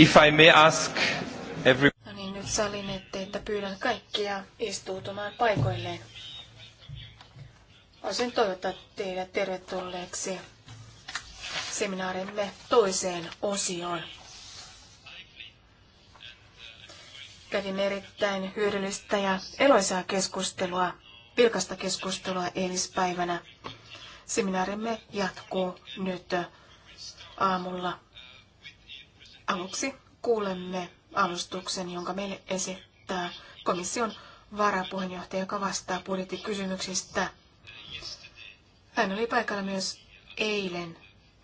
If I may ask every... No niin, nyt salin että pyydän kaikkia istuutumaan paikoilleen. Olisin toivottaa teille tervetulleeksi seminaarimme toiseen osioon. Kävin erittäin hyödyllistä ja eloisaa keskustelua, vilkasta keskustelua eilispäivänä. Seminaarimme jatkuu nyt aamulla Aluksi kuulemme alustuksen, jonka meille esittää komission varapuheenjohtaja, joka vastaa budjettikysymyksistä. Hän oli paikalla myös eilen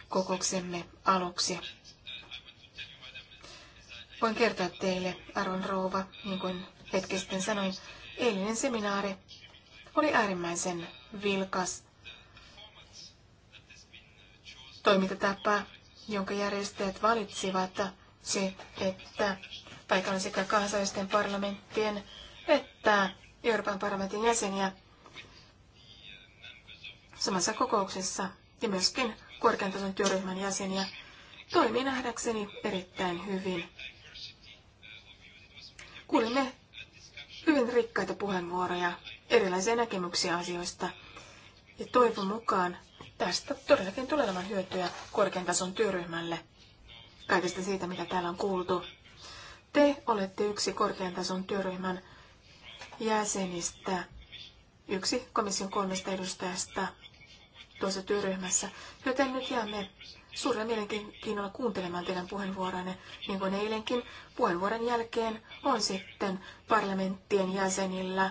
kokouksemme aluksi. Voin kertoa teille, arvon rouva, niin kuin hetki sitten sanoin, eilinen seminaari oli äärimmäisen vilkas toimintatapa, jonka järjestäjät valitsivat se, että paikalla sekä kansallisten parlamenttien että Euroopan parlamentin jäseniä samassa kokouksessa ja myöskin korkean tason työryhmän jäseniä toimii nähdäkseni erittäin hyvin. Kuulimme hyvin rikkaita puheenvuoroja, erilaisia näkemyksiä asioista ja toivon mukaan Tästä todellakin tulee olemaan hyötyä korkean tason työryhmälle. Kaikesta siitä, mitä täällä on kuultu. Te olette yksi korkean tason työryhmän jäsenistä, yksi komission kolmesta edustajasta tuossa työryhmässä, joten nyt jäämme suurella mielenkiinnolla kuuntelemaan teidän puheenvuoronne, niin kuin eilenkin. Puheenvuoron jälkeen on sitten parlamenttien jäsenillä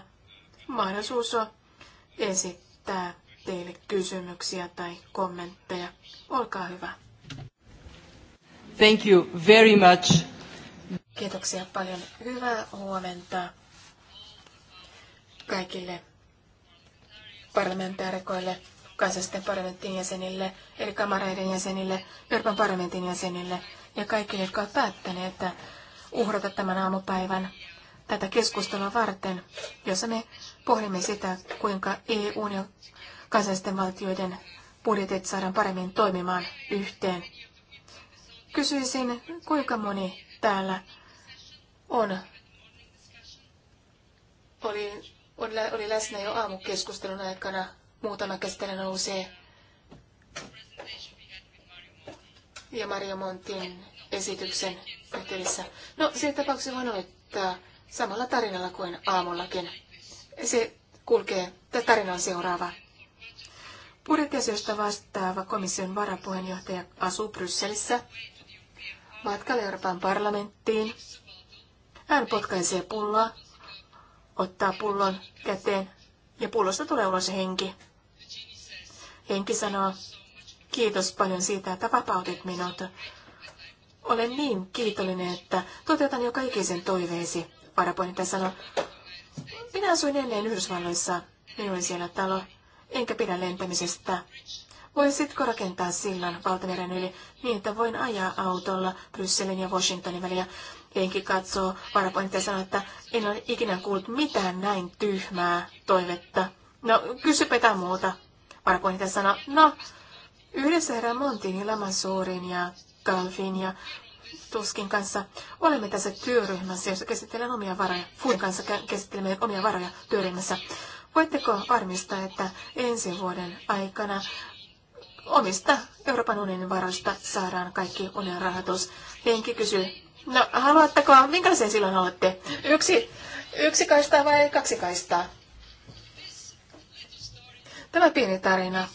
mahdollisuus esittää teille kysymyksiä tai kommentteja. Olkaa hyvä. Thank you very much. Kiitoksia paljon. Hyvää huomenta kaikille parlamentaarikoille, kansallisten parlamentin jäsenille, eli kamareiden jäsenille, Euroopan parlamentin jäsenille ja kaikille, jotka ovat päättäneet uhrata tämän aamupäivän tätä keskustelua varten, jossa me pohdimme sitä, kuinka EU ja kansallisten valtioiden budjetit saadaan paremmin toimimaan yhteen. Kysyisin, kuinka moni täällä on, oli, on, oli läsnä jo aamukeskustelun aikana. Muutama käsittely nousee. Ja Mario Montin esityksen yhteydessä. No, siinä tapauksessa voin aloittaa samalla tarinalla kuin aamullakin. Se kulkee, tämä tarina on seuraava. Budjettiasioista vastaava komission varapuheenjohtaja asuu Brysselissä matkalla Euroopan parlamenttiin. Hän potkaisee pulloa, ottaa pullon käteen ja pullosta tulee ulos henki. Henki sanoo, kiitos paljon siitä, että vapautit minut. Olen niin kiitollinen, että toteutan jo kaikisen toiveesi. Varapuheenjohtaja sanoo, minä asuin ennen Yhdysvalloissa. Minulla oli siellä talo enkä pidä lentämisestä. Voisitko rakentaa sillan valtameren yli niin, että voin ajaa autolla Brysselin ja Washingtonin väliä? Henki katsoo varapointia ja sanoo, että en ole ikinä kuullut mitään näin tyhmää toivetta. No, kysy petä muuta. Varapointia sanoo, no, yhdessä herra Montin, Lamassuurin ja Galfin ja Tuskin kanssa olemme tässä työryhmässä, jossa käsittelemme omia varoja. Fuin kanssa käsittelemme omia varoja työryhmässä. Voitteko varmistaa, että ensi vuoden aikana omista Euroopan unionin varoista saadaan kaikki unionin rahoitus? Henki kysyy, no haluatteko, minkälaisen silloin haluatte? Yksi, yksi kaistaa vai kaksi kaistaa? Tämä pieni tarina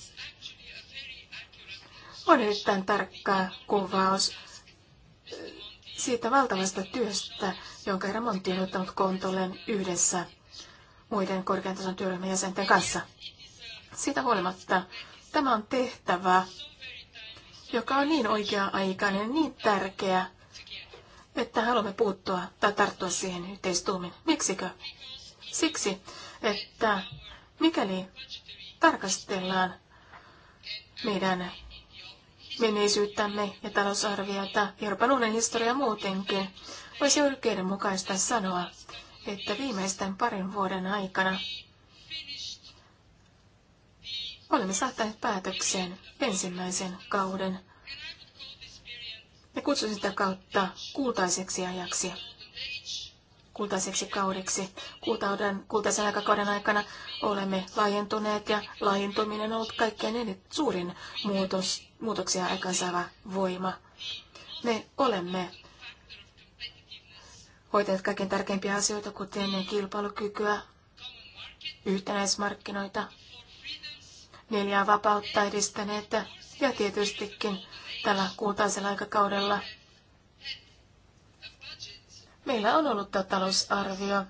on erittäin tarkka kuvaus siitä valtavasta työstä, jonka Ramontti on ottanut kontolleen yhdessä muiden korkean tason työryhmän jäsenten kanssa. Siitä huolimatta tämä on tehtävä, joka on niin oikea-aikainen, niin tärkeä, että haluamme puuttua tai tarttua siihen yhteistuumin. Miksikö? Siksi, että mikäli tarkastellaan meidän menneisyyttämme ja talousarviota Euroopan unionin historia muutenkin, voisi oikeudenmukaista sanoa, että viimeisten parin vuoden aikana olemme saattaneet päätökseen ensimmäisen kauden. Ja kutsusin sitä kautta kultaiseksi ajaksi, kultaiseksi kaudeksi. Kultauden, kultaisen aikakauden aikana olemme laajentuneet ja laajentuminen on ollut kaikkein eniten suurin muutos, muutoksia aikaansaava voima. Me olemme hoitajat kaiken tärkeimpiä asioita, kuten kilpailukykyä, yhtenäismarkkinoita, neljää vapautta edistäneet ja tietystikin tällä kultaisella aikakaudella meillä on ollut talousarvio,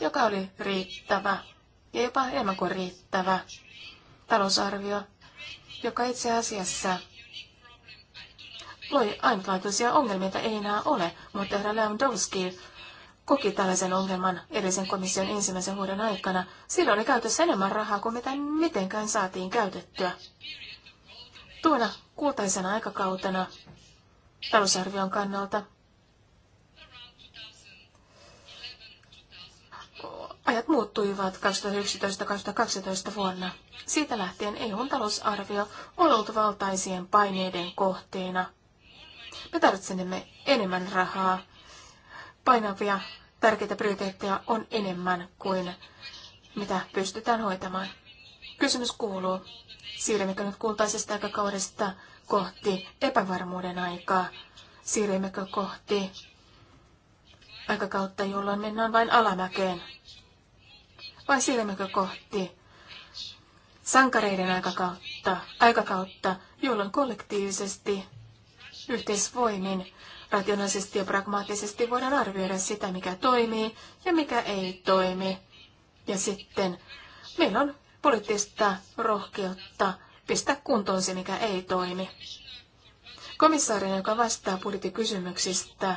joka oli riittävä ja jopa enemmän kuin riittävä talousarvio, joka itse asiassa loi ainutlaatuisia ongelmia, joita ei enää ole, mutta herra Lewandowski koki tällaisen ongelman edellisen komission ensimmäisen vuoden aikana. Silloin oli käytössä enemmän rahaa kuin mitä mitenkään saatiin käytettyä. Tuona kultaisena aikakautena talousarvion kannalta ajat muuttuivat 2011-2012 vuonna. Siitä lähtien eu talousarvio on ollut valtaisien paineiden kohteena – me tarvitsemme enemmän rahaa. Painavia tärkeitä prioriteetteja on enemmän kuin mitä pystytään hoitamaan. Kysymys kuuluu, siirrymmekö nyt kultaisesta aikakaudesta kohti epävarmuuden aikaa? Siirrymmekö kohti aikakautta, jolloin mennään vain alamäkeen? Vai siirrymmekö kohti sankareiden aikakautta, aikakautta, jolloin kollektiivisesti Yhteisvoimin rationaalisesti ja pragmaattisesti voidaan arvioida sitä, mikä toimii ja mikä ei toimi. Ja sitten meillä on poliittista rohkeutta pistää kuntoon se, mikä ei toimi. Komissaarina, joka vastaa budjettikysymyksistä,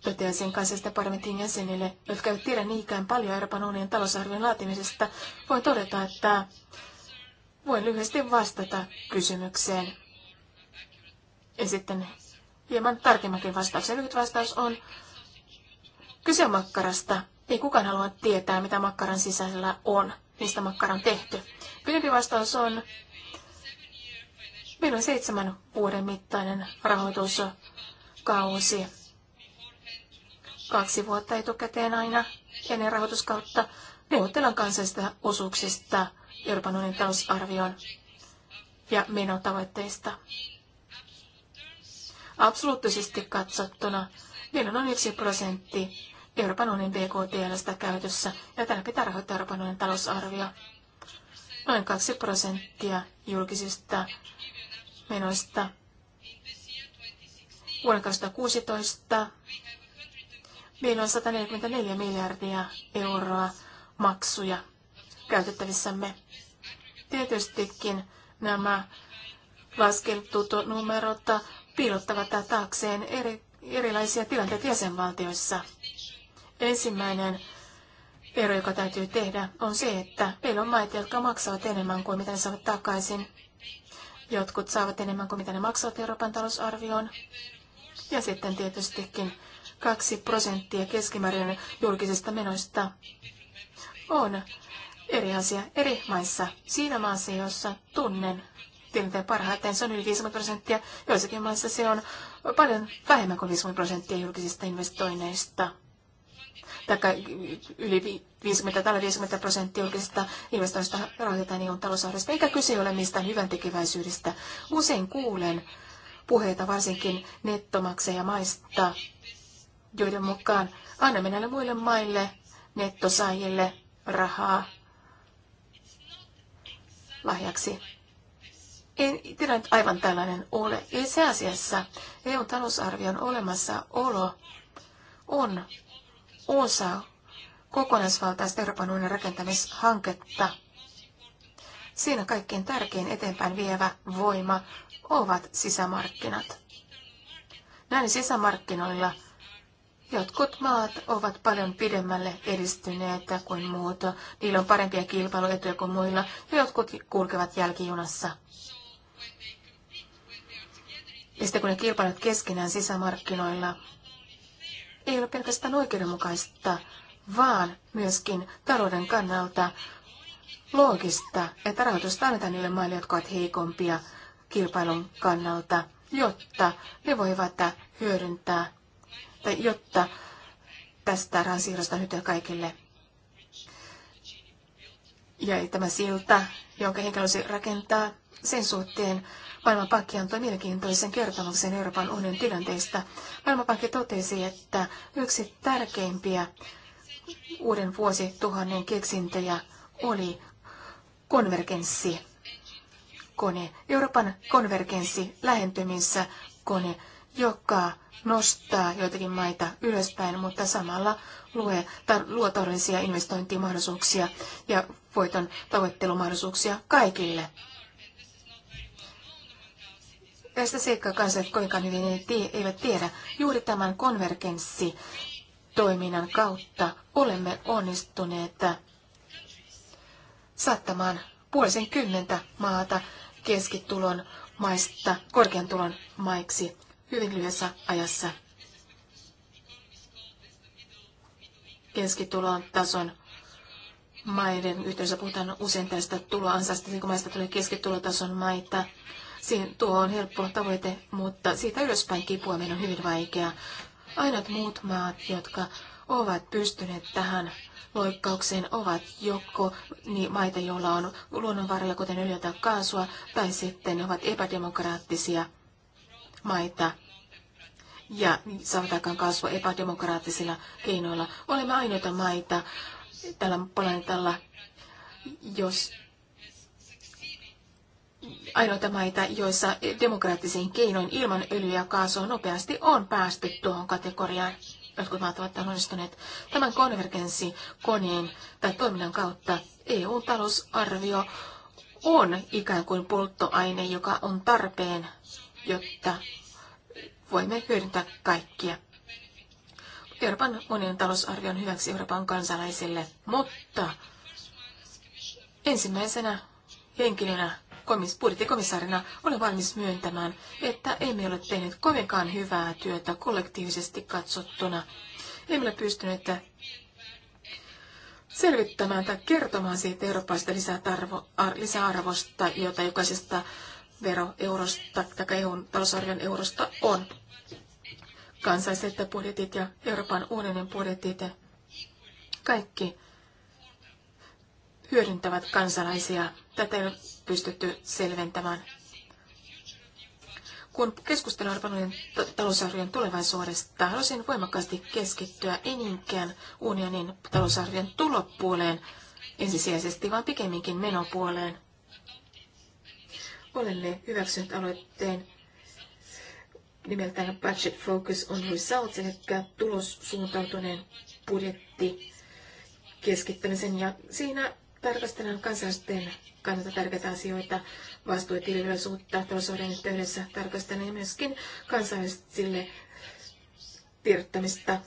toteaa sen kansallisten parlamentin jäsenille, jotka eivät tiedä niinkään paljon Euroopan unionin talousarvion laatimisesta, voi todeta, että voin lyhyesti vastata kysymykseen. Ja sitten, hieman tarkemmankin vastauksen. Lyhyt vastaus on, kyse on makkarasta. Ei kukaan halua tietää, mitä makkaran sisällä on, mistä makkara on tehty. Pidempi vastaus on, meillä on seitsemän vuoden mittainen rahoituskausi. Kaksi vuotta etukäteen aina ennen rahoituskautta neuvotellaan kansallisista osuuksista Euroopan unionin talousarvion ja menotavoitteista. Absoluuttisesti katsottuna meillä on noin 1 prosentti Euroopan unionin BKTLstä käytössä, ja tällä pitää rahoittaa Euroopan unionin talousarvio. Noin 2 prosenttia julkisista menoista. Vuonna 2016 meillä on 144 miljardia euroa maksuja käytettävissämme. Tietystikin nämä laskeltut numerot piilottavat taakseen eri, erilaisia tilanteita jäsenvaltioissa. Ensimmäinen ero, joka täytyy tehdä, on se, että meillä on maita, jotka maksavat enemmän kuin mitä ne saavat takaisin. Jotkut saavat enemmän kuin mitä ne maksavat Euroopan talousarvioon. Ja sitten tietystikin 2 prosenttia keskimäärin julkisista menoista on eri asia eri maissa. Siinä maassa, jossa tunnen tilanteen parhaiten. Se on yli 50 prosenttia. Joissakin maissa se on paljon vähemmän kuin 50 prosenttia julkisista investoinneista. Tai yli 50 tai 50 prosenttia julkisista investoinnista rahoitetaan EUn talousarvosta, eikä kyse ole mistään hyvän tekeväisyydestä. Usein kuulen puheita varsinkin maista, joiden mukaan annamme näille muille maille nettosaajille rahaa lahjaksi ei nyt aivan tällainen ole. Itse asiassa EUn talousarvion olemassaolo on osa kokonaisvaltaista Euroopan unionin rakentamishanketta. Siinä kaikkein tärkein eteenpäin vievä voima ovat sisämarkkinat. Näin sisämarkkinoilla jotkut maat ovat paljon pidemmälle edistyneet kuin muut. Niillä on parempia kilpailuetuja kuin muilla ja jotkut kulkevat jälkijunassa ja sitten kun ne kilpailevat keskenään sisämarkkinoilla, ei ole pelkästään oikeudenmukaista, vaan myöskin talouden kannalta loogista, että rahoitusta annetaan niille maille, jotka ovat heikompia kilpailun kannalta, jotta ne voivat hyödyntää, tai jotta tästä rahansiirrosta hyötyä kaikille. Ja tämä silta, jonka henkilö rakentaa sen suhteen, Maailmanpankki antoi mielenkiintoisen kertomuksen Euroopan unionin tilanteesta. Maailmanpankki totesi, että yksi tärkeimpiä uuden vuosituhannen keksintöjä oli konvergenssi. Kone, Euroopan konvergenssi lähentymissä kone, joka nostaa joitakin maita ylöspäin, mutta samalla lue, tar- luo taloudellisia investointimahdollisuuksia ja voiton tavoittelumahdollisuuksia kaikille Tästä seikkaa kansalaiset kovinkaan hyvin ei tie, eivät tiedä. Juuri tämän konvergenssi toiminnan kautta olemme onnistuneet saattamaan puolisen kymmentä maata keskitulon maista korkean tulon maiksi hyvin lyhyessä ajassa. Keskitulon tason maiden yhteydessä puhutaan usein tästä tuloansaista, niin kuin maista tulee keskitulotason maita. Siihen tuo on helppo tavoite, mutta siitä ylöspäin kipuaminen on hyvin vaikea. Ainoat muut maat, jotka ovat pystyneet tähän loikkaukseen, ovat joko niin maita, joilla on luonnonvaroja, kuten öljyä tai kaasua, tai sitten ne ovat epädemokraattisia maita ja saatakaan kasvua epädemokraattisilla keinoilla. Olemme ainoita maita tällä planeetalla, jos ainoita maita, joissa demokraattisiin keinoin ilman öljyä ja kaasua nopeasti on päästy tuohon kategoriaan. Jotkut maat ovat onnistuneet tämän konvergenssikoneen tai toiminnan kautta. EU-talousarvio on ikään kuin polttoaine, joka on tarpeen, jotta voimme hyödyntää kaikkia. Euroopan unionin talousarvio on hyväksi Euroopan kansalaisille, mutta ensimmäisenä henkilönä budjettikomissaarina olen valmis myöntämään, että emme ole tehneet kovinkaan hyvää työtä kollektiivisesti katsottuna. Emme ole pystyneet selvittämään tai kertomaan siitä eurooppalaisesta lisäarvo, lisäarvosta, jota jokaisesta veroeurosta tai EUn talousarvion eurosta on. Kansalliset budjetit ja Euroopan unionin budjetit, kaikki hyödyntävät kansalaisia. Tätä ei ole pystytty selventämään. Kun keskustellaan Albanian talousarvion tulevaisuudesta, haluaisin voimakkaasti keskittyä eninkään unionin talousarvion tulopuoleen ensisijaisesti, vaan pikemminkin menopuoleen. Olemme hyväksynyt aloitteen nimeltään Budget Focus on Results, eli tulossuuntautuneen budjetti keskittämisen. Ja siinä tarkastellaan kansalaisten kannalta tärkeitä asioita, vastuutilillisuutta talousarvion yhteydessä tarkastellaan ja myöskin kansalaisille tiedottamista,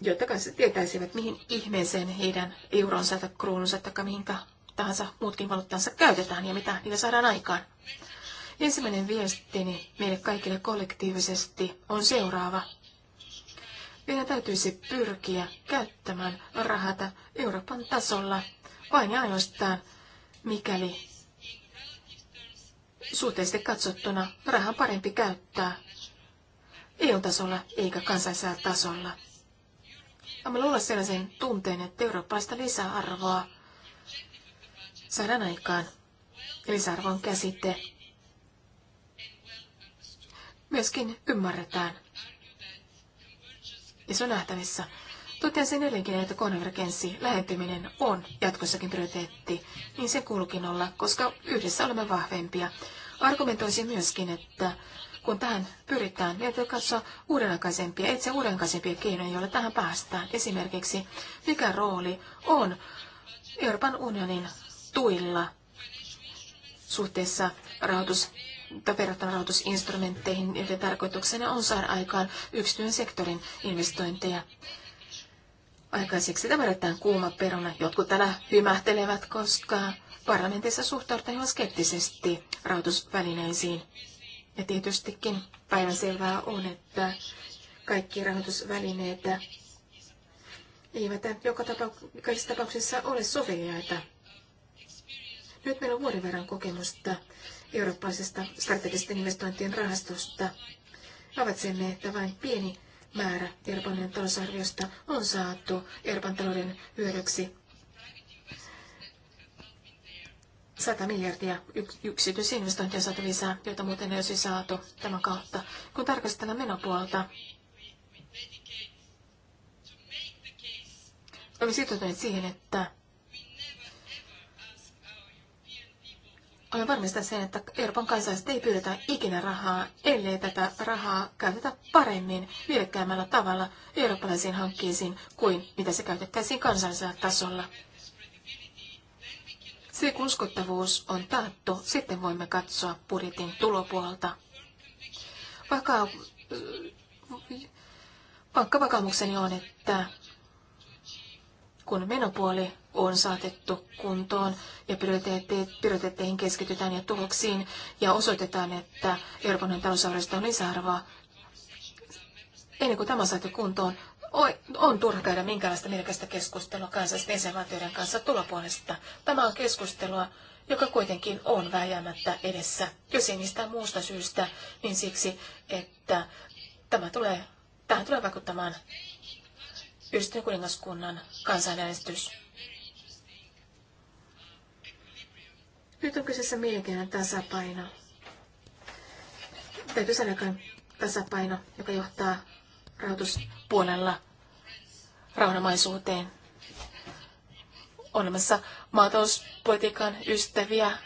jotta kanssa tietäisivät, mihin ihmeeseen heidän euronsa tai kruununsa tai mihinkä tahansa muutkin valuuttansa käytetään ja mitä niillä saadaan aikaan. Ensimmäinen viestini meille kaikille kollektiivisesti on seuraava. Meidän täytyisi pyrkiä käyttämään rahata Euroopan tasolla – vain ja ainoastaan, mikäli suhteellisesti katsottuna rahan parempi käyttää EU-tasolla eikä kansallisella tasolla. Annamme luulla sellaisen tunteen, että eurooppalaista lisäarvoa saadaan aikaan. Lisäarvon käsite myöskin ymmärretään. Ja se on nähtävissä. Totesin edelleenkin, että konvergenssi, lähentyminen on jatkossakin prioriteetti, niin se kuulukin olla, koska yhdessä olemme vahvempia. Argumentoisin myöskin, että kun tähän pyritään, niin täytyy katsoa uudenaikaisempia, etsiä uudenaikaisempia keinoja, joilla tähän päästään. Esimerkiksi, mikä rooli on Euroopan unionin tuilla suhteessa rahoitus verrattuna rahoitusinstrumentteihin, joiden tarkoituksena on saada aikaan yksityisen sektorin investointeja aikaiseksi. Tämä on kuuma peruna. Jotkut täällä hymähtelevät, koska parlamentissa suhtaudutaan skeptisesti rahoitusvälineisiin. Ja tietystikin päivänselvää on, että kaikki rahoitusvälineet eivät joka tapauksessa, kaikissa tapauksissa ole soveliaita. Nyt meillä on vuoden verran kokemusta eurooppalaisesta strategisten investointien rahastosta. Havaitsemme, että vain pieni määrä Euroopan talousarviosta on saatu Erban talouden hyödyksi 100 miljardia yksityisinvestointia saatu lisää, joita muuten ei olisi saatu tämän kautta. Kun tarkastellaan menopuolta, olemme sitoutuneet siihen, että Aion varmistaa sen, että Euroopan kansalaiset ei pyydetä ikinä rahaa, ellei tätä rahaa käytetä paremmin, hyökkäämällä tavalla eurooppalaisiin hankkeisiin kuin mitä se käytettäisiin kansallisella tasolla. Se kun uskottavuus on taattu, sitten voimme katsoa budjetin tulopuolta. Vaikka, vaikka on, että kun menopuoli on saatettu kuntoon ja prioriteetteihin keskitytään ja tuloksiin ja osoitetaan, että Euroopan talousarvoista on lisäarvoa. Ennen kuin tämä on saatu kuntoon, on turha käydä minkäänlaista mielekästä keskustelua kansallisten jäsenvaltioiden kanssa tulopuolesta. Tämä on keskustelua, joka kuitenkin on vääjäämättä edessä. Jos ei mistään muusta syystä, niin siksi, että tämä tulee, tähän tulee vaikuttamaan yhdistyneen kuningaskunnan kansanäänestys. Nyt on kyseessä mielenkiintoinen tasapaino. Täytyy sanoa, tasapaino, joka johtaa rahoituspuolella rauhanomaisuuteen. On olemassa maatalouspolitiikan ystäviä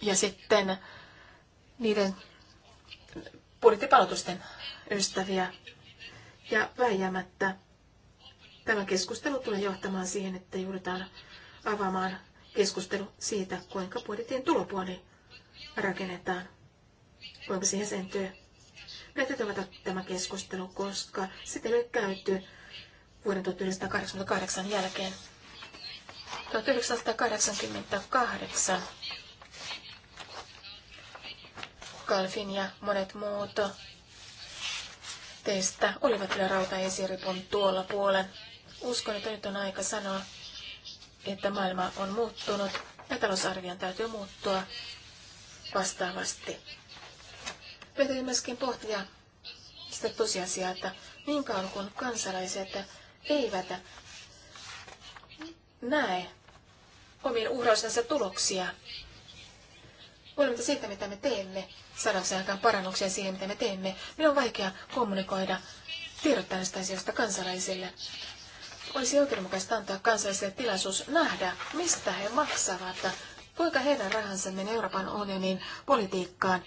ja sitten niiden budjettipalautusten ystäviä. Ja väijämättä tämä keskustelu tulee johtamaan siihen, että joudutaan avaamaan keskustelu siitä, kuinka budjetin tulopuoli rakennetaan, kuinka siihen sentyy. täytyy avata tämä keskustelu, koska sitä ei ole käyty vuoden 1988 jälkeen. 1988 Kalfin ja monet muut teistä olivat vielä rautaesiripun tuolla puolen. Uskon, että nyt on aika sanoa, että maailma on muuttunut ja talousarvion täytyy muuttua vastaavasti. Pitäisi myöskin pohtia sitä tosiasiaa, että niin kauan kun kansalaiset eivät näe omien uhrausensa tuloksia, huolimatta siitä, mitä me teemme, saadaanko aikaan parannuksia siihen, mitä me teemme. Minun on vaikea kommunikoida tiedottaa näistä asioista kansalaisille. Olisi oikeudenmukaista antaa kansalaisille tilaisuus nähdä, mistä he maksavat, kuinka heidän rahansa menee Euroopan unionin politiikkaan.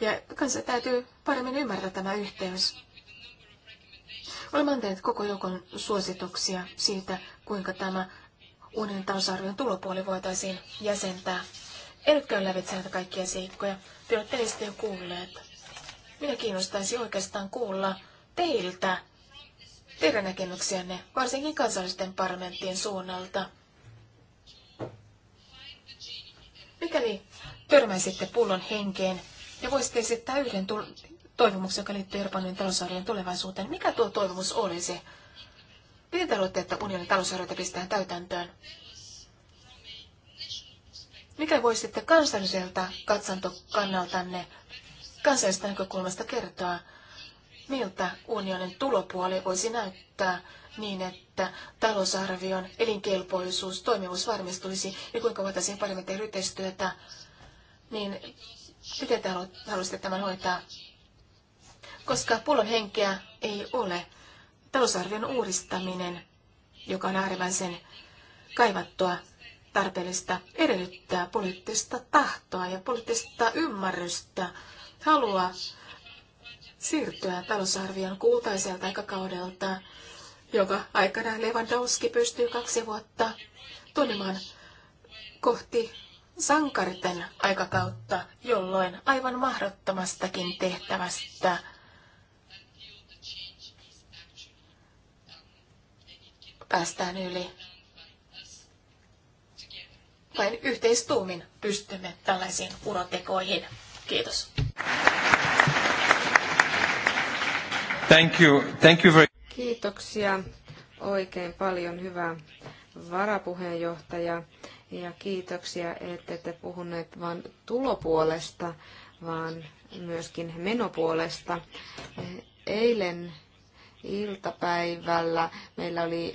Ja kansa täytyy paremmin ymmärtää tämä yhteys. Olemme antaneet koko joukon suosituksia siitä, kuinka tämä unionin talousarvion tulopuoli voitaisiin jäsentää en nyt käy lävitse näitä kaikkia seikkoja. Te olette niistä jo kuulleet. Minä kiinnostaisi oikeastaan kuulla teiltä teidän näkemyksiänne, varsinkin kansallisten parlamenttien suunnalta. Mikäli törmäisitte pullon henkeen ja voisitte esittää yhden toivomuksen, joka liittyy Euroopan talousarvion tulevaisuuteen, mikä tuo toivomus olisi? Miten te että unionin talousarjoita pistetään täytäntöön? Mikä sitten kansalliselta katsantokannaltanne kansallisesta näkökulmasta kertoa, miltä unionin tulopuoli voisi näyttää niin, että talousarvion elinkelpoisuus, toimivuus varmistuisi ja kuinka voitaisiin paremmin tehdä yhteistyötä, niin miten te haluaisitte tämän hoitaa? Koska pullon henkeä ei ole, talousarvion uudistaminen, joka on äärimmäisen kaivattua, tarpeellista edellyttää poliittista tahtoa ja poliittista ymmärrystä, halua siirtyä talousarvion kultaiselta aikakaudelta, joka aikana Lewandowski pystyy kaksi vuotta toimimaan kohti sankariten aikakautta, jolloin aivan mahdottomastakin tehtävästä päästään yli vain yhteistuumin pystymme tällaisiin urotekoihin. Kiitos. Thank you. Thank you very... Kiitoksia oikein paljon, hyvä varapuheenjohtaja. Ja kiitoksia, että te puhuneet vain tulopuolesta, vaan myöskin menopuolesta. Eilen iltapäivällä meillä oli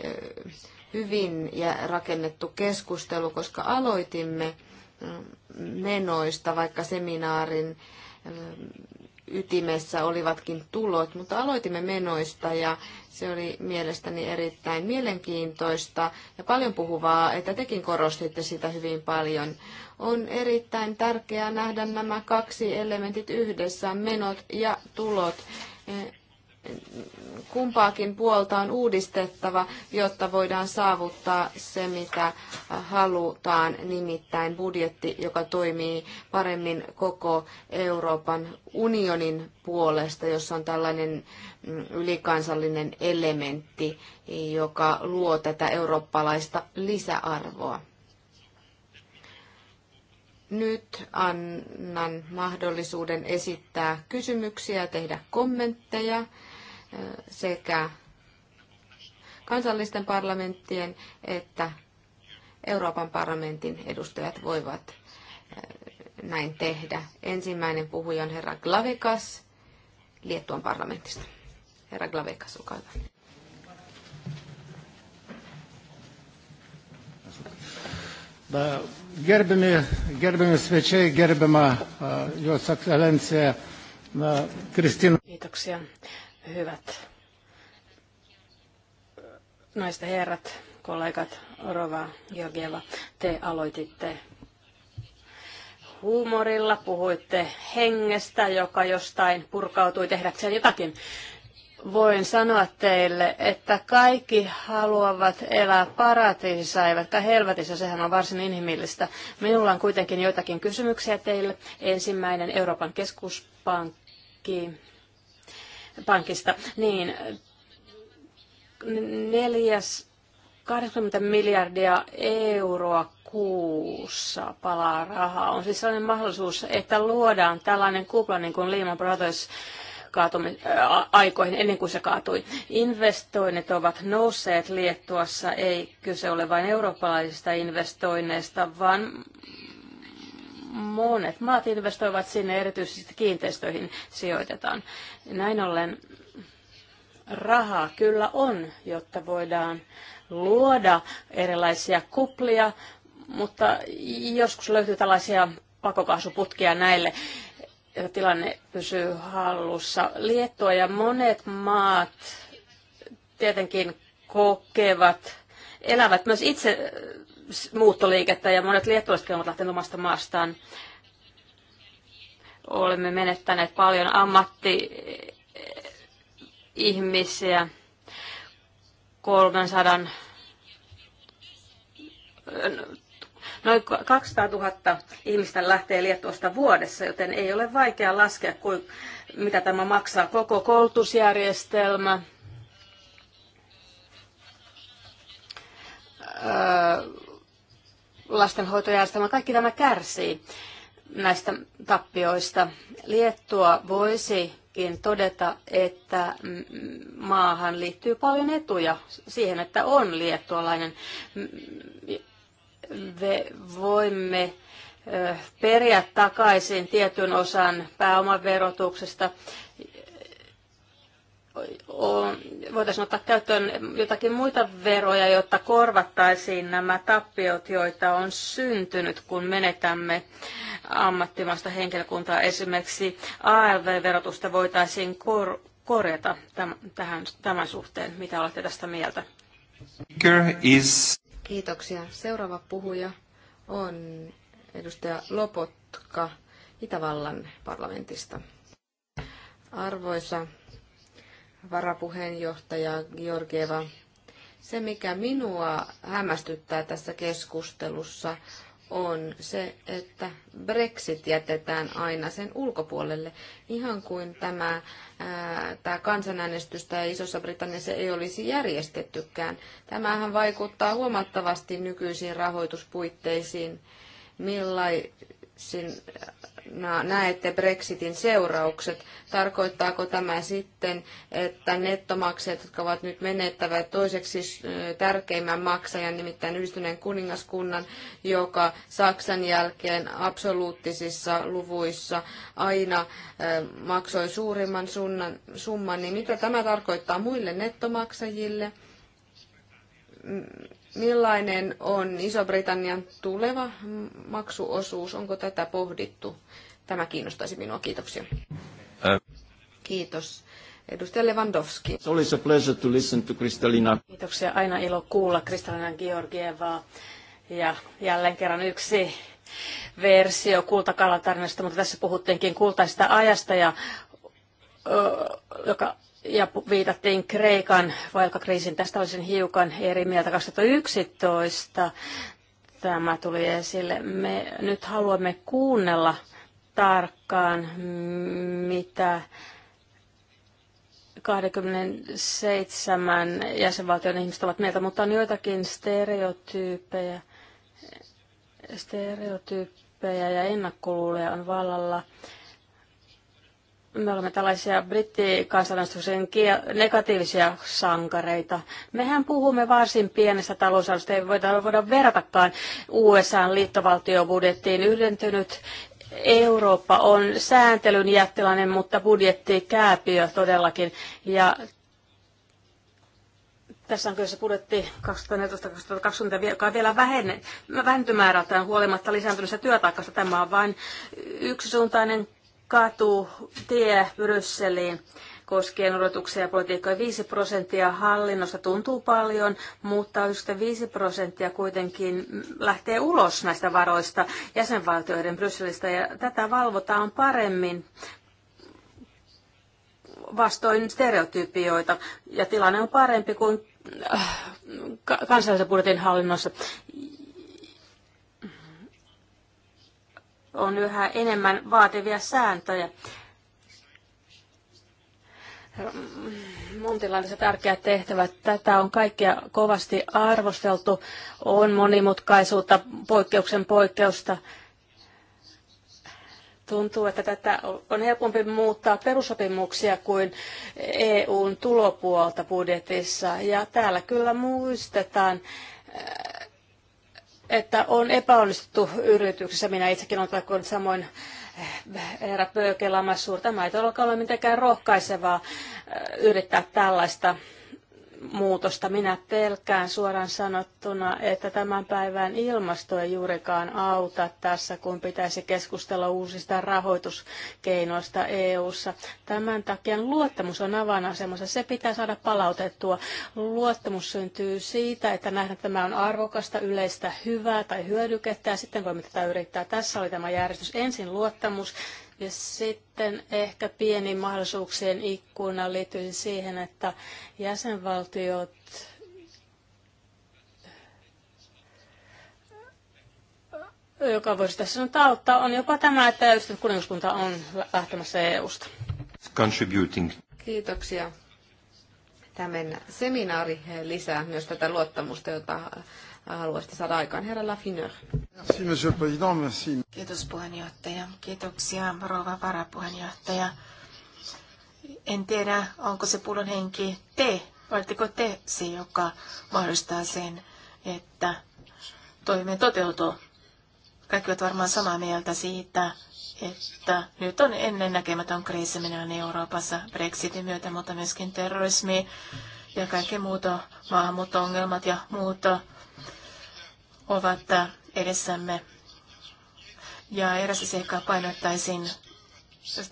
hyvin ja rakennettu keskustelu, koska aloitimme mm, menoista, vaikka seminaarin mm, ytimessä olivatkin tulot, mutta aloitimme menoista ja se oli mielestäni erittäin mielenkiintoista ja paljon puhuvaa, että tekin korostitte sitä hyvin paljon. On erittäin tärkeää nähdä nämä kaksi elementit yhdessä, menot ja tulot. Eh, kumpaakin puolta on uudistettava, jotta voidaan saavuttaa se, mitä halutaan, nimittäin budjetti, joka toimii paremmin koko Euroopan unionin puolesta, jossa on tällainen mm, ylikansallinen elementti, joka luo tätä eurooppalaista lisäarvoa. Nyt annan mahdollisuuden esittää kysymyksiä ja tehdä kommentteja sekä kansallisten parlamenttien että Euroopan parlamentin edustajat voivat eh, näin tehdä. Ensimmäinen puhuja on herra Glavikas, Liettuan parlamentista. Herra Glavikas, olkaa hyvä. Gerbiami, gerbiami svečiai, gerbiama eh, jos ekscelencija Kristina. Kiitoksia hyvät naiset herrat, kollegat Rova Georgieva, te aloititte huumorilla, puhuitte hengestä, joka jostain purkautui tehdäkseen jotakin. Voin sanoa teille, että kaikki haluavat elää paratiisissa eivätkä helvetissä, sehän on varsin inhimillistä. Minulla on kuitenkin joitakin kysymyksiä teille. Ensimmäinen Euroopan keskuspankki pankista, niin neljäs 80 miljardia euroa kuussa palaa rahaa. On siis sellainen mahdollisuus, että luodaan tällainen kupla niin kuin Lehman Brothers kaatumi, ä, äh, aikoihin ennen kuin se kaatui. Investoinnit ovat nousseet Liettuassa, ei kyse ole vain eurooppalaisista investoinneista, vaan monet maat investoivat sinne, erityisesti kiinteistöihin sijoitetaan. Näin ollen rahaa kyllä on, jotta voidaan luoda erilaisia kuplia, mutta joskus löytyy tällaisia pakokaasuputkia näille, ja tilanne pysyy hallussa. Liettua ja monet maat tietenkin kokevat, elävät myös itse muuttoliikettä ja monet liettualaisetkin ovat lähteneet omasta maastaan. Olemme menettäneet paljon ammatti-ihmisiä eh, 300 Noin 200 000 ihmistä lähtee Liettuosta vuodessa, joten ei ole vaikea laskea, kuin, mitä tämä maksaa. Koko koulutusjärjestelmä, öö, lastenhoitojärjestelmä, kaikki tämä kärsii näistä tappioista. Liettua voisikin todeta, että maahan liittyy paljon etuja siihen, että on liettualainen. Me voimme periä takaisin tietyn osan pääomaverotuksesta voitaisiin ottaa käyttöön jotakin muita veroja, jotta korvattaisiin nämä tappiot, joita on syntynyt, kun menetämme ammattimaista henkilökuntaa. Esimerkiksi ALV-verotusta voitaisiin kor- korjata tämän, tähän, tämän suhteen. Mitä olette tästä mieltä? Kiitoksia. Seuraava puhuja on edustaja Lopotka Itävallan parlamentista. Arvoisa varapuheenjohtaja Georgieva. Se, mikä minua hämmästyttää tässä keskustelussa, on se, että Brexit jätetään aina sen ulkopuolelle. Ihan kuin tämä, ää, tämä kansanäänestys tai Isossa Britanniassa ei olisi järjestettykään. Tämähän vaikuttaa huomattavasti nykyisiin rahoituspuitteisiin, millaisin näette Brexitin seuraukset? Tarkoittaako tämä sitten, että nettomaksajat, jotka ovat nyt menettävät toiseksi tärkeimmän maksajan, nimittäin yhdistyneen kuningaskunnan, joka Saksan jälkeen absoluuttisissa luvuissa aina maksoi suurimman summan, niin mitä tämä tarkoittaa muille nettomaksajille? Mm, Millainen on Iso-Britannian tuleva maksuosuus? Onko tätä pohdittu? Tämä kiinnostaisi minua. Kiitoksia. Ä äh. Kiitos. Edustaja Lewandowski. It's always a pleasure to listen to Kristalina. Kiitoksia. Aina ilo kuulla Kristalina Georgievaa. Ja jälleen kerran yksi versio kultakalatarinasta, mutta tässä puhuttiinkin kultaisesta ajasta, ja, ö, joka ja viitattiin Kreikan velkakriisin. Tästä olisin hiukan eri mieltä 2011. Tämä tuli esille. Me nyt haluamme kuunnella tarkkaan, mitä 27 jäsenvaltion ihmiset ovat mieltä, mutta on joitakin stereotyyppejä, stereotyyppejä ja ennakkoluuleja on vallalla me olemme tällaisia brittikansalaisuuden negatiivisia sankareita. Mehän puhumme varsin pienestä talousalusta, ei voida, voida verratakaan USAn liittovaltiobudjettiin. Yhdentynyt Eurooppa on sääntelyn jättiläinen, mutta budjetti kääpiö todellakin. Ja tässä on kyllä se budjetti 2014-2020, joka on vielä vähentymäärältään huolimatta lisääntyneestä työtaakasta. Tämä on vain yksisuuntainen katu, tie Brysseliin koskien odotuksia ja politiikkaa. 5 prosenttia hallinnosta tuntuu paljon, mutta 5 prosenttia kuitenkin lähtee ulos näistä varoista jäsenvaltioiden Brysselistä ja tätä valvotaan paremmin vastoin stereotypioita ja tilanne on parempi kuin äh, kansallisen budjetin hallinnossa. on yhä enemmän vaativia sääntöjä. Montilaisessa tärkeä tehtävä. Tätä on kaikkia kovasti arvosteltu. On monimutkaisuutta, poikkeuksen poikkeusta. Tuntuu, että tätä on helpompi muuttaa perusopimuksia kuin EUn tulopuolta budjetissa. Ja täällä kyllä muistetaan että on epäonnistuttu yrityksessä. Minä itsekin olen tarkoittanut samoin eh, herra Pööke, Lamassuur. Tämä ei todellakaan ole mitenkään rohkaisevaa eh, yrittää tällaista muutosta. Minä pelkään suoraan sanottuna, että tämän päivän ilmasto ei juurikaan auta tässä, kun pitäisi keskustella uusista rahoituskeinoista EU-ssa. Tämän takia luottamus on avainasemassa. Se pitää saada palautettua. Luottamus syntyy siitä, että nähdään, että tämä on arvokasta, yleistä hyvää tai hyödykettä, ja sitten voimme tätä yrittää. Tässä oli tämä järjestys. Ensin luottamus, ja sitten ehkä pieni mahdollisuuksien ikkuna liittyy siihen, että jäsenvaltiot joka voisi tässä sanoa auttaa, on jopa tämä, että yhdistetty kuningaskunta on lähtemässä EU-sta. Kiitoksia tämän seminaari lisää myös tätä luottamusta, jota haluaisitte saada aikaan. Herra Lafineur. Kiitos puheenjohtaja. Kiitoksia rouva varapuheenjohtaja. En tiedä, onko se pullon henki te, vai oletteko te se, joka mahdollistaa sen, että toimeen toteutuu. Kaikki ovat varmaan samaa mieltä siitä, että nyt on ennen näkemätön kriisi meneillään Euroopassa Brexitin myötä, mutta myöskin terrorismi ja kaikki muut maahanmuutto-ongelmat ja muut ovat edessämme. Ja eräs seikka painottaisin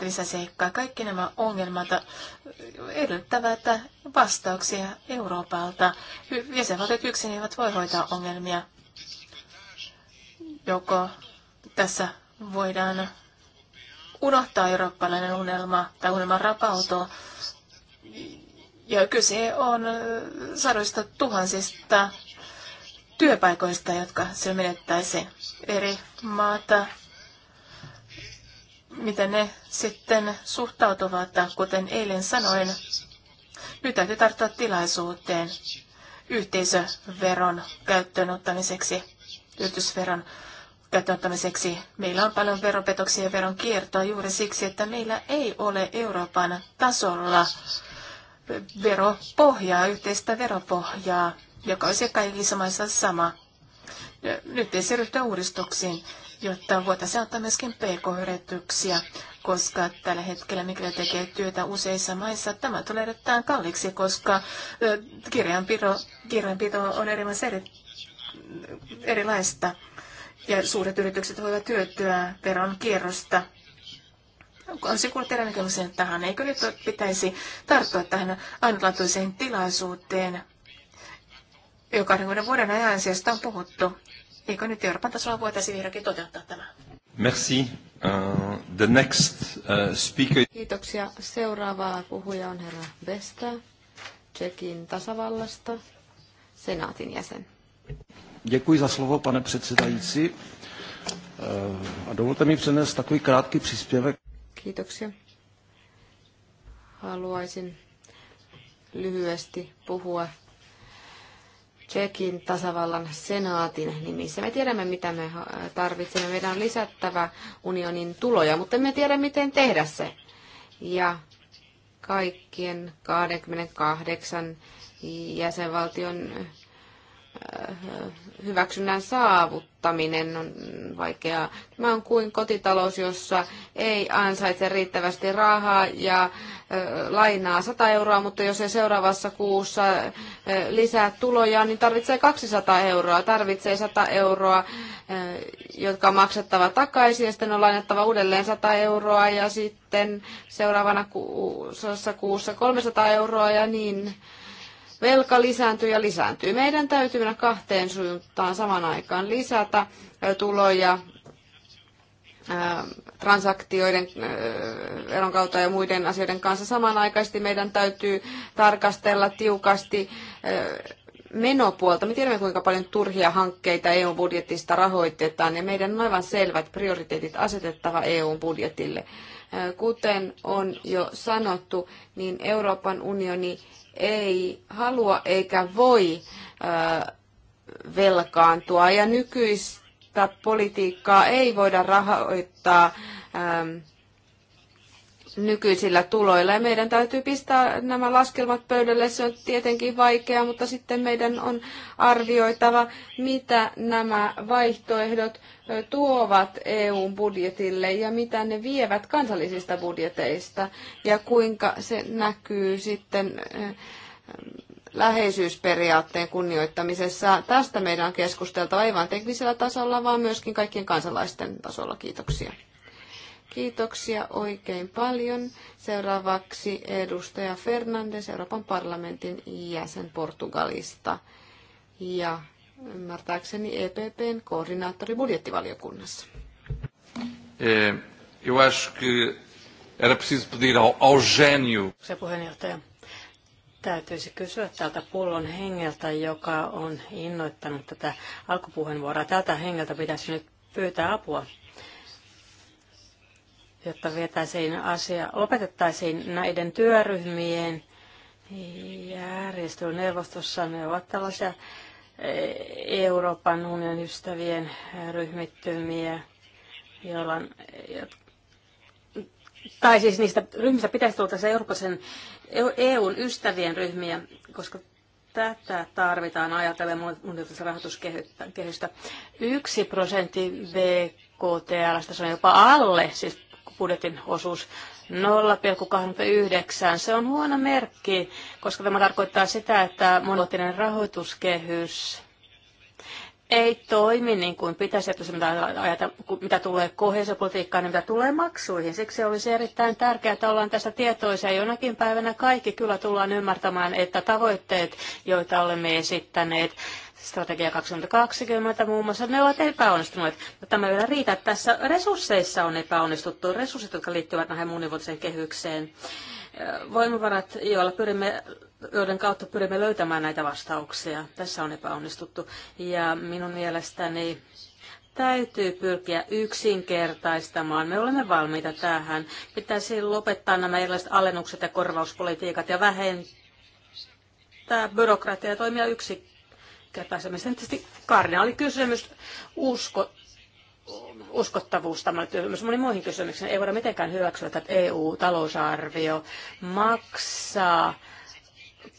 lisäseikkaa. Kaikki nämä ongelmat edellyttävät vastauksia Euroopalta. Jäsenvaltiot yksin eivät voi hoitaa ongelmia. Joko tässä voidaan unohtaa eurooppalainen unelma tai unelma rapautuu. Ja kyse on sadoista tuhansista työpaikoista, jotka se menettäisi eri maata. Miten ne sitten suhtautuvat, kuten eilen sanoin, nyt täytyy tarttua tilaisuuteen yhteisöveron käyttöön ottamiseksi, yritysveron käyttöönottamiseksi. Meillä on paljon veropetoksia ja veronkiertoa juuri siksi, että meillä ei ole Euroopan tasolla veropohjaa, yhteistä veropohjaa, joka olisi kaikissa maissa sama. Nyt ei se ryhtyä uudistuksiin, jotta voitaisiin auttaa myöskin pk-yrityksiä, koska tällä hetkellä mikä tekee työtä useissa maissa, tämä tulee erittäin kalliiksi, koska kirjanpito, kirjanpito on eri erilaista ja suuret yritykset voivat hyötyä veron kierrosta. Olisi kuullut teidän näkemykseen tähän. Eikö nyt pitäisi tarttua tähän ainutlaatuiseen tilaisuuteen, jo 20 vuoden ajan sieltä on puhuttu. Eikö nyt Euroopan tasolla voitaisiin vihdoinkin toteuttaa tämä? Merci. Uh, the next uh, speaker... Kiitoksia. Seuraava puhuja on herra Vesta, Tsekin tasavallasta, senaatin jäsen. Děkuji za slovo, pane předsedající. Eh, a dovolte mi přenést takový krátký příspěvek. Kiitoksia. Haluaisin lyhyesti puhua Tsekin tasavallan senaatin nimissä. Me tiedämme, mitä me tarvitsemme. Meidän on lisättävä unionin tuloja, mutta me tiedä, miten tehdä se. Ja kaikkien 28 jäsenvaltion Äh, hyväksynnän saavuttaminen on vaikeaa. Tämä on kuin kotitalous, jossa ei ansaitse riittävästi rahaa ja äh, lainaa 100 euroa, mutta jos ei seuraavassa kuussa äh, lisää tuloja, niin tarvitsee 200 euroa, tarvitsee 100 euroa, jotka on maksettava takaisin ja sitten on lainattava uudelleen 100 euroa ja sitten seuraavana kuussa 300 euroa ja niin velka lisääntyy ja lisääntyy. Meidän täytyy mennä kahteen suuntaan saman aikaan lisätä tuloja transaktioiden veron kautta ja muiden asioiden kanssa. Samanaikaisesti meidän täytyy tarkastella tiukasti menopuolta. Me tiedämme, kuinka paljon turhia hankkeita EU-budjetista rahoitetaan ja meidän on aivan selvät prioriteetit asetettava EU-budjetille. Kuten on jo sanottu, niin Euroopan unioni ei halua eikä voi velkaantua ja nykyistä politiikkaa ei voida rahoittaa nykyisillä tuloilla. Ja meidän täytyy pistää nämä laskelmat pöydälle. Se on tietenkin vaikeaa, mutta sitten meidän on arvioitava, mitä nämä vaihtoehdot tuovat EUn budjetille ja mitä ne vievät kansallisista budjeteista ja kuinka se näkyy sitten läheisyysperiaatteen kunnioittamisessa. Tästä meidän on keskusteltava ei vain teknisellä tasolla, vaan myöskin kaikkien kansalaisten tasolla. Kiitoksia. Kiitoksia oikein paljon. Seuraavaksi edustaja Fernandes, Euroopan parlamentin jäsen Portugalista. Ja ymmärtääkseni EPPn koordinaattori budjettivaliokunnassa. Eh, eu acho que era preciso pedir ao, ao gênio. Se puheenjohtaja, täytyisi kysyä tältä pullon hengeltä, joka on innoittanut tätä alkupuheenvuoroa. Tältä hengeltä pitäisi nyt pyytää apua jotta vietäisiin asia, lopetettaisiin näiden työryhmien järjestelyn neuvostossa. Ne ovat tällaisia eh, Euroopan unionin ystävien ryhmittymiä, joilla on, eh, tai siis niistä ryhmistä pitäisi tulla tässä Euroopan EUn ystävien ryhmiä, koska tätä tarvitaan ajatellen monivuotista rahoituskehystä. Yksi prosentti VKTLstä, se on jopa alle, siis budjetin osuus 0,29. Se on huono merkki, koska tämä tarkoittaa sitä, että monivuotinen rahoituskehys ei toimi niin kuin pitäisi, että se mitä, ajata, mitä tulee kohesiopolitiikkaan, niin mitä tulee maksuihin. Siksi olisi erittäin tärkeää, että ollaan tästä tietoisia. Jonakin päivänä kaikki kyllä tullaan ymmärtämään, että tavoitteet, joita olemme esittäneet, strategia 2020 muun muassa, ne ovat epäonnistuneet. Mutta tämä vielä riitä, että tässä resursseissa on epäonnistuttu, resurssit, jotka liittyvät näihin monivuotiseen kehykseen. Voimavarat, joilla pyrimme joiden kautta pyrimme löytämään näitä vastauksia. Tässä on epäonnistuttu. Ja minun mielestäni täytyy pyrkiä yksinkertaistamaan. Me olemme valmiita tähän. Pitäisi lopettaa nämä erilaiset alennukset ja korvauspolitiikat ja vähentää byrokratiaa ja toimia yksinkertaisemmin. Sitten tietysti kardinaali kysymys, usko, uskottavuus, tämä myös moni muihin kysymyksiin. Ei voida mitenkään hyväksyä, että EU-talousarvio maksaa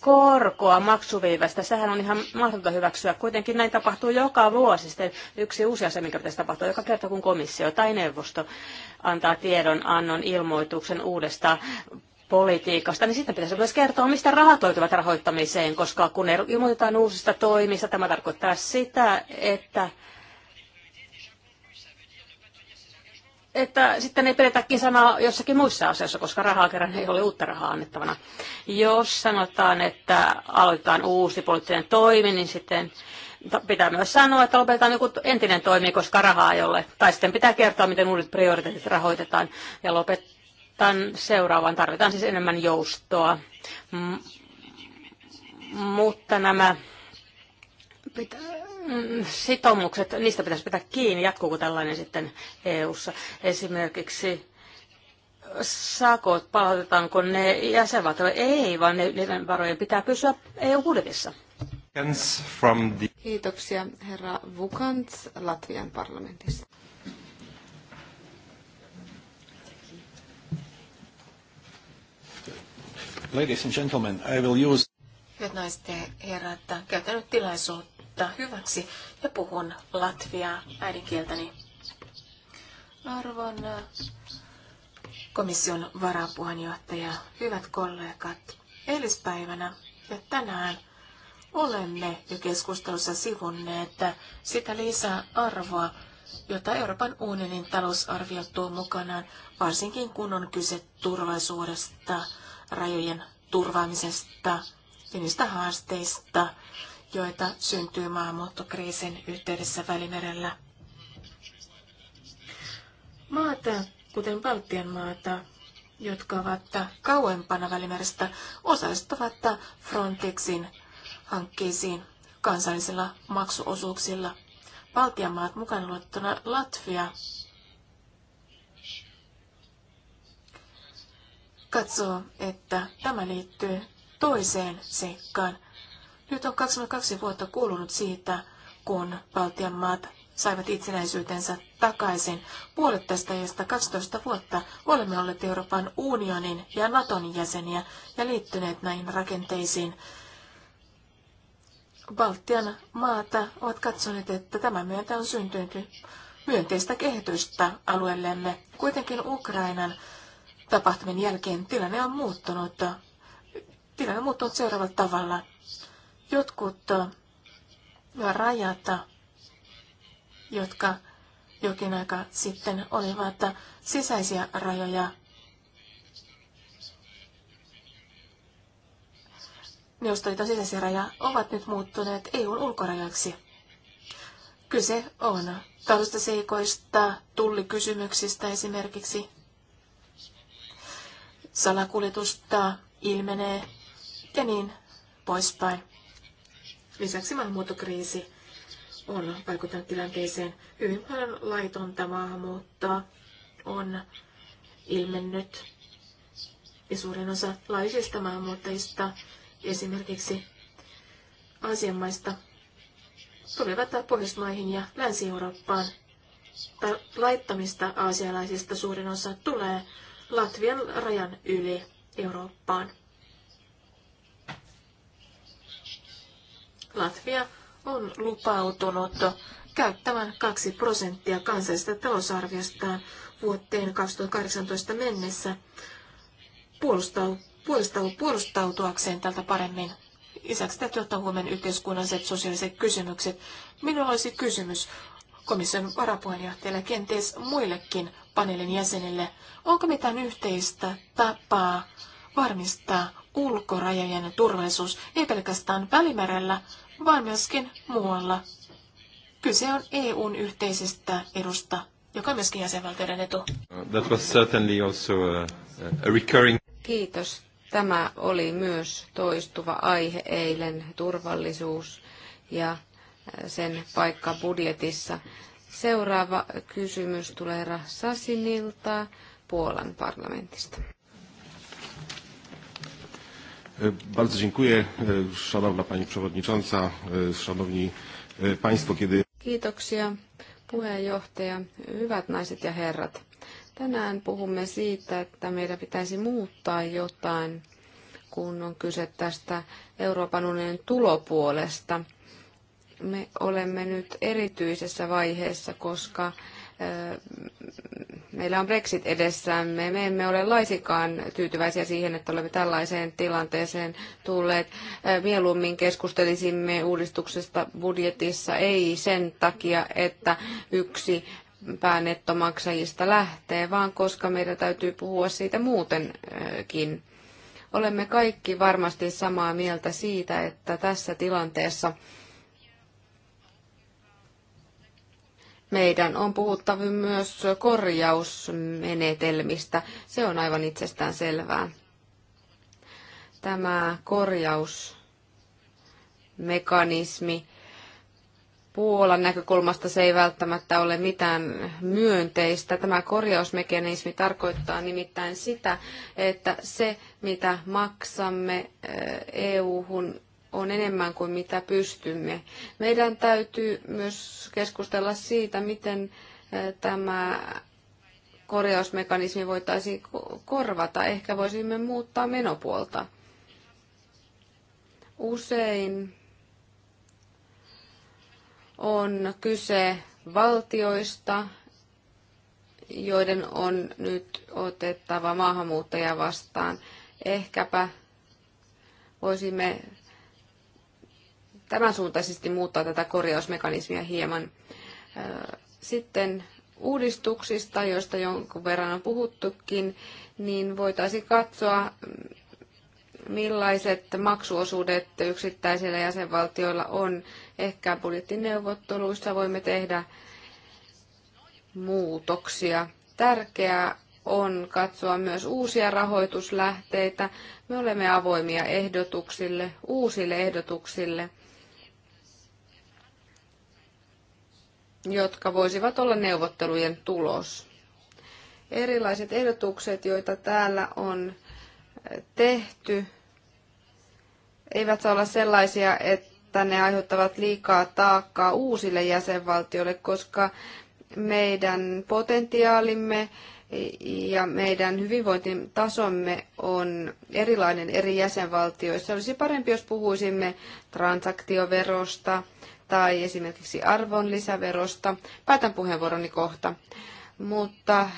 korkoa maksuviivästä. Sehän on ihan mahdotonta hyväksyä. Kuitenkin näin tapahtuu joka vuosi. Sitten yksi uusi asia, mikä pitäisi tapahtua joka kerta, kun komissio tai neuvosto antaa tiedon annon ilmoituksen uudesta politiikasta, niin sitten pitäisi myös kertoa, mistä rahat löytyvät rahoittamiseen, koska kun ilmoitetaan uusista toimista, tämä tarkoittaa sitä, että että sitten ei pidetäkin sanaa jossakin muissa asioissa, koska rahaa kerran ei ole uutta rahaa annettavana. Jos sanotaan, että aloitetaan uusi poliittinen toimi, niin sitten pitää myös sanoa, että lopetetaan joku entinen toimi, koska rahaa ei ole. Tai sitten pitää kertoa, miten uudet prioriteetit rahoitetaan ja lopetetaan seuraavaan. Tarvitaan siis enemmän joustoa. M- mutta nämä pitää Mm, sitoumukset, niistä pitäisi pitää kiinni, jatkuuko tällainen sitten EU-ssa. Esimerkiksi sakot, palautetaanko ne jäsenvaltioille? Ei, vaan ne, niiden varojen pitää pysyä EU-budjetissa. Kiitoksia, herra Vukants Latvian parlamentista. Ladies and gentlemen, I will use... Hyvät naiset ja herrat, käytän nyt tilaisuutta käyttää hyväksi ja puhun latviaa äidinkieltäni. Arvon äh, komission varapuheenjohtaja, hyvät kollegat, eilispäivänä ja tänään olemme jo keskustelussa sivunneet sitä lisää arvoa, jota Euroopan unionin talousarvio tuo mukanaan, varsinkin kun on kyse turvallisuudesta, rajojen turvaamisesta ja niistä haasteista, joita syntyy maahanmuuttokriisin yhteydessä Välimerellä. Maat, kuten Baltian maata, jotka ovat kauempana Välimerestä, osallistuvat Frontexin hankkeisiin kansallisilla maksuosuuksilla. Baltian maat mukaan luettuna Latvia katsoo, että tämä liittyy toiseen seikkaan, nyt on 22 vuotta kulunut siitä, kun Baltian maat saivat itsenäisyytensä takaisin. Puolet tästä ajasta 12 vuotta olemme olleet Euroopan unionin ja Naton jäseniä ja liittyneet näihin rakenteisiin. Baltian maata ovat katsoneet, että tämä myötä on syntynyt myönteistä kehitystä alueellemme. Kuitenkin Ukrainan tapahtumien jälkeen tilanne on muuttunut. Tilanne on muuttunut seuraavalla tavalla. Jotkut rajat, jotka jokin aika sitten olivat sisäisiä rajoja, Neuvostoliiton sisäisiä rajoja ovat nyt muuttuneet EUn ulkorajaksi. Kyse on taustaseikoista, tullikysymyksistä esimerkiksi. Salakuljetusta ilmenee ja niin poispäin. Lisäksi maahanmuuttokriisi on vaikuttanut tilanteeseen. Hyvin paljon laitonta maahanmuuttoa on ilmennyt. Ja suurin osa laillisista maahanmuuttajista, esimerkiksi Aasian maista, tulevat Pohjoismaihin ja Länsi-Eurooppaan. Laittamista aasialaisista suurin osa tulee Latvian rajan yli Eurooppaan. Latvia on lupautunut käyttämään 2 prosenttia kansallisesta talousarviostaan vuoteen 2018 mennessä puolustau, puolustau, puolustautuakseen tältä paremmin. Lisäksi täytyy ottaa huomioon yhteiskunnalliset sosiaaliset kysymykset. Minulla olisi kysymys komission varapuheenjohtajalle kenties muillekin paneelin jäsenille. Onko mitään yhteistä tapaa varmistaa ulkorajojen turvallisuus ei pelkästään välimerellä, vaan myöskin muualla. Kyse on EUn yhteisestä edusta, joka on myöskin jäsenvaltioiden etu. That was certainly also a, a recurring... Kiitos. Tämä oli myös toistuva aihe eilen, turvallisuus ja äh, sen paikka budjetissa. Seuraava kysymys tulee Rassasinilta Puolan parlamentista. E, bardzo dziękuję, e, szanowna pani przewodnicząca, e, szanowni państwo, kiedy... Kiitoksia puheenjohtaja, hyvät naiset ja herrat. Tänään puhumme siitä, että meidän pitäisi muuttaa jotain, kun on kyse tästä Euroopan unionin tulopuolesta. Me olemme nyt erityisessä vaiheessa, koska meillä on Brexit edessämme. Me emme ole laisikaan tyytyväisiä siihen, että olemme tällaiseen tilanteeseen tulleet. Mieluummin keskustelisimme uudistuksesta budjetissa, ei sen takia, että yksi päänettomaksajista lähtee, vaan koska meidän täytyy puhua siitä muutenkin. Olemme kaikki varmasti samaa mieltä siitä, että tässä tilanteessa Meidän on puhuttava myös korjausmenetelmistä. Se on aivan itsestään selvää. Tämä korjausmekanismi Puolan näkökulmasta se ei välttämättä ole mitään myönteistä. Tämä korjausmekanismi tarkoittaa nimittäin sitä, että se, mitä maksamme eh, EU-hun on enemmän kuin mitä pystymme. Meidän täytyy myös keskustella siitä, miten eh, tämä korjausmekanismi voitaisiin korvata. Ehkä voisimme muuttaa menopuolta. Usein on kyse valtioista, joiden on nyt otettava maahanmuuttaja vastaan. Ehkäpä voisimme tämän suuntaisesti muuttaa tätä korjausmekanismia hieman. Sitten uudistuksista, joista jonkun verran on puhuttukin, niin voitaisiin katsoa, millaiset maksuosuudet yksittäisillä jäsenvaltioilla on. Ehkä budjettineuvotteluissa voimme tehdä muutoksia. Tärkeää on katsoa myös uusia rahoituslähteitä. Me olemme avoimia ehdotuksille, uusille ehdotuksille – jotka voisivat olla neuvottelujen tulos. Erilaiset ehdotukset, joita täällä on tehty, eivät saa olla sellaisia, että ne aiheuttavat liikaa taakkaa uusille jäsenvaltioille, koska meidän potentiaalimme ja meidän hyvinvointitasomme on erilainen eri jäsenvaltioissa. Olisi parempi, jos puhuisimme transaktioverosta, tai esimerkiksi arvonlisäverosta. Päätän puheenvuoroni kohta. Mutta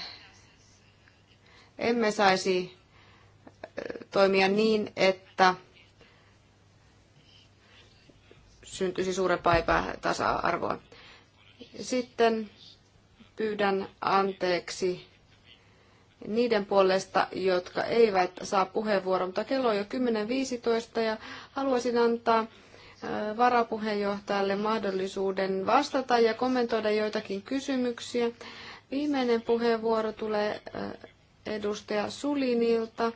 emme saisi toimia niin, että syntyisi suurempaa epätasa-arvoa. Sitten pyydän anteeksi niiden puolesta, jotka eivät saa puheenvuoron, mutta kello on jo 10.15 ja haluaisin antaa varapuheenjohtajalle mahdollisuuden vastata ja kommentoida joitakin kysymyksiä. Viimeinen puheenvuoro tulee edustaja Sulinilta.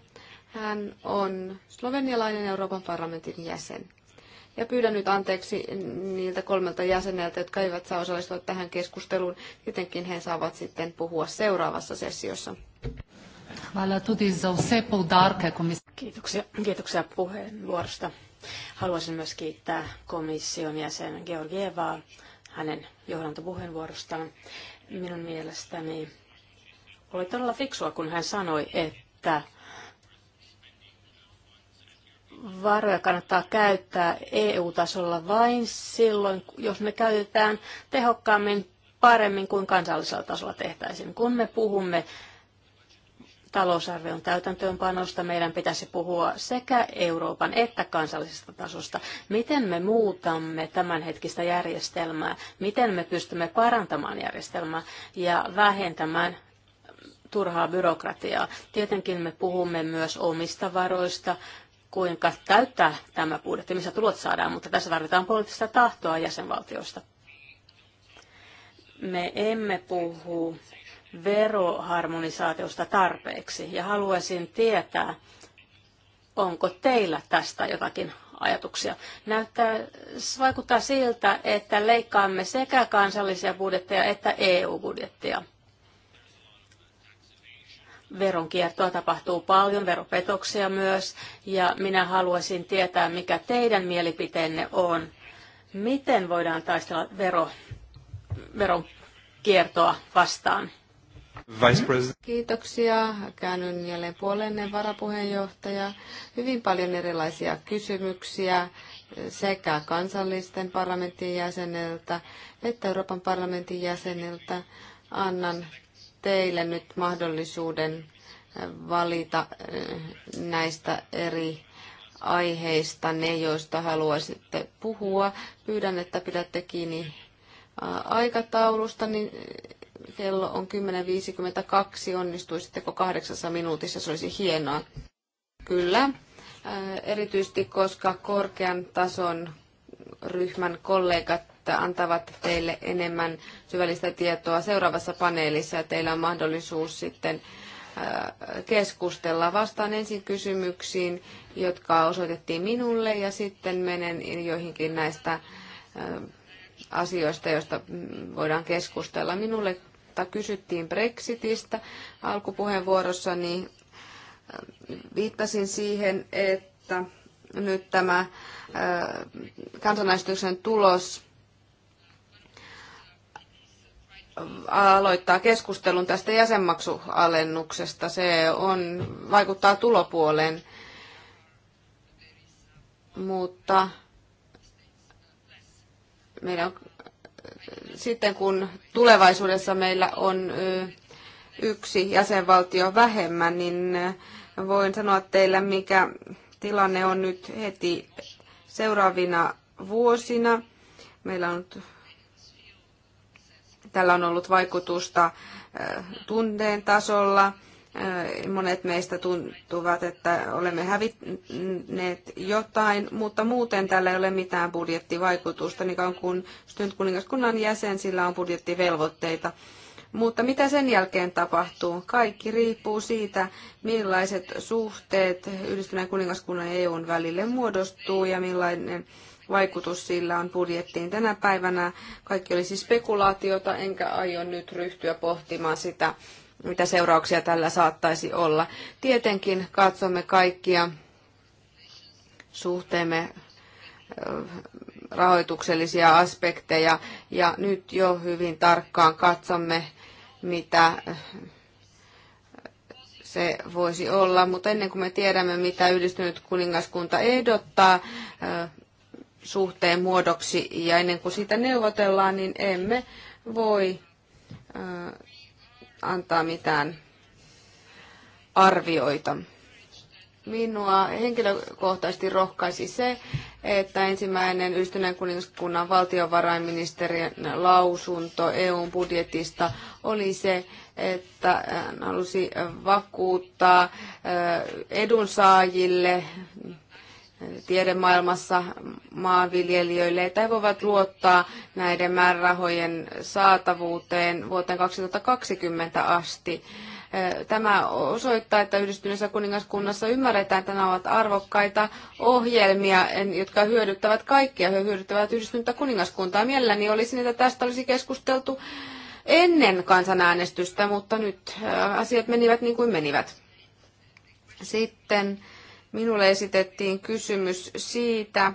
Hän on slovenialainen Euroopan parlamentin jäsen. Ja pyydän nyt anteeksi niiltä kolmelta jäseneltä, jotka eivät saa osallistua tähän keskusteluun. Tietenkin he saavat sitten puhua seuraavassa sessiossa. Kiitoksia, kiitoksia puheenvuorosta. Haluaisin myös kiittää komission jäsen Georgievaa hänen johdantopuheenvuorostaan. Minun mielestäni oli todella fiksua, kun hän sanoi, että varoja kannattaa käyttää EU-tasolla vain silloin, jos ne käytetään tehokkaammin paremmin kuin kansallisella tasolla tehtäisiin. Kun me puhumme talousarvion täytäntöönpanosta meidän pitäisi puhua sekä Euroopan että kansallisesta tasosta. Miten me muutamme tämänhetkistä järjestelmää, miten me pystymme parantamaan järjestelmää ja vähentämään turhaa byrokratiaa. Tietenkin me puhumme myös omista varoista, kuinka täyttää tämä budjetti, missä tulot saadaan, mutta tässä tarvitaan poliittista tahtoa jäsenvaltioista. Me emme puhu veroharmonisaatiosta tarpeeksi ja haluaisin tietää, onko teillä tästä jotakin ajatuksia. Näyttää, vaikuttaa siltä, että leikkaamme sekä kansallisia budjetteja että EU-budjettia. Veronkiertoa tapahtuu paljon, veropetoksia myös, ja minä haluaisin tietää, mikä teidän mielipiteenne on. Miten voidaan taistella vero, veronkiertoa vastaan? Vice President. Kiitoksia. Käännyn jälleen puolenne varapuheenjohtaja. Hyvin paljon erilaisia kysymyksiä sekä kansallisten parlamentin jäseneltä että Euroopan parlamentin jäseneltä. Annan teille nyt mahdollisuuden valita eh, näistä eri aiheista ne, joista haluaisitte puhua. Pyydän, että pidätte kiinni aikataulusta, niin kello on 10.52, onnistuisitteko kahdeksassa minuutissa, se olisi hienoa. Kyllä, äh, erityisesti koska korkean tason ryhmän kollegat antavat teille enemmän syvällistä tietoa seuraavassa paneelissa ja teillä on mahdollisuus sitten äh, keskustella. Vastaan ensin kysymyksiin, jotka osoitettiin minulle ja sitten menen joihinkin näistä äh, asioista, joista mm, voidaan keskustella. Minulle kysyttiin Brexitistä alkupuheenvuorossani, viittasin siihen, että nyt tämä kansanäänestyksen tulos aloittaa keskustelun tästä jäsenmaksualennuksesta. Se on, vaikuttaa tulopuoleen, mutta meidän on sitten kun tulevaisuudessa meillä on yksi jäsenvaltio vähemmän, niin voin sanoa teille, mikä tilanne on nyt heti seuraavina vuosina. Meillä on, tällä on ollut vaikutusta tunteen tasolla, Monet meistä tuntuvat, että olemme hävinneet jotain, mutta muuten tällä ei ole mitään budjettivaikutusta, niin kauan kuin Stynt kuningaskunnan jäsen, sillä on budjettivelvoitteita. Mutta mitä sen jälkeen tapahtuu? Kaikki riippuu siitä, millaiset suhteet yhdistyneen kuningaskunnan ja EUn välille muodostuu ja millainen vaikutus sillä on budjettiin tänä päivänä. Kaikki olisi siis spekulaatiota, enkä aio nyt ryhtyä pohtimaan sitä, mitä seurauksia tällä saattaisi olla. Tietenkin katsomme kaikkia suhteemme rahoituksellisia aspekteja ja nyt jo hyvin tarkkaan katsomme, mitä se voisi olla, mutta ennen kuin me tiedämme, mitä yhdistynyt kuningaskunta ehdottaa suhteen muodoksi ja ennen kuin sitä neuvotellaan, niin emme voi antaa mitään arvioita. Minua henkilökohtaisesti rohkaisi se, että ensimmäinen ystävän kuningaskunnan valtiovarainministerin lausunto EUn budjetista oli se, että hän halusi vakuuttaa edunsaajille tiedemaailmassa maanviljelijöille he voivat luottaa näiden määrärahojen saatavuuteen vuoteen 2020 asti. Tämä osoittaa, että yhdistyneessä kuningaskunnassa ymmärretään, että nämä ovat arvokkaita ohjelmia, jotka hyödyttävät kaikkia, he hyödyttävät yhdistynyttä kuningaskuntaa. Mielelläni olisi, että tästä olisi keskusteltu ennen kansanäänestystä, mutta nyt asiat menivät niin kuin menivät. Sitten Minulle esitettiin kysymys siitä,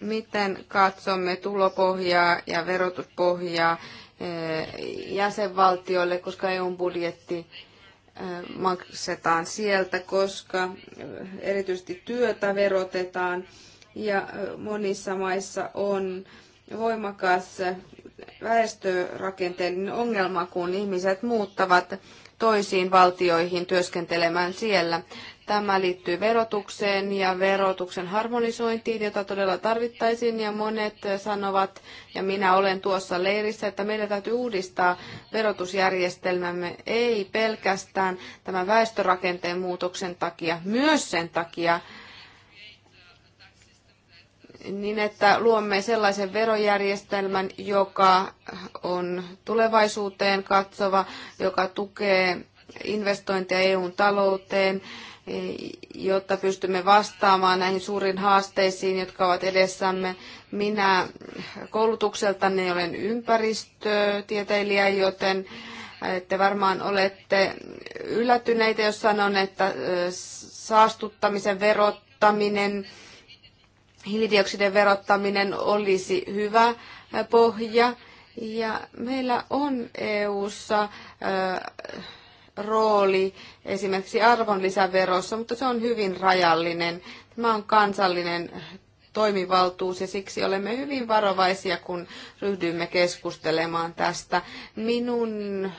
miten katsomme tulopohjaa ja verotuspohjaa eh, jäsenvaltioille, koska EUn budjetti eh, maksetaan sieltä, koska eh, erityisesti työtä verotetaan ja monissa maissa on voimakas väestörakenteellinen ongelma, kun ihmiset muuttavat toisiin valtioihin työskentelemään siellä. Tämä liittyy verotukseen ja verotuksen harmonisointiin, jota todella tarvittaisiin, ja monet sanovat, ja minä olen tuossa leirissä, että meidän täytyy uudistaa verotusjärjestelmämme ei pelkästään tämän väestörakenteen muutoksen takia, myös sen takia, niin että luomme sellaisen verojärjestelmän, joka on tulevaisuuteen katsova, joka tukee investointeja eu talouteen, jotta pystymme vastaamaan näihin suuriin haasteisiin, jotka ovat edessämme. Minä koulutukseltani olen ympäristötieteilijä, joten te varmaan olette yllätyneitä, jos sanon, että saastuttamisen verottaminen – hiilidioksidin verottaminen olisi hyvä pohja. Ja meillä on EU:ssa rooli esimerkiksi arvonlisäverossa, mutta se on hyvin rajallinen. Tämä on kansallinen toimivaltuus ja siksi olemme hyvin varovaisia, kun ryhdymme keskustelemaan tästä. Minun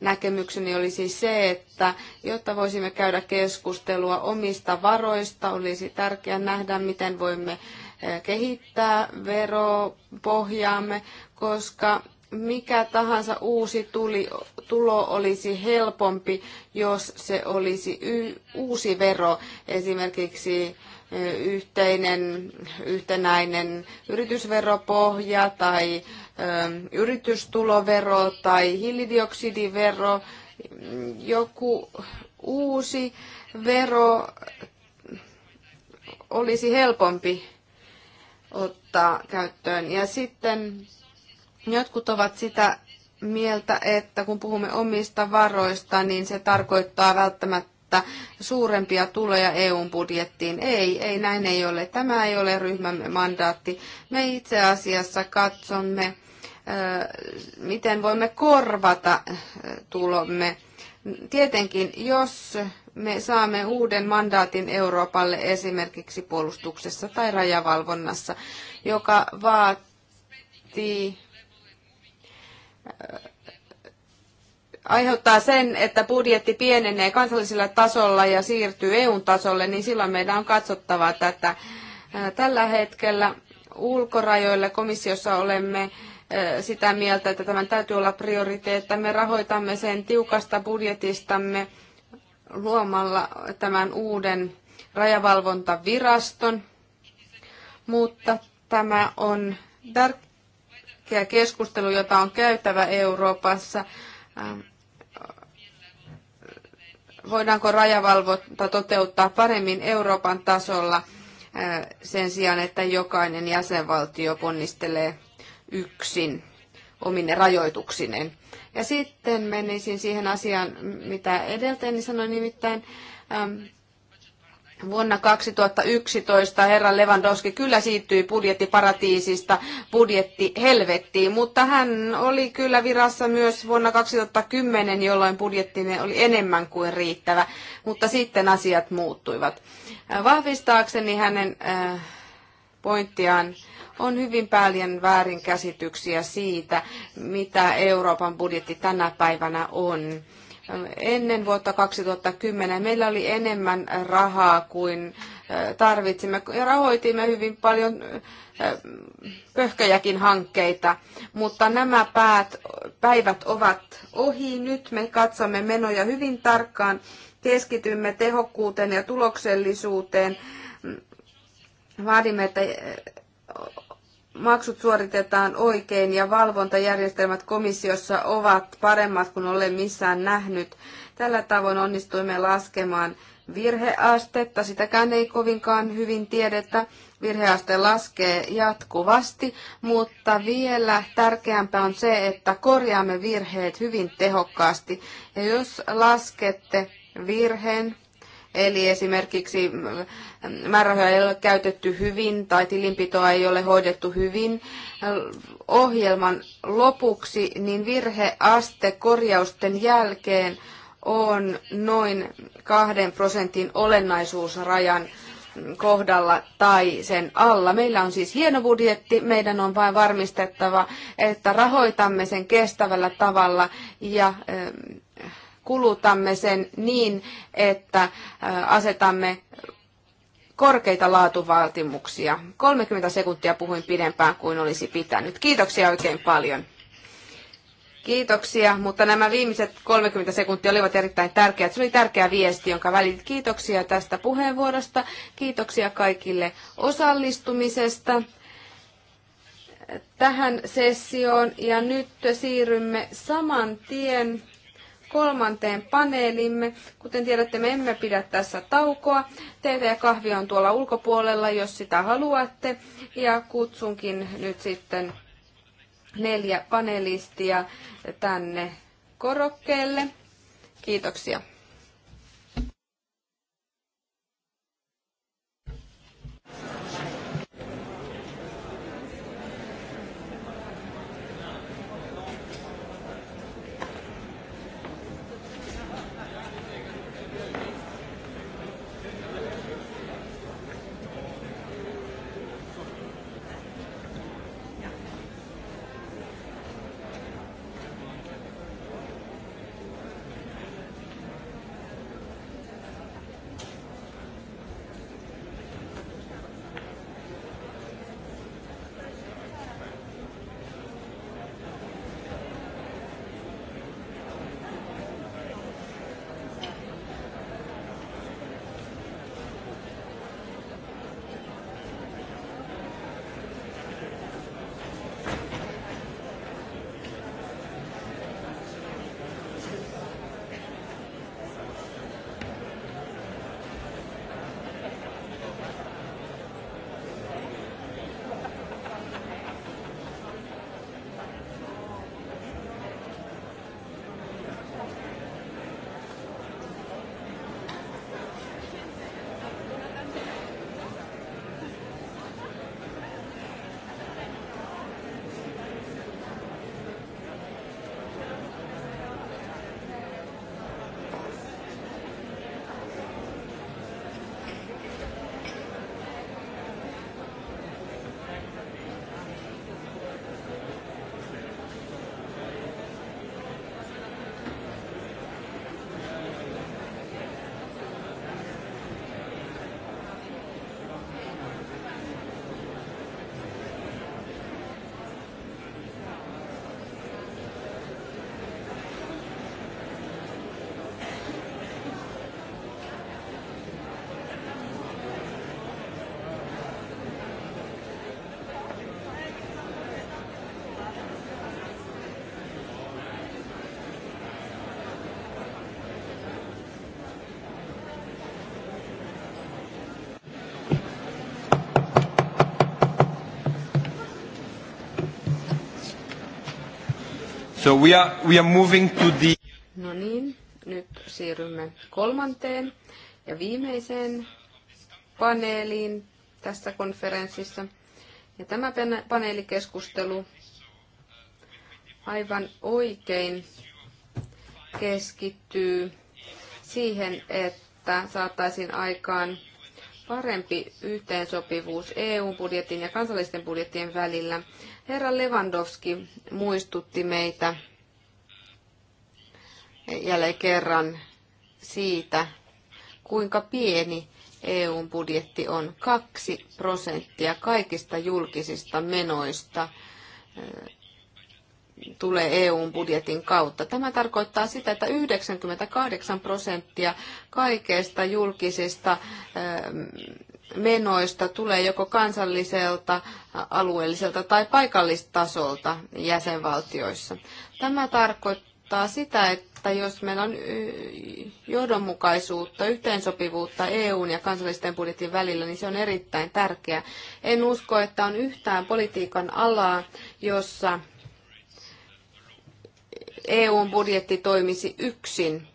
näkemykseni oli siis se, että jotta voisimme käydä keskustelua omista varoista, olisi tärkeää nähdä, miten voimme eh, kehittää veropohjaamme, koska mikä tahansa uusi tuli, tulo olisi helpompi, jos se olisi y, uusi vero, esimerkiksi yhteinen, yhtenäinen yritysveropohja tai yritystulovero tai hiilidioksidivero, joku uusi vero olisi helpompi ottaa käyttöön. Ja sitten jotkut ovat sitä mieltä, että kun puhumme omista varoista, niin se tarkoittaa välttämättä suurempia tuloja EUn budjettiin. Ei, ei näin ei ole. Tämä ei ole ryhmämme mandaatti. Me itse asiassa katsomme, miten voimme korvata tulomme. Tietenkin, jos me saamme uuden mandaatin Euroopalle esimerkiksi puolustuksessa tai rajavalvonnassa, joka vaatii aiheuttaa sen, että budjetti pienenee kansallisella tasolla ja siirtyy EU-tasolle, niin silloin meidän on katsottava tätä. Tällä hetkellä ulkorajoille komissiossa olemme sitä mieltä, että tämän täytyy olla prioriteetta. Me rahoitamme sen tiukasta budjetistamme luomalla tämän uuden rajavalvontaviraston, mutta tämä on tärkeä keskustelu, jota on käytävä Euroopassa voidaanko rajavalvonta toteuttaa paremmin Euroopan tasolla eh, sen sijaan, että jokainen jäsenvaltio ponnistelee yksin omine rajoituksineen. Ja sitten menisin siihen asiaan, mitä edeltäjäni sanoin, sanoi, nimittäin Vuonna 2011 herra Lewandowski kyllä siirtyi budjettiparatiisista budjettihelvettiin, mutta hän oli kyllä virassa myös vuonna 2010, jolloin budjettimme oli enemmän kuin riittävä, mutta sitten asiat muuttuivat. Vahvistaakseni hänen äh, pointtiaan on hyvin paljon väärinkäsityksiä siitä, mitä Euroopan budjetti tänä päivänä on Ennen vuotta 2010 meillä oli enemmän rahaa kuin tarvitsimme. ja Rahoitimme hyvin paljon pöhköjäkin hankkeita, mutta nämä päät, päivät ovat ohi. Nyt me katsomme menoja hyvin tarkkaan, keskitymme tehokkuuteen ja tuloksellisuuteen. Vaadimme, että maksut suoritetaan oikein ja valvontajärjestelmät komissiossa ovat paremmat kuin olen missään nähnyt. Tällä tavoin onnistuimme laskemaan virheastetta, sitäkään ei kovinkaan hyvin tiedetä. Virheaste laskee jatkuvasti, mutta vielä tärkeämpää on se, että korjaamme virheet hyvin tehokkaasti. Ja jos laskette virheen, Eli esimerkiksi määrärahoja ei ole käytetty hyvin tai tilinpitoa ei ole hoidettu hyvin. Ohjelman lopuksi niin virheaste korjausten jälkeen on noin kahden prosentin olennaisuusrajan kohdalla tai sen alla. Meillä on siis hieno budjetti, meidän on vain varmistettava, että rahoitamme sen kestävällä tavalla ja kulutamme sen niin, että asetamme korkeita laatuvaatimuksia. 30 sekuntia puhuin pidempään kuin olisi pitänyt. Kiitoksia oikein paljon. Kiitoksia, mutta nämä viimeiset 30 sekuntia olivat erittäin tärkeät. Se oli tärkeä viesti, jonka välit. Kiitoksia tästä puheenvuorosta. Kiitoksia kaikille osallistumisesta tähän sessioon. Ja nyt siirrymme saman tien kolmanteen paneelimme. Kuten tiedätte, me emme pidä tässä taukoa. Teitä ja kahvia on tuolla ulkopuolella, jos sitä haluatte. Ja kutsunkin nyt sitten neljä panelistia tänne korokkeelle. Kiitoksia. So we are, we are moving to the... No niin, nyt siirrymme kolmanteen ja viimeiseen paneeliin tässä konferenssissa. Ja tämä paneelikeskustelu aivan oikein keskittyy siihen, että saataisiin aikaan parempi yhteensopivuus EU-budjetin ja kansallisten budjettien välillä. Herra Lewandowski muistutti meitä jälleen kerran siitä, kuinka pieni EUn budjetti on. Kaksi prosenttia kaikista julkisista menoista tulee EUn budjetin kautta. Tämä tarkoittaa sitä, että 98 prosenttia kaikesta julkisista eh, menoista tulee joko kansalliselta, alueelliselta tai paikallistasolta jäsenvaltioissa. Tämä tarkoittaa sitä, että jos meillä on eh, johdonmukaisuutta, yhteensopivuutta EUn ja kansallisten budjetin välillä, niin se on erittäin tärkeää. En usko, että on yhtään politiikan alaa, jossa EUn budjetti toimisi yksin.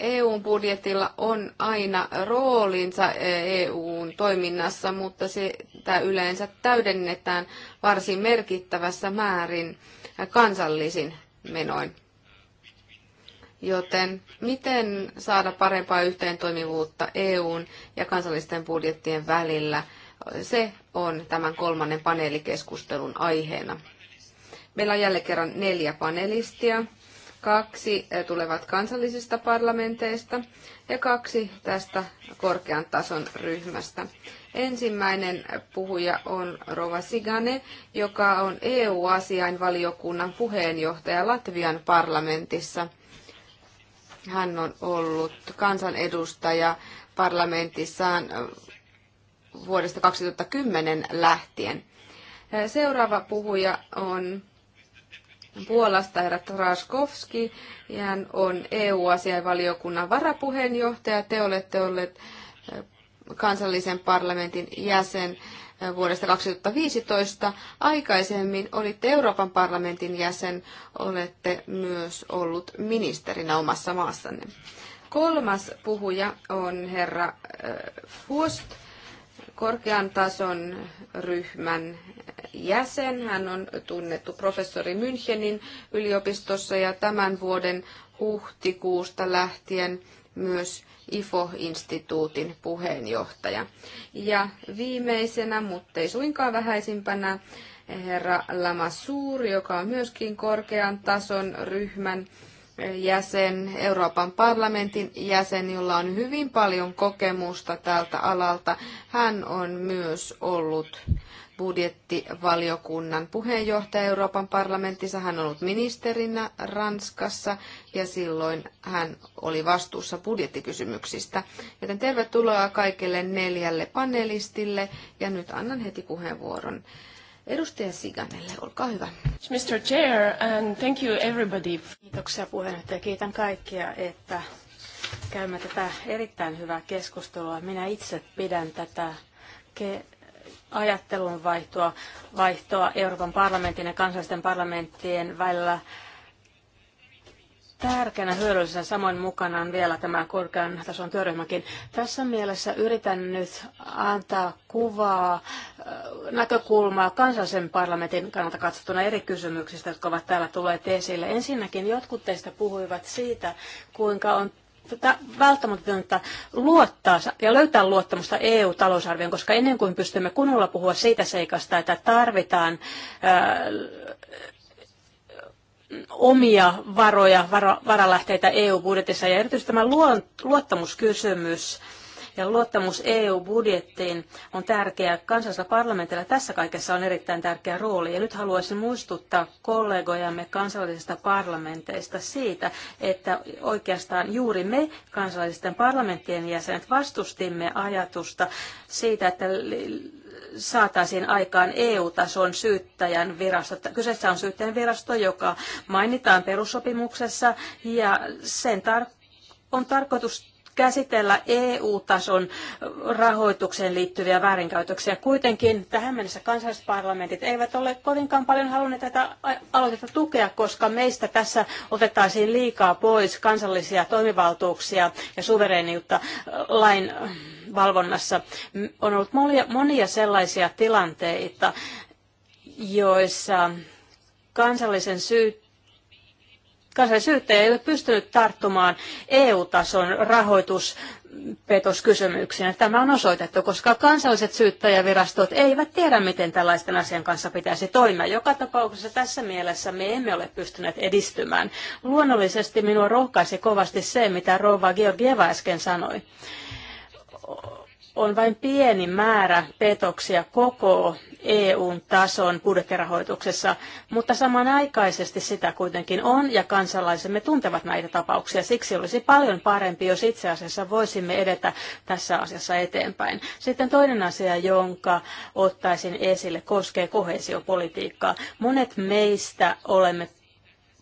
EUn budjetilla on aina roolinsa EUn toiminnassa, mutta sitä yleensä täydennetään varsin merkittävässä määrin kansallisin menoin. Joten miten saada parempaa yhteentoimivuutta EUn ja kansallisten budjettien välillä – se on tämän kolmannen paneelikeskustelun aiheena. Meillä on jälleen kerran neljä panelistia. Kaksi eh, tulevat kansallisista parlamenteista ja kaksi tästä korkean tason ryhmästä. Ensimmäinen puhuja on Rova Sigane, joka on EU-asiainvaliokunnan puheenjohtaja Latvian parlamentissa. Hän on ollut kansanedustaja parlamentissaan vuodesta 2010 lähtien. Seuraava puhuja on Puolasta herra Traskovski. Hän on EU-asiainvaliokunnan varapuheenjohtaja. Te olette olleet kansallisen parlamentin jäsen vuodesta 2015. Aikaisemmin olitte Euroopan parlamentin jäsen, olette myös ollut ministerinä omassa maassanne. Kolmas puhuja on herra Fust korkean tason ryhmän jäsen. Hän on tunnettu professori Münchenin yliopistossa ja tämän vuoden huhtikuusta lähtien myös IFO-instituutin puheenjohtaja. Ja viimeisenä, mutta ei suinkaan vähäisimpänä, herra Suuri, joka on myöskin korkean tason ryhmän jäsen, Euroopan parlamentin jäsen, jolla on hyvin paljon kokemusta tältä alalta. Hän on myös ollut budjettivaliokunnan puheenjohtaja Euroopan parlamentissa. Hän on ollut ministerinä Ranskassa ja silloin hän oli vastuussa budjettikysymyksistä. Joten tervetuloa kaikille neljälle panelistille ja nyt annan heti puheenvuoron Edustaja Siganelle, olkaa hyvä. Mr. Chair, and thank you everybody. Kiitoksia puheenjohtaja. Kiitän kaikkia, että käymme tätä erittäin hyvää keskustelua. Minä itse pidän tätä ajattelun vaihtoa, vaihtoa Euroopan parlamentin ja kansallisten parlamenttien välillä tärkeänä hyödyllisenä. Samoin mukana on vielä tämä korkean tason työryhmäkin. Tässä mielessä yritän nyt antaa kuvaa, näkökulmaa kansallisen parlamentin kannalta katsottuna eri kysymyksistä, jotka ovat täällä tulleet esille. Ensinnäkin jotkut teistä puhuivat siitä, kuinka on tätä välttämätöntä luottaa ja löytää luottamusta EU-talousarvioon, koska ennen kuin pystymme kunnolla puhua siitä seikasta, että tarvitaan omia varoja, varo, varalähteitä EU-budjetissa ja erityisesti tämä luottamuskysymys ja luottamus EU-budjettiin on tärkeä kansallisella parlamentilla. Tässä kaikessa on erittäin tärkeä rooli. Ja nyt haluaisin muistuttaa kollegojamme kansallisista parlamenteista siitä, että oikeastaan juuri me kansallisten parlamenttien jäsenet vastustimme ajatusta siitä, että saataisiin aikaan EU-tason syyttäjän virasto. Kyseessä on syyttäjän virasto, joka mainitaan perussopimuksessa ja sen tar- on tarkoitus käsitellä EU-tason rahoitukseen liittyviä väärinkäytöksiä. Kuitenkin tähän mennessä kansallisparlamentit eivät ole kovinkaan paljon halunneet tätä aloitetta tukea, koska meistä tässä otettaisiin liikaa pois kansallisia toimivaltuuksia ja suvereeniutta äh, lain äh, valvonnassa. On ollut monia sellaisia tilanteita, joissa kansallisen syyt kansallisyyttäjä ei ole pystynyt tarttumaan EU-tason rahoituspetoskysymyksiin. Tämä on osoitettu, koska kansalliset syyttäjävirastot eivät tiedä, miten tällaisten asian kanssa pitäisi toimia. Joka tapauksessa tässä mielessä me emme ole pystyneet edistymään. Luonnollisesti minua rohkaisi kovasti se, mitä Rova Georgieva äsken sanoi on vain pieni määrä petoksia koko EUn tason budjettirahoituksessa, mutta samanaikaisesti sitä kuitenkin on ja kansalaisemme tuntevat näitä tapauksia. Siksi olisi paljon parempi, jos itse asiassa voisimme edetä tässä asiassa eteenpäin. Sitten toinen asia, jonka ottaisin esille, koskee kohesiopolitiikkaa. Monet meistä olemme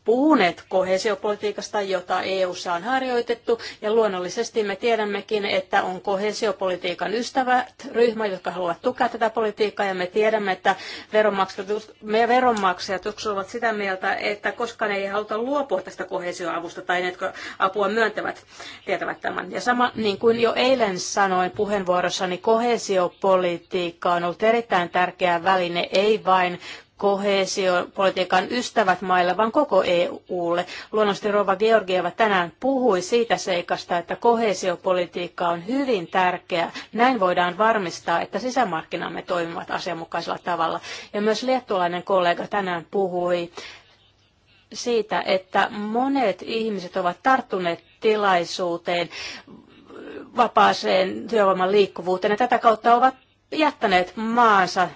puhuneet kohesiopolitiikasta, jota EU:ssa on harjoitettu, ja luonnollisesti me tiedämmekin, että on kohesiopolitiikan ystävät, ryhmä, jotka haluavat tukea tätä politiikkaa, ja me tiedämme, että veronmaksajat, me veronmaksajat ovat sitä mieltä, että koskaan ei haluta luopua tästä kohesioavusta, tai ne, jotka apua myöntävät, tietävät tämän. Ja sama, niin kuin jo eilen sanoin puheenvuorossani, kohesiopolitiikka on ollut erittäin tärkeä väline, ei vain koheesiopolitiikan ystävät maille, vaan koko EUlle. Luonnollisesti Rova Georgieva tänään puhui siitä seikasta, että koheesiopolitiikka on hyvin tärkeä. Näin voidaan varmistaa, että sisämarkkinamme toimivat asianmukaisella tavalla. Ja myös liettualainen kollega tänään puhui siitä, että monet ihmiset ovat tarttuneet tilaisuuteen vapaaseen työvoiman liikkuvuuteen ja tätä kautta ovat jättäneet maansa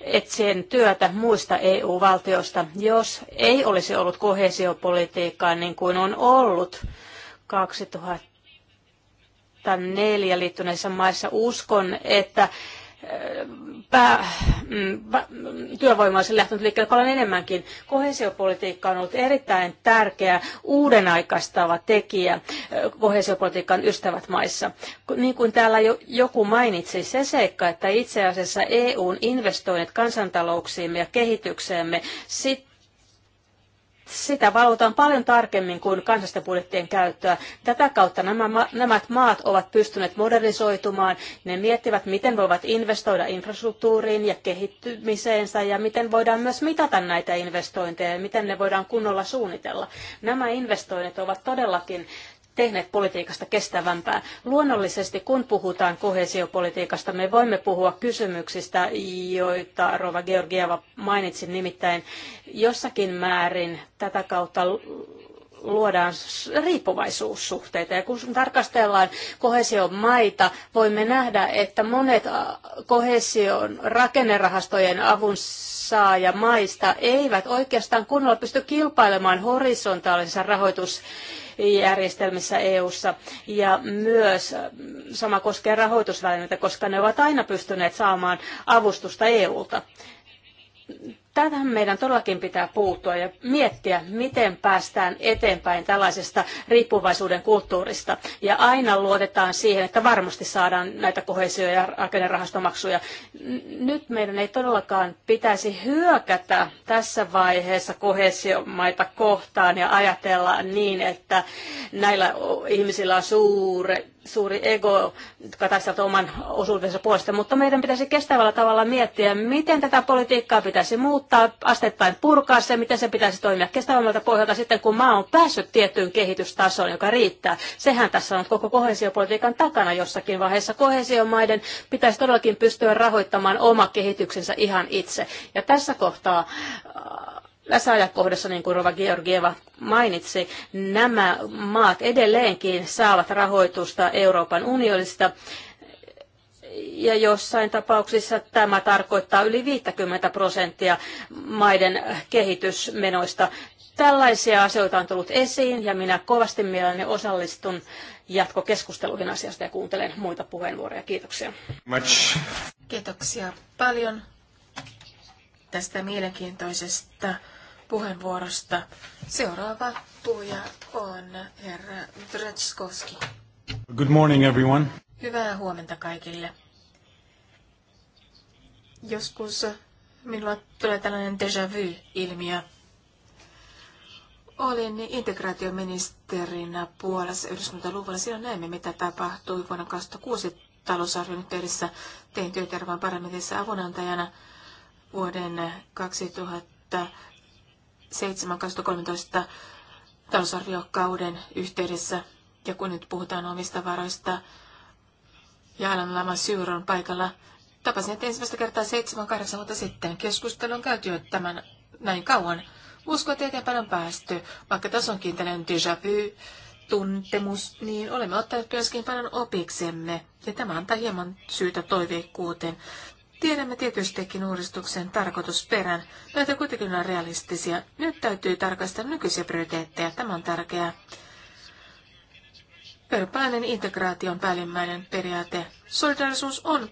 etsien työtä muista EU-valtioista. Jos ei olisi ollut kohesiopolitiikkaa niin kuin on ollut 2004 liittyneissä maissa, uskon, että pää, mm, mm, työvoima olisi lähtenyt liikkeelle paljon enemmänkin. Kohesiopolitiikka on ollut erittäin tärkeä uuden aikaistava tekijä kohesiopolitiikan ystävät maissa. Niin kuin täällä jo, joku mainitsi, se seikka, että itse asiassa EUn investoinnit kansantalouksiimme ja kehitykseemme, sit sitä valvotaan paljon tarkemmin kuin kansallisten budjettien käyttöä. Tätä kautta nämä, nämä maat ovat pystyneet modernisoitumaan. Ne miettivät, miten voivat investoida infrastruktuuriin ja kehittymiseensä ja miten voidaan myös mitata näitä investointeja ja miten ne voidaan kunnolla suunnitella. Nämä investoinnit ovat todellakin tehneet politiikasta kestävämpää. Luonnollisesti, kun puhutaan kohesiopolitiikasta, me voimme puhua kysymyksistä, joita Rova Georgieva mainitsi, nimittäin jossakin määrin tätä kautta luodaan riippuvaisuussuhteita. Ja kun tarkastellaan kohesion maita, voimme nähdä, että monet kohesion rakennerahastojen avun saaja maista eivät oikeastaan kunnolla pysty kilpailemaan horisontaalisessa rahoitus järjestelmissä EU:ssa ja myös äh, sama koskee rahoitusvälineitä, koska ne ovat aina pystyneet saamaan avustusta EUlta Tähän meidän todellakin pitää puuttua ja miettiä, miten päästään eteenpäin tällaisesta riippuvaisuuden kulttuurista. Ja aina luotetaan siihen, että varmasti saadaan näitä kohesio- ja rakennerahastomaksuja. Nyt meidän ei todellakaan pitäisi hyökätä tässä vaiheessa kohesiomaita kohtaan ja ajatella niin, että näillä ihmisillä on suuret suuri ego, joka taistelee oman osuutensa puolesta, mutta meidän pitäisi kestävällä tavalla miettiä, miten tätä politiikkaa pitäisi muuttaa, asteittain purkaa se, miten se pitäisi toimia kestävämmältä pohjalta sitten, kun maa on päässyt tiettyyn kehitystasoon, joka riittää. Sehän tässä on koko kohesiopolitiikan takana jossakin vaiheessa. Kohesiomaiden pitäisi todellakin pystyä rahoittamaan oma kehityksensä ihan itse. Ja tässä kohtaa tässä ajankohdassa, niin kuin Rova Georgieva mainitsi, nämä maat edelleenkin saavat rahoitusta Euroopan unionista. Ja jossain tapauksissa tämä tarkoittaa yli 50 prosenttia maiden kehitysmenoista. Tällaisia asioita on tullut esiin ja minä kovasti mielelläni osallistun jatkokeskusteluihin asiasta ja kuuntelen muita puheenvuoroja. Kiitoksia. Much. Kiitoksia paljon tästä mielenkiintoisesta puheenvuorosta. Seuraava puhuja on herra Dretskowski. Good morning everyone. Hyvää huomenta kaikille. Joskus minulla tulee tällainen déjà vu-ilmiö. Olin integraatioministerinä Puolassa 90-luvulla. Silloin näimme, mitä tapahtui vuonna 2006 talousarvion yhteydessä. Tein työterveyden parlamentissa avunantajana vuoden 2000 2007 talousarviokauden yhteydessä. Ja kun nyt puhutaan omista varoista, ja Alan Lama Syyron paikalla. Tapasin että ensimmäistä kertaa 7-8 vuotta sitten. Keskustelu on käyty jo tämän näin kauan. Uskon, että eteenpäin on päästy. Vaikka tässä onkin tällainen déjà vu, tuntemus, niin olemme ottaneet myöskin paljon opiksemme. Ja tämä antaa hieman syytä toiveikkuuteen. Tiedämme tietystikin uudistuksen tarkoitusperän, näitä kuitenkin on realistisia. Nyt täytyy tarkastella nykyisiä prioriteetteja, tämä on tärkeää. Verbainen integraation päällimmäinen periaate. Solidarisuus on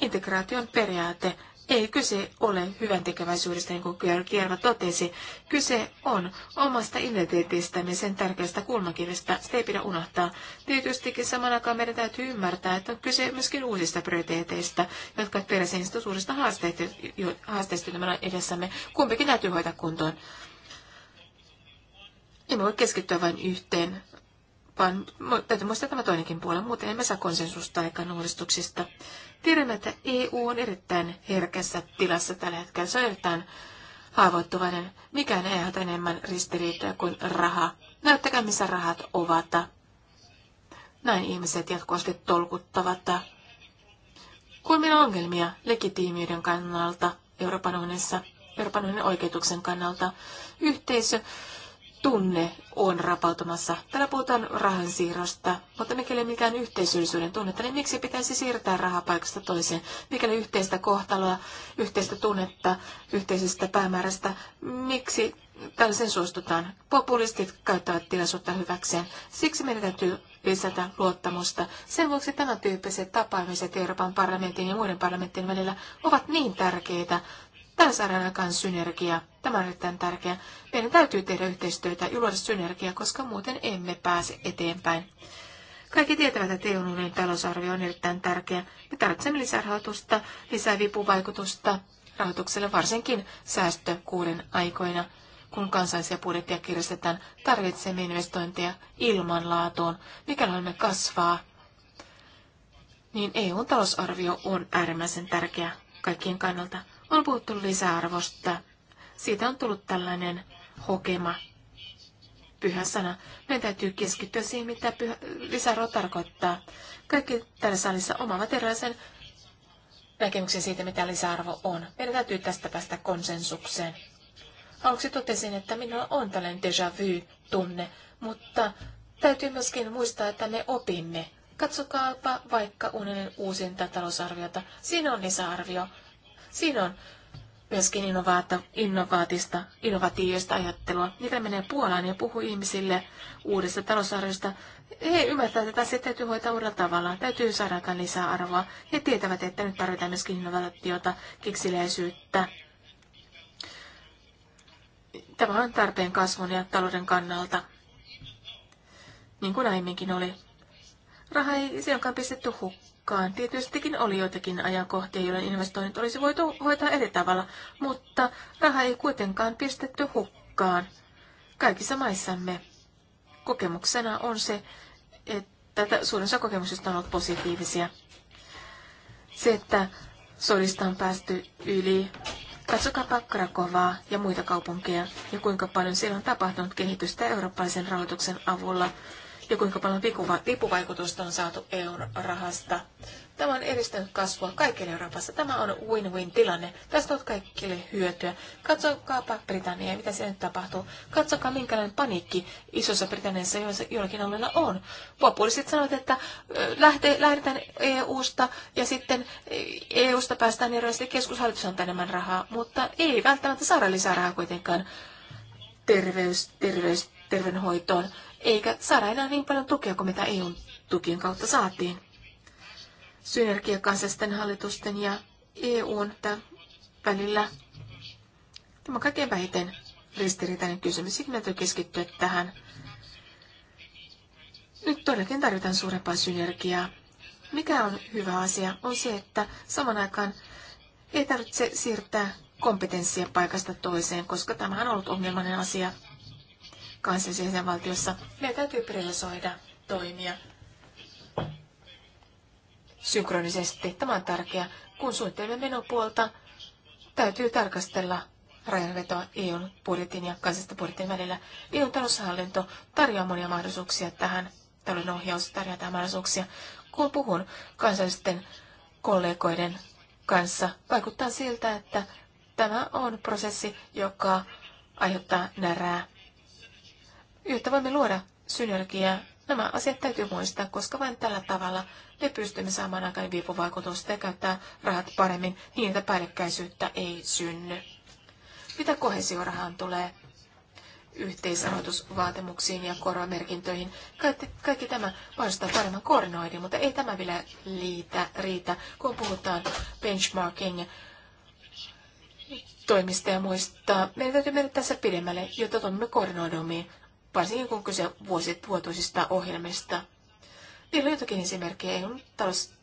integraation periaate. Ei kyse ole hyvän tekeväisyydestä, niin kuin Kierva totesi. Kyse on omasta identiteetistämme, sen tärkeästä kulmakivestä. Sitä ei pidä unohtaa. Tietystikin saman aikaan meidän täytyy ymmärtää, että on kyse myöskin uusista prioriteeteista, jotka ovat peräisin niistä suurista haasteista, joita edessämme. Kumpikin täytyy hoitaa kuntoon. Emme voi keskittyä vain yhteen vaan täytyy muistaa tämä toinenkin puoli, muuten emme saa konsensusta aikaan uudistuksista. Tiedämme, että EU on erittäin herkässä tilassa tällä hetkellä. Se on erittäin haavoittuvainen. Mikään ei aiheuta enemmän ristiriitoja kuin raha. Näyttäkää, missä rahat ovat. Näin ihmiset jatkuvasti tolkuttavat. Kun meillä on ongelmia legitiimiyden kannalta Euroopan unionissa, Euroopan unionin oikeutuksen kannalta, yhteisö tunne on rapautumassa. Täällä puhutaan rahansiirrosta, mutta mikäli mikään yhteisöllisyyden tunnetta, niin miksi pitäisi siirtää rahaa paikasta toiseen? Mikäli yhteistä kohtaloa, yhteistä tunnetta, yhteisestä päämäärästä, miksi tällaisen suostutaan? Populistit käyttävät tilaisuutta hyväkseen. Siksi meidän täytyy lisätä luottamusta. Sen vuoksi tämän tyyppiset tapaamiset Euroopan parlamentin ja muiden parlamenttien välillä ovat niin tärkeitä. Tällä saadaan aikaan synergia. Tämä on erittäin tärkeää. Meidän täytyy tehdä yhteistyötä ja luoda synergia, koska muuten emme pääse eteenpäin. Kaikki tietävät, että eu unionin talousarvio on erittäin tärkeä. Me tarvitsemme lisärahoitusta, lisää vipuvaikutusta rahoitukselle, varsinkin säästökuuden aikoina. Kun kansallisia budjettia kiristetään, tarvitsemme investointeja ilmanlaatuun, mikäli olemme kasvaa. Niin eu talousarvio on äärimmäisen tärkeä kaikkien kannalta. On puhuttu lisäarvosta. Siitä on tullut tällainen hokema, pyhä sana. Meidän täytyy keskittyä siihen, mitä pyhä, lisäarvo tarkoittaa. Kaikki täällä salissa omaavat erilaisen näkemyksen siitä, mitä lisäarvo on. Meidän täytyy tästä päästä konsensukseen. Aluksi totesin, että minulla on tällainen déjà vu-tunne, mutta täytyy myöskin muistaa, että me opimme. Katsokaapa vaikka unen uusinta talousarviota. Siinä on lisäarvio. Siinä on myöskin innovaata, innovaatista, innovatiivista ajattelua. Mitä menee Puolaan ja puhuu ihmisille uudesta talousarjosta, he ymmärtävät, että se täytyy hoitaa uudella tavalla, täytyy saada lisää arvoa. He tietävät, että nyt tarvitaan myöskin innovaatiota, keksiläisyyttä. Tämä on tarpeen kasvun ja talouden kannalta, niin kuin aiemminkin oli. Raha ei silloinkaan pistetty hukkaan mukaan. Tietystikin oli joitakin ajankohtia, joiden investoinnit olisi voitu hoitaa eri tavalla, mutta raha ei kuitenkaan pistetty hukkaan kaikissa maissamme. Kokemuksena on se, että suurin osa kokemuksista on ollut positiivisia. Se, että sodista on päästy yli. katsokaa Krakovaa ja muita kaupunkeja ja kuinka paljon siellä on tapahtunut kehitystä eurooppalaisen rahoituksen avulla – ja kuinka paljon vipuvaikutusta on saatu EUn rahasta. Tämä on edistänyt kasvua kaikille Euroopassa. Tämä on win-win tilanne. Tästä on kaikille hyötyä. Katsokaapa Britanniaa, mitä siellä nyt tapahtuu. Katsokaa, minkälainen paniikki isossa Britanniassa joillakin alueilla on. Populistit sanovat, että lähte, lähdetään EU-sta ja sitten EU-sta päästään erilaisesti keskushallitus on enemmän rahaa, mutta ei välttämättä saada lisää rahaa kuitenkaan terveys, terveys, terveydenhoitoon eikä saada enää niin paljon tukea kuin mitä EUn tukien kautta saatiin. Synergia kansallisten hallitusten ja EUn välillä. Tämä on kaikkein vähiten ristiriitainen kysymys. Siksi täytyy keskittyä tähän. Nyt todellakin tarvitaan suurempaa synergiaa. Mikä on hyvä asia on se, että saman aikaan ei tarvitse siirtää kompetenssia paikasta toiseen, koska tämä on ollut ongelmainen asia kansallisessa jäsenvaltiossa. Meidän täytyy priorisoida toimia synkronisesti. Tämä on tärkeää. Kun suunnittelemme menopuolta, täytyy tarkastella rajanvetoa EUn budjetin ja kansallisten budjetin välillä. EUn taloushallinto tarjoaa monia mahdollisuuksia tähän. Talouden ohjaus tarjoaa tähän mahdollisuuksia. Kun puhun kansallisten kollegoiden kanssa, vaikuttaa siltä, että tämä on prosessi, joka aiheuttaa närää Yhtä voimme luoda synergiaa. Nämä asiat täytyy muistaa, koska vain tällä tavalla me pystymme saamaan aikaan viipuvaikutusta ja käyttää rahat paremmin niin, että päällekkäisyyttä ei synny. Mitä kohesiorahaan tulee? yhteisrahoitusvaatimuksiin ja korvamerkintöihin. Kaikki, kaikki tämä vastaa paremman koordinoidin, mutta ei tämä vielä liitä, riitä, kun puhutaan benchmarking toimista ja muista. Meidän täytyy mennä tässä pidemmälle, jotta toimimme koordinoidumiin varsinkin kun kyse vuotuisista ohjelmista. Meillä on jotakin esimerkkejä EU-talous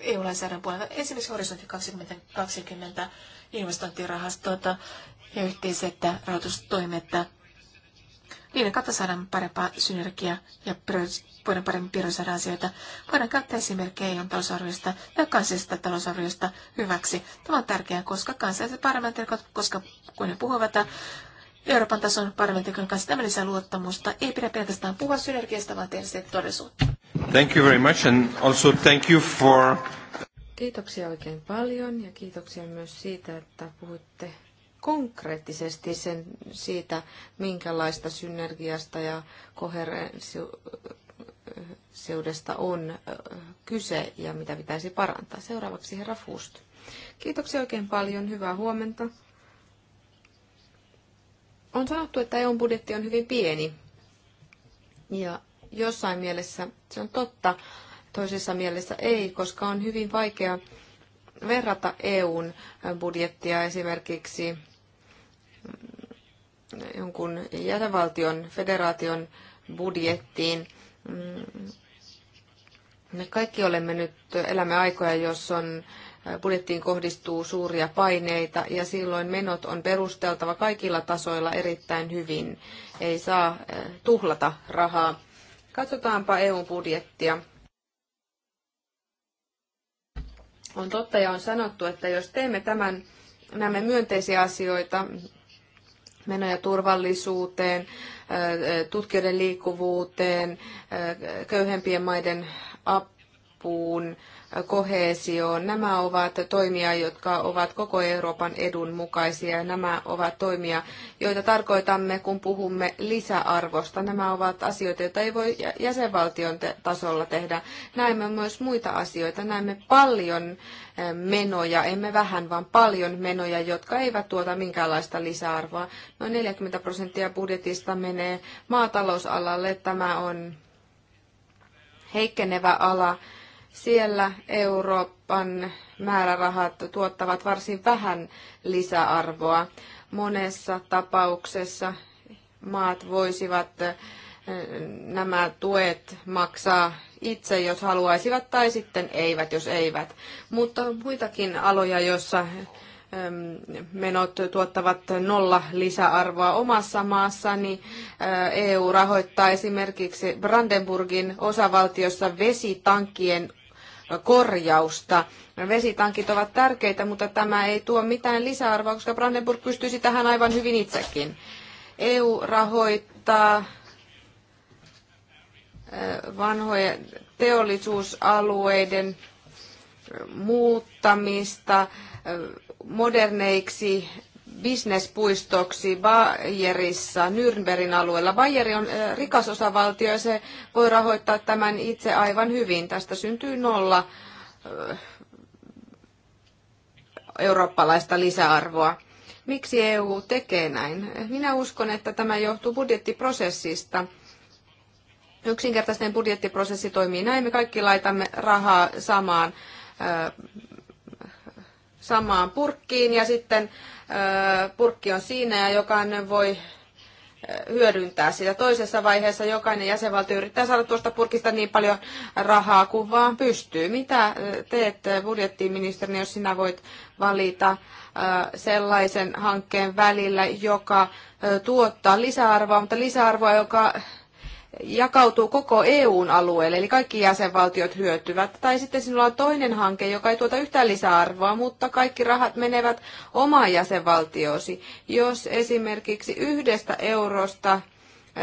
EU-lainsäädännön puolelta. Esimerkiksi Horisontti 2020 investointirahastoita ja yhteiset rahoitustoimet. Niiden kautta saadaan parempaa synergiaa ja voidaan paremmin priorisoida asioita. Voidaan käyttää esimerkkejä eu talousarviosta ja kansallisesta talousarviosta hyväksi. Tämä on tärkeää, koska kansalliset parlamentit, koska kun ne puhuvat Euroopan tason parlamentin kanssa. Tämä lisää luottamusta. Ei pidä pelkästään puhua synergiasta, vaan tehdä sitä todellisuutta. Thank you very much and also thank you for... Kiitoksia oikein paljon ja kiitoksia myös siitä, että puhutte konkreettisesti sen siitä, minkälaista synergiasta ja koherenssiudesta on kyse ja mitä pitäisi parantaa. Seuraavaksi herra Fust. Kiitoksia oikein paljon. Hyvää huomenta. On sanottu, että EUn budjetti on hyvin pieni. Ja jossain mielessä se on totta, toisessa mielessä ei, koska on hyvin vaikea verrata EUn budjettia esimerkiksi mm, jonkun jäsenvaltion, federaation budjettiin. Mm, me kaikki olemme nyt, elämme aikoja, jos on budjettiin kohdistuu suuria paineita ja silloin menot on perusteltava kaikilla tasoilla erittäin hyvin. Ei saa tuhlata rahaa. Katsotaanpa EU-budjettia. On totta ja on sanottu, että jos teemme tämän, nämä myönteisiä asioita, menoja turvallisuuteen, tutkijoiden liikkuvuuteen, köyhempien maiden apuun, koheesioon. Nämä ovat toimia, jotka ovat koko Euroopan edun mukaisia ja nämä ovat toimia, joita tarkoitamme, kun puhumme lisäarvosta. Nämä ovat asioita, joita ei voi jäsenvaltion tasolla tehdä. Näemme myös muita asioita. Näemme paljon eh, menoja, emme vähän, vaan paljon menoja, jotka eivät tuota minkäänlaista lisäarvoa. Noin 40 prosenttia budjetista menee maatalousalalle. Tämä on heikkenevä ala siellä Euroopan määrärahat tuottavat varsin vähän lisäarvoa. Monessa tapauksessa maat voisivat nämä tuet maksaa itse, jos haluaisivat, tai sitten eivät, jos eivät. Mutta muitakin aloja, joissa menot tuottavat nolla lisäarvoa omassa maassa, niin EU rahoittaa esimerkiksi Brandenburgin osavaltiossa vesitankkien korjausta. Vesitankit ovat tärkeitä, mutta tämä ei tuo mitään lisäarvoa, koska Brandenburg pystyisi tähän aivan hyvin itsekin. EU rahoittaa vanhojen teollisuusalueiden muuttamista moderneiksi bisnespuistoksi Bayerissa, Nürnbergin alueella. Bayeri on rikas osavaltio ja se voi rahoittaa tämän itse aivan hyvin. Tästä syntyy nolla eurooppalaista lisäarvoa. Miksi EU tekee näin? Minä uskon, että tämä johtuu budjettiprosessista. Yksinkertaisten budjettiprosessi toimii näin. Me kaikki laitamme rahaa samaan samaan purkkiin ja sitten purkki on siinä ja jokainen voi hyödyntää sitä. Toisessa vaiheessa jokainen jäsenvaltio yrittää saada tuosta purkista niin paljon rahaa kuin vaan pystyy. Mitä teet budjettiministerinä, jos sinä voit valita sellaisen hankkeen välillä, joka tuottaa lisäarvoa, mutta lisäarvoa, joka jakautuu koko EUn alueelle, eli kaikki jäsenvaltiot hyötyvät. Tai sitten sinulla on toinen hanke, joka ei tuota yhtään lisäarvoa, mutta kaikki rahat menevät omaan jäsenvaltioosi. Jos esimerkiksi yhdestä eurosta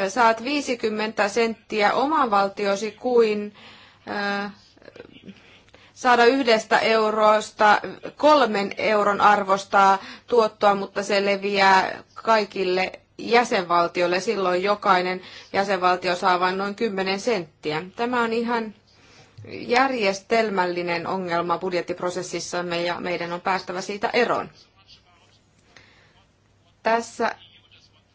saat 50 senttiä oman valtiosi kuin saada yhdestä eurosta kolmen euron arvosta tuottoa, mutta se leviää kaikille jäsenvaltiolle. Silloin jokainen jäsenvaltio saa vain noin 10 senttiä. Tämä on ihan järjestelmällinen ongelma budjettiprosessissamme ja meidän on päästävä siitä eroon. Tässä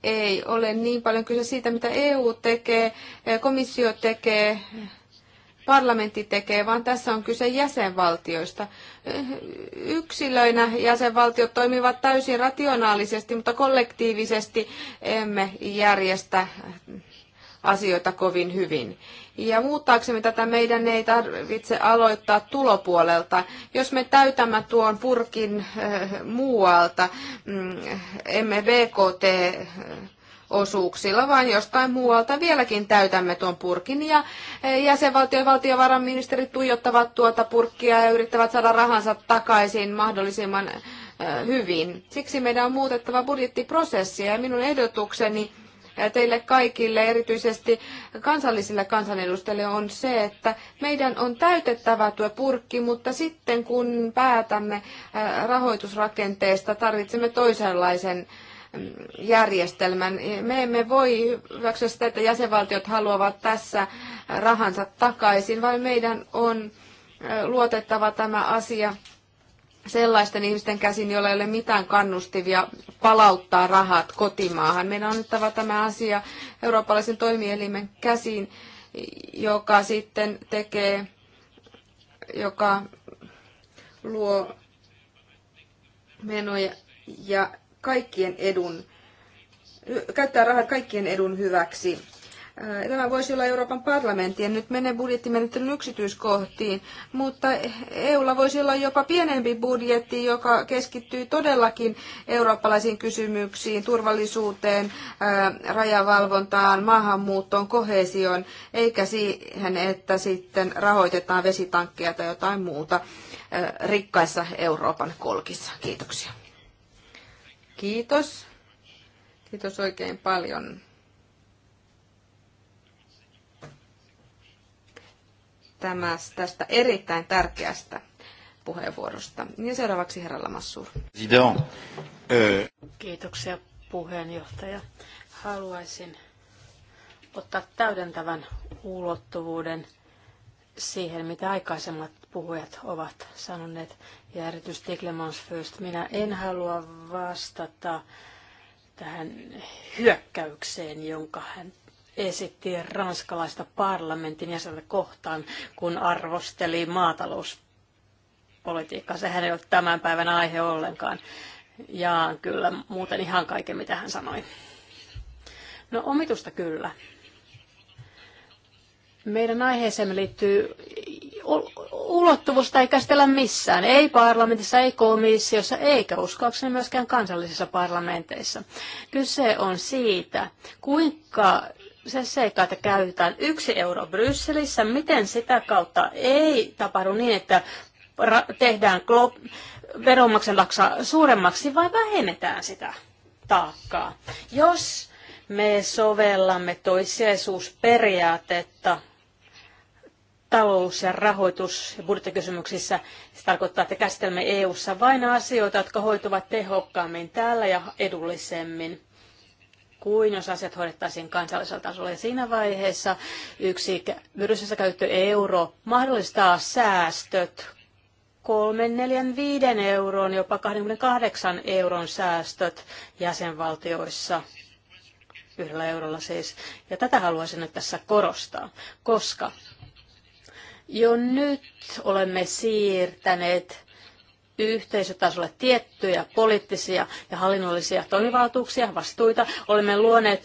ei ole niin paljon kyse siitä, mitä EU tekee, komissio tekee, parlamentti tekee, vaan tässä on kyse jäsenvaltioista. Yksilöinä jäsenvaltiot toimivat täysin rationaalisesti, mutta kollektiivisesti emme järjestä asioita kovin hyvin. Ja muuttaaksemme tätä meidän ei tarvitse aloittaa tulopuolelta. Jos me täytämme tuon purkin eh, muualta, mm, emme BKT eh, osuuksilla, vaan jostain muualta vieläkin täytämme tuon purkin. Ja eh, jäsenvaltio ja valtiovarainministerit tuijottavat tuota purkkia ja yrittävät saada rahansa takaisin mahdollisimman eh, hyvin. Siksi meidän on muutettava budjettiprosessia ja minun ehdotukseni eh, teille kaikille, erityisesti kansallisille kansanedustajille, on se, että meidän on täytettävä tuo purkki, mutta sitten kun päätämme rahoitusrakenteesta, tarvitsemme toisenlaisen järjestelmän. Me emme voi hyväksyä sitä, että jäsenvaltiot haluavat tässä rahansa takaisin, vaan meidän on luotettava tämä asia sellaisten ihmisten käsin, joilla ei ole mitään kannustivia palauttaa rahat kotimaahan. Meidän on annettava tämä asia eurooppalaisen toimielimen käsiin, joka sitten tekee, joka luo menoja ja kaikkien edun, käyttää rahat kaikkien edun hyväksi. Tämä voisi olla Euroopan parlamentti, en nyt mene budjettimenettelyn yksityiskohtiin, mutta EUlla voisi olla jopa pienempi budjetti, joka keskittyy todellakin eurooppalaisiin kysymyksiin, turvallisuuteen, rajavalvontaan, maahanmuuttoon, kohesioon, eikä siihen, että sitten rahoitetaan vesitankkeja tai jotain muuta rikkaissa Euroopan kolkissa. Kiitoksia. Kiitos. Kiitos oikein paljon. Tämä, tästä erittäin tärkeästä puheenvuorosta. Ja seuraavaksi herra Lamassur. Euh, Kiitoksia puheenjohtaja. Haluaisin ottaa täydentävän ulottuvuuden siihen, mitä aikaisemmat puhujat ovat sanoneet, ja erityisesti Tiklemans First. Minä en halua vastata tähän hyökkäykseen, jonka hän esitti ranskalaista parlamentin jäsentä kohtaan, kun arvosteli maatalouspolitiikkaa. Sehän ei ole tämän päivän aihe ollenkaan. Jaan kyllä muuten ihan kaiken, mitä hän sanoi. No omitusta kyllä. Meidän aiheeseemme liittyy ulottuvuusta ei käsitellä missään, ei parlamentissa, ei komissiossa, eikä uskoakseni myöskään kansallisissa parlamenteissa. Kyse on siitä, kuinka se seikka, että käytetään yksi euro Brysselissä, miten sitä kautta ei tapahdu niin, että tehdään glo- veronmaksen laksa suuremmaksi, vai vähennetään sitä taakkaa. Jos me sovellamme toissijaisuusperiaatetta talous- ja rahoitus- ja budjettikysymyksissä. Se tarkoittaa, että käsittelemme EU-ssa vain asioita, jotka hoituvat tehokkaammin täällä ja edullisemmin kuin jos asiat hoidettaisiin kansallisella tasolla. Ja siinä vaiheessa yksi Brysselissä käytetty euro mahdollistaa säästöt, kolmen, neljän, viiden euron, jopa 28 euron säästöt jäsenvaltioissa. Yhdellä eurolla siis. Ja tätä haluaisin nyt tässä korostaa, koska jo nyt olemme siirtäneet yhteisötasolle tiettyjä poliittisia ja hallinnollisia toimivaltuuksia, vastuita. Olemme luoneet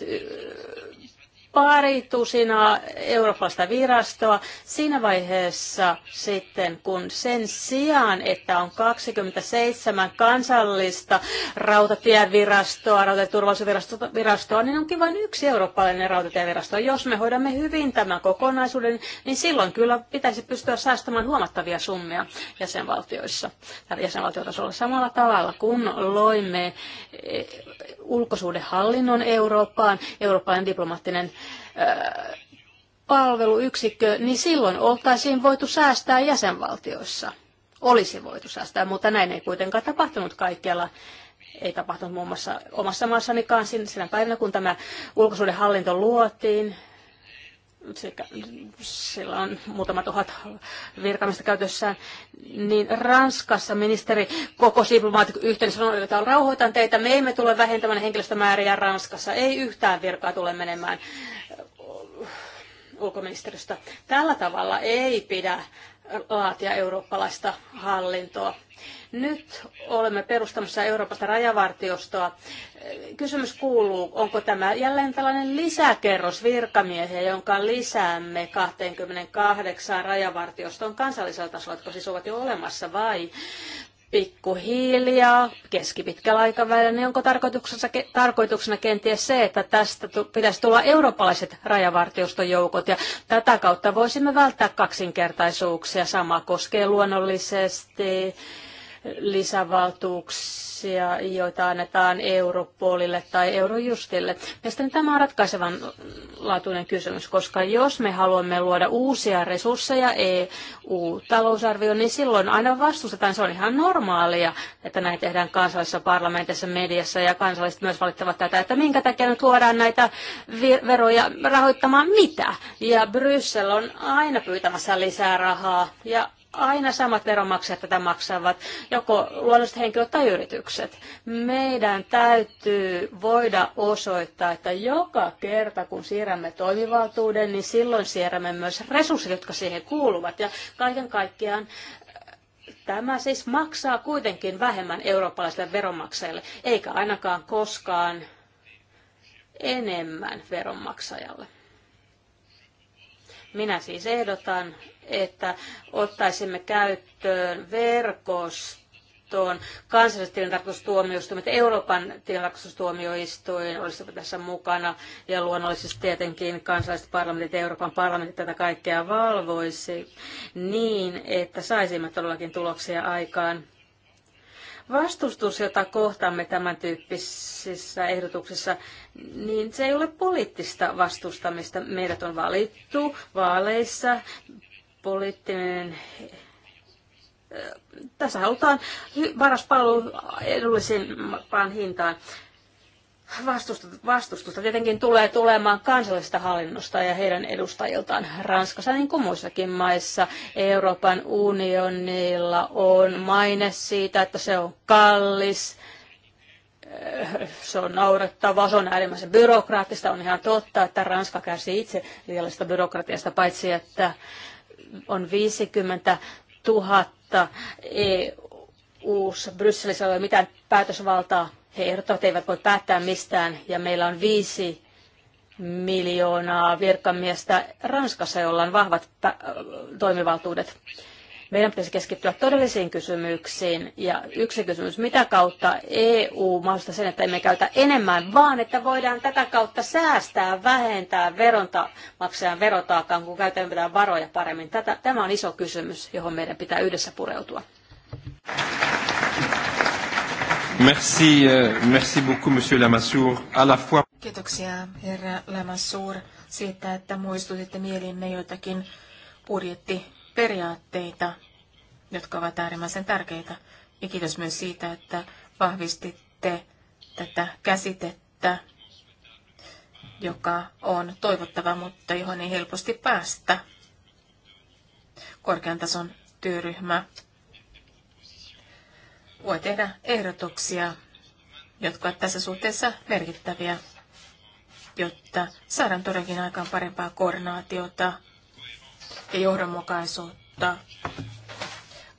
pari tusinaa eurooppalaista virastoa siinä vaiheessa sitten, kun sen sijaan, että on 27 kansallista rautatievirastoa, rautatieturvallisuusvirastoa, niin onkin vain yksi eurooppalainen rautatievirasto. Jos me hoidamme hyvin tämän kokonaisuuden, niin silloin kyllä pitäisi pystyä säästämään huomattavia summia jäsenvaltioissa, jäsenvaltiotasolla samalla tavalla, kun loimme eh, ulkosuudenhallinnon Eurooppaan, eurooppalainen diplomaattinen palveluyksikkö, niin silloin oltaisiin voitu säästää jäsenvaltioissa. Olisi voitu säästää, mutta näin ei kuitenkaan tapahtunut kaikkialla. Ei tapahtunut muun muassa omassa maassanikaan sinä päivänä, kun tämä ulkosuuden hallinto luotiin. sillä on muutama tuhat virkamista käytössään, niin Ranskassa ministeri koko diplomaatikko yhteen sanoi, että rauhoitan teitä, me emme tule vähentämään henkilöstömääriä Ranskassa, ei yhtään virkaa tule menemään ulkoministeriöstä. Tällä tavalla ei pidä laatia eurooppalaista hallintoa. Nyt olemme perustamassa Euroopasta rajavartiostoa. Kysymys kuuluu, onko tämä jälleen tällainen lisäkerros virkamiehiä, jonka lisäämme 28 rajavartioston kansallisella tasolla, jotka siis ovat jo olemassa, vai pikkuhiljaa keskipitkällä aikavälillä, niin onko tarkoituksena, tarkoituksena kenties se, että tästä pitäisi tulla eurooppalaiset rajavartioston joukot ja tätä kautta voisimme välttää kaksinkertaisuuksia. Sama koskee luonnollisesti lisävaltuuksia, joita annetaan Europolille tai Eurojustille. Mielestäni tämä on ratkaisevan laatuinen kysymys, koska jos me haluamme luoda uusia resursseja EU-talousarvioon, niin silloin aina vastustetaan. Se on ihan normaalia, että näin tehdään kansallisessa parlamentissa, mediassa ja kansalliset myös valittavat tätä, että minkä takia nyt luodaan näitä veroja rahoittamaan mitä. Ja Bryssel on aina pyytämässä lisää rahaa ja aina samat veronmaksajat tätä maksavat, joko luonnolliset henkilöt tai yritykset. Meidän täytyy voida osoittaa, että joka kerta kun siirrämme toimivaltuuden, niin silloin siirrämme myös resurssit, jotka siihen kuuluvat. Ja kaiken kaikkiaan eh, Tämä siis maksaa kuitenkin vähemmän eurooppalaisille veronmaksajille, eikä ainakaan koskaan enemmän veronmaksajalle. Minä siis ehdotan, että ottaisimme käyttöön verkosta tuon kansalliset tilintarkastustuomioistuimet, Euroopan tilintarkastustuomioistuin olisi tässä mukana ja luonnollisesti tietenkin kansalliset parlamentit ja Euroopan parlamentit tätä kaikkea valvoisi niin, että saisimme todellakin tuloksia aikaan. Vastustus, jota kohtamme tämän tyyppisissä ehdotuksissa, niin se ei ole poliittista vastustamista. Meidät on valittu vaaleissa poliittinen eh, tässä halutaan paras palvelu edullisimpaan hintaan. Vastustusta, vastustusta tietenkin tulee tulemaan kansallisesta hallinnosta ja heidän edustajiltaan Ranskassa, niin kuin muissakin maissa. Euroopan unionilla on maine siitä, että se on kallis, eh, se on naurettavaa, se on äärimmäisen byrokraattista. On ihan totta, että Ranska kärsii itse liiallisesta byrokratiasta, paitsi että on 50 000 EU-ssa Brysselissä ei ole mitään päätösvaltaa. He ehdottavat, eivät voi päättää mistään ja meillä on viisi miljoonaa virkamiestä Ranskassa, jolla on vahvat toimivaltuudet. Meidän pitäisi keskittyä todellisiin kysymyksiin. Ja yksi kysymys, mitä kautta EU mahdollista sen, että emme käytä enemmän, vaan että voidaan tätä kautta säästää, vähentää veronta, maksajan verotaakaan, kun käytetään varoja paremmin. Tätä, tämä on iso kysymys, johon meidän pitää yhdessä pureutua. Merci, euh, merci beaucoup, monsieur À la fois... Kiitoksia, herra Lamassoure, siitä, että muistutitte mielimme joitakin budjetti periaatteita, jotka ovat äärimmäisen tärkeitä. Ja kiitos myös siitä, että vahvistitte tätä käsitettä, joka on toivottava, mutta johon ei helposti päästä. Korkean tason työryhmä voi tehdä ehdotuksia, jotka ovat tässä suhteessa merkittäviä, jotta saadaan todellakin aikaan parempaa koordinaatiota ja johdonmukaisuutta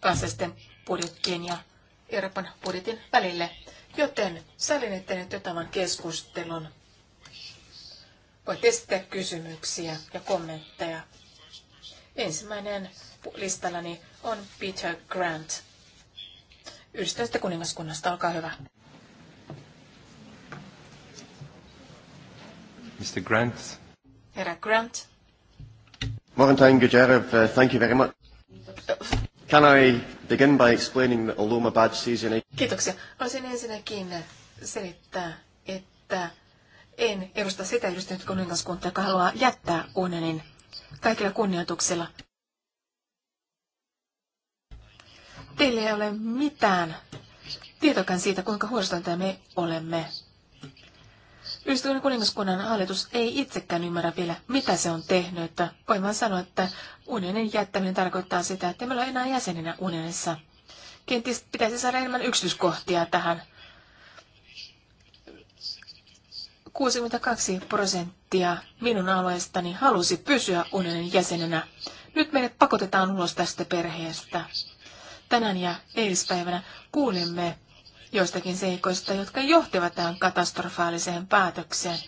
kansallisten budjettien ja Euroopan budjetin välille. Joten sallin, että nyt tämän keskustelun Voitte esittää kysymyksiä ja kommentteja. Ensimmäinen listallani on Peter Grant. Yhdistyneestä kuningaskunnasta, olkaa hyvä. Mr. Grant. Herra Grant. Morning, Gujarat. Uh, thank you very much. Can I begin by explaining that although my bad season... Kiitoksia. Haluaisin ensinnäkin selittää, että en edusta sitä yhdistynyt joka haluaa jättää unionin kaikilla kunnioituksilla. Teillä ei ole mitään tietokan siitä, kuinka huolestuneita me olemme Ystävän kuningaskunnan hallitus ei itsekään ymmärrä vielä, mitä se on tehnyt. Että voin vain sanoa, että unionin jättäminen tarkoittaa sitä, että me ollaan enää jäseninä unionissa. Kenties pitäisi saada enemmän yksityiskohtia tähän. 62 prosenttia minun alueestani halusi pysyä unionin jäsenenä. Nyt meidät pakotetaan ulos tästä perheestä. Tänään ja eilispäivänä kuulimme joistakin seikoista, jotka johtivat tähän katastrofaaliseen päätökseen.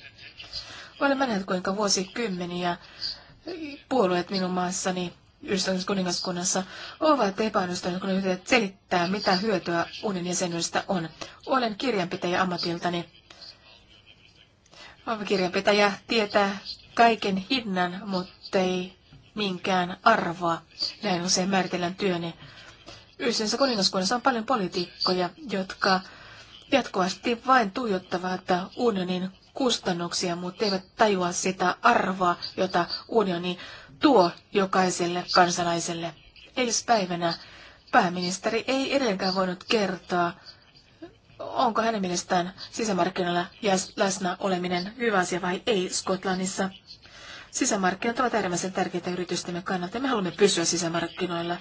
Olemme nähneet, kuinka vuosikymmeniä puolueet minun maassani Yhdistyneessä kuningaskunnassa ovat epäonnistuneet, kun yritetään selittää, mitä hyötyä unin jäsenyydestä on. Olen kirjanpitäjä ammatiltani. Olen Kirjanpitäjä tietää kaiken hinnan, mutta ei minkään arvoa. Näin usein määritellään työni. Yhdessä kuningaskunnassa on paljon poliitikkoja, jotka jatkuvasti vain tuijottavat unionin kustannuksia, mutta eivät tajua sitä arvoa, jota unioni tuo jokaiselle kansalaiselle. Eilispäivänä pääministeri ei edelläkään voinut kertoa, onko hänen mielestään sisämarkkinoilla läsnä oleminen hyvä asia vai ei Skotlannissa. Sisämarkkinat ovat äärimmäisen tärkeitä yritystemme kannalta ja me haluamme pysyä sisämarkkinoilla.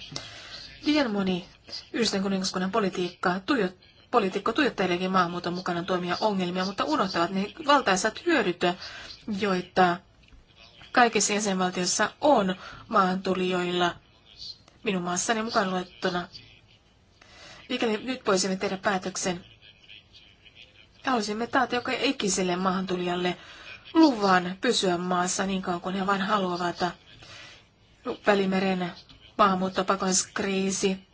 Liian moni Yhdistön kuningaskunnan politiikka tuijot, poliitikko tuijotteleekin maahanmuuton mukana toimia ongelmia, mutta unohtavat ne valtaisat hyödyt, joita kaikissa jäsenvaltioissa on maahantulijoilla, minun maassani mukaan luettuna. Mikäli nyt voisimme tehdä päätöksen, haluaisimme taata joka ikiselle maahantulijalle luvan pysyä maassa niin kauan kuin he vain haluavat. Välimeren maahanmuuttopakolaiskriisi.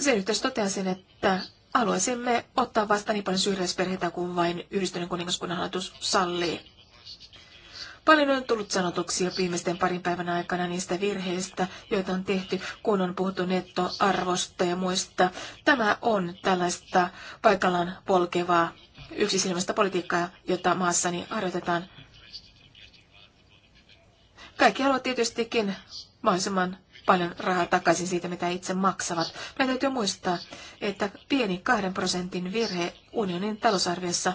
Sen yhteydessä toteasin, että haluaisimme ottaa vastaan niin paljon syrjäisperheitä kuin vain yhdistyneen kuningaskunnan hallitus sallii. Paljon on tullut sanotuksia viimeisten parin päivän aikana niistä virheistä, joita on tehty, kun on puhuttu nettoarvosta ja muista. Tämä on tällaista paikallaan polkevaa yksisilmäistä politiikkaa, jota maassani harjoitetaan. Kaikki haluavat tietystikin mahdollisimman paljon rahaa takaisin siitä, mitä itse maksavat. Meidän täytyy muistaa, että pieni kahden prosentin virhe unionin talousarviossa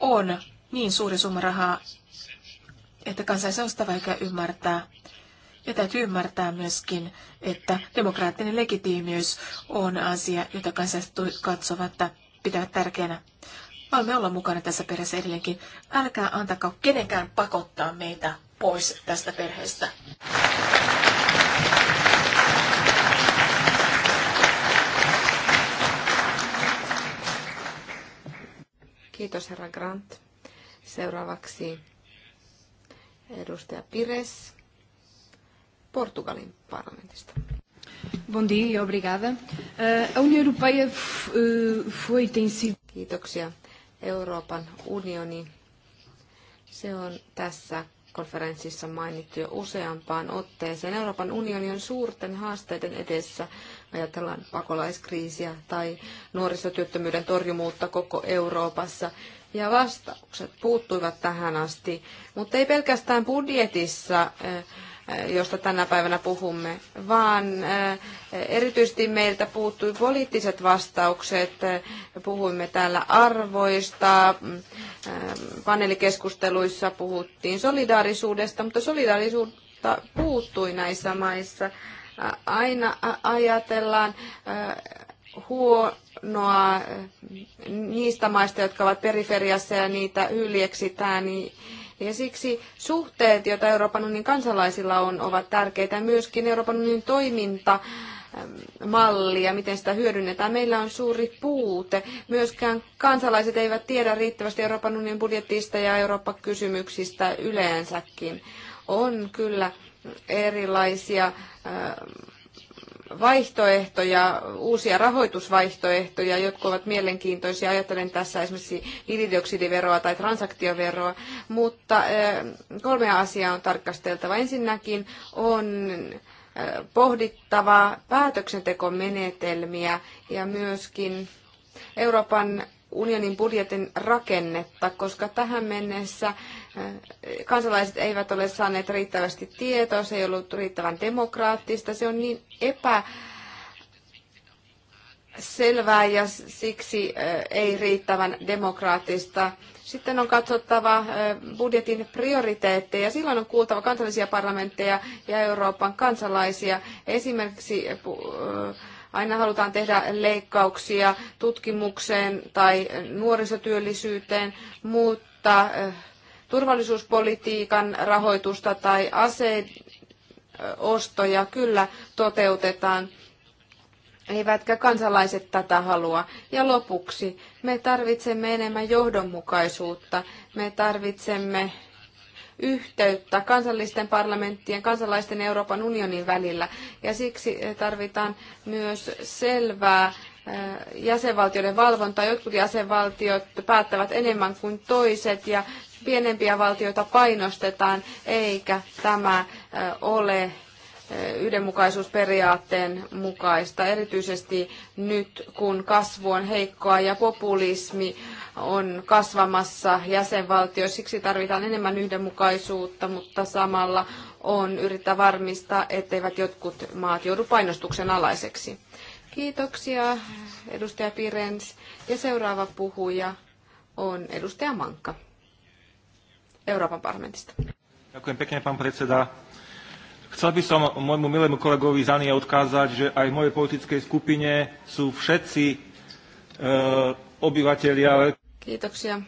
on niin suuri summa rahaa, että kansalaisen on sitä vaikea ymmärtää. Ja täytyy ymmärtää myöskin, että demokraattinen legitiimiys on asia, jota kansalaiset katsovat, että pitävät tärkeänä. Olemme olla mukana tässä perässä edelleenkin. Älkää antakaa kenenkään pakottaa meitä pois tästä perheestä. Kiitos herra Grant. Seuraavaksi edustaja Pires Portugalin parlamentista. Bom dia e obrigada. Eh, a União Europeia eh, foi tem sido... Kiitoksia. Euroopan unioni, se on tässä konferenssissa mainittu jo useampaan otteeseen. Euroopan unioni on suurten haasteiden edessä. Ajatellaan pakolaiskriisiä tai nuorisotyöttömyyden torjumuutta koko Euroopassa. Ja vastaukset puuttuivat tähän asti, mutta ei pelkästään budjetissa. Äh, Eh, josta tänä päivänä puhumme, vaan eh, erityisesti meiltä puuttui poliittiset vastaukset. Puhuimme täällä arvoista, mm, eh, paneelikeskusteluissa puhuttiin solidaarisuudesta, mutta solidaarisuutta puuttui näissä maissa. Aina ajatellaan huonoa niistä maista, jotka ovat periferiassa ja niitä hyljeksitään, niin ja siksi suhteet, joita Euroopan unionin kansalaisilla on, ovat tärkeitä. Myöskin Euroopan unionin toiminta ähm, mallia, miten sitä hyödynnetään. Meillä on suuri puute. Myöskään kansalaiset eivät tiedä riittävästi Euroopan unionin budjetista ja Eurooppa-kysymyksistä yleensäkin. On kyllä erilaisia ähm, vaihtoehtoja, uusia rahoitusvaihtoehtoja, jotka ovat mielenkiintoisia. Ajattelen tässä esimerkiksi hiilidioksidiveroa tai transaktioveroa, mutta eh, kolmea asiaa on tarkasteltava. Ensinnäkin on eh, pohdittava päätöksentekomenetelmiä ja myöskin Euroopan unionin budjetin rakennetta, koska tähän mennessä kansalaiset eivät ole saaneet riittävästi tietoa, se ei ollut riittävän demokraattista, se on niin epä selvää ja siksi ei riittävän demokraattista. Sitten on katsottava budjetin prioriteetteja. Silloin on kuultava kansallisia parlamentteja ja Euroopan kansalaisia. Esimerkiksi aina halutaan tehdä leikkauksia tutkimukseen tai nuorisotyöllisyyteen, mutta turvallisuuspolitiikan rahoitusta tai aseostoja kyllä toteutetaan, eivätkä kansalaiset tätä halua. Ja lopuksi, me tarvitsemme enemmän johdonmukaisuutta. Me tarvitsemme yhteyttä kansallisten parlamenttien, kansalaisten Euroopan unionin välillä. Ja siksi eh, tarvitaan myös selvää eh, jäsenvaltioiden valvontaa. Jotkut jäsenvaltiot päättävät enemmän kuin toiset ja pienempiä valtioita painostetaan, eikä tämä ole yhdenmukaisuusperiaatteen mukaista, erityisesti nyt kun kasvu on heikkoa ja populismi on kasvamassa jäsenvaltioissa. Siksi tarvitaan enemmän yhdenmukaisuutta, mutta samalla on yrittää varmistaa, etteivät jotkut maat joudu painostuksen alaiseksi. Kiitoksia edustaja Pirens ja seuraava puhuja on edustaja Mankka. Euroopan parlamentista. Ďakujem pekne, pán predseda. Chcel by som môjmu milému kolegovi Zania odkázať, že aj v mojej politickej skupine sú všetci e, obyvateľia. Kýtoksia.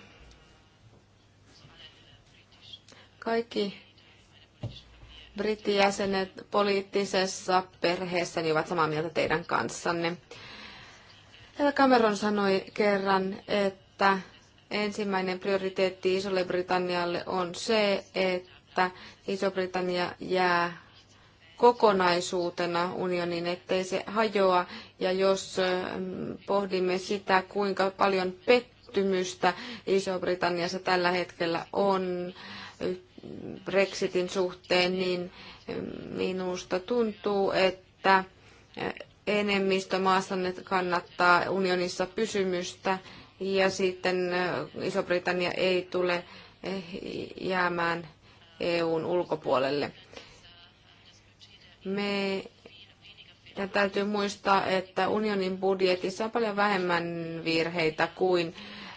Kaikki brittijäsenet poliittisessa perheessäni ovat samaa mieltä teidän kanssanne. Ella Cameron sanoi kerran, että Ensimmäinen prioriteetti Isolle Britannialle on se, että Iso-Britannia jää kokonaisuutena unionin, ettei se hajoa. Ja jos mm, pohdimme sitä, kuinka paljon pettymystä Iso-Britanniassa tällä hetkellä on Brexitin suhteen, niin mm, minusta tuntuu, että enemmistö maassanne kannattaa unionissa pysymystä ja sitten äh, Iso-Britannia ei tule eh, jäämään EUn ulkopuolelle. Me ja täytyy muistaa, että unionin budjetissa on paljon vähemmän virheitä kuin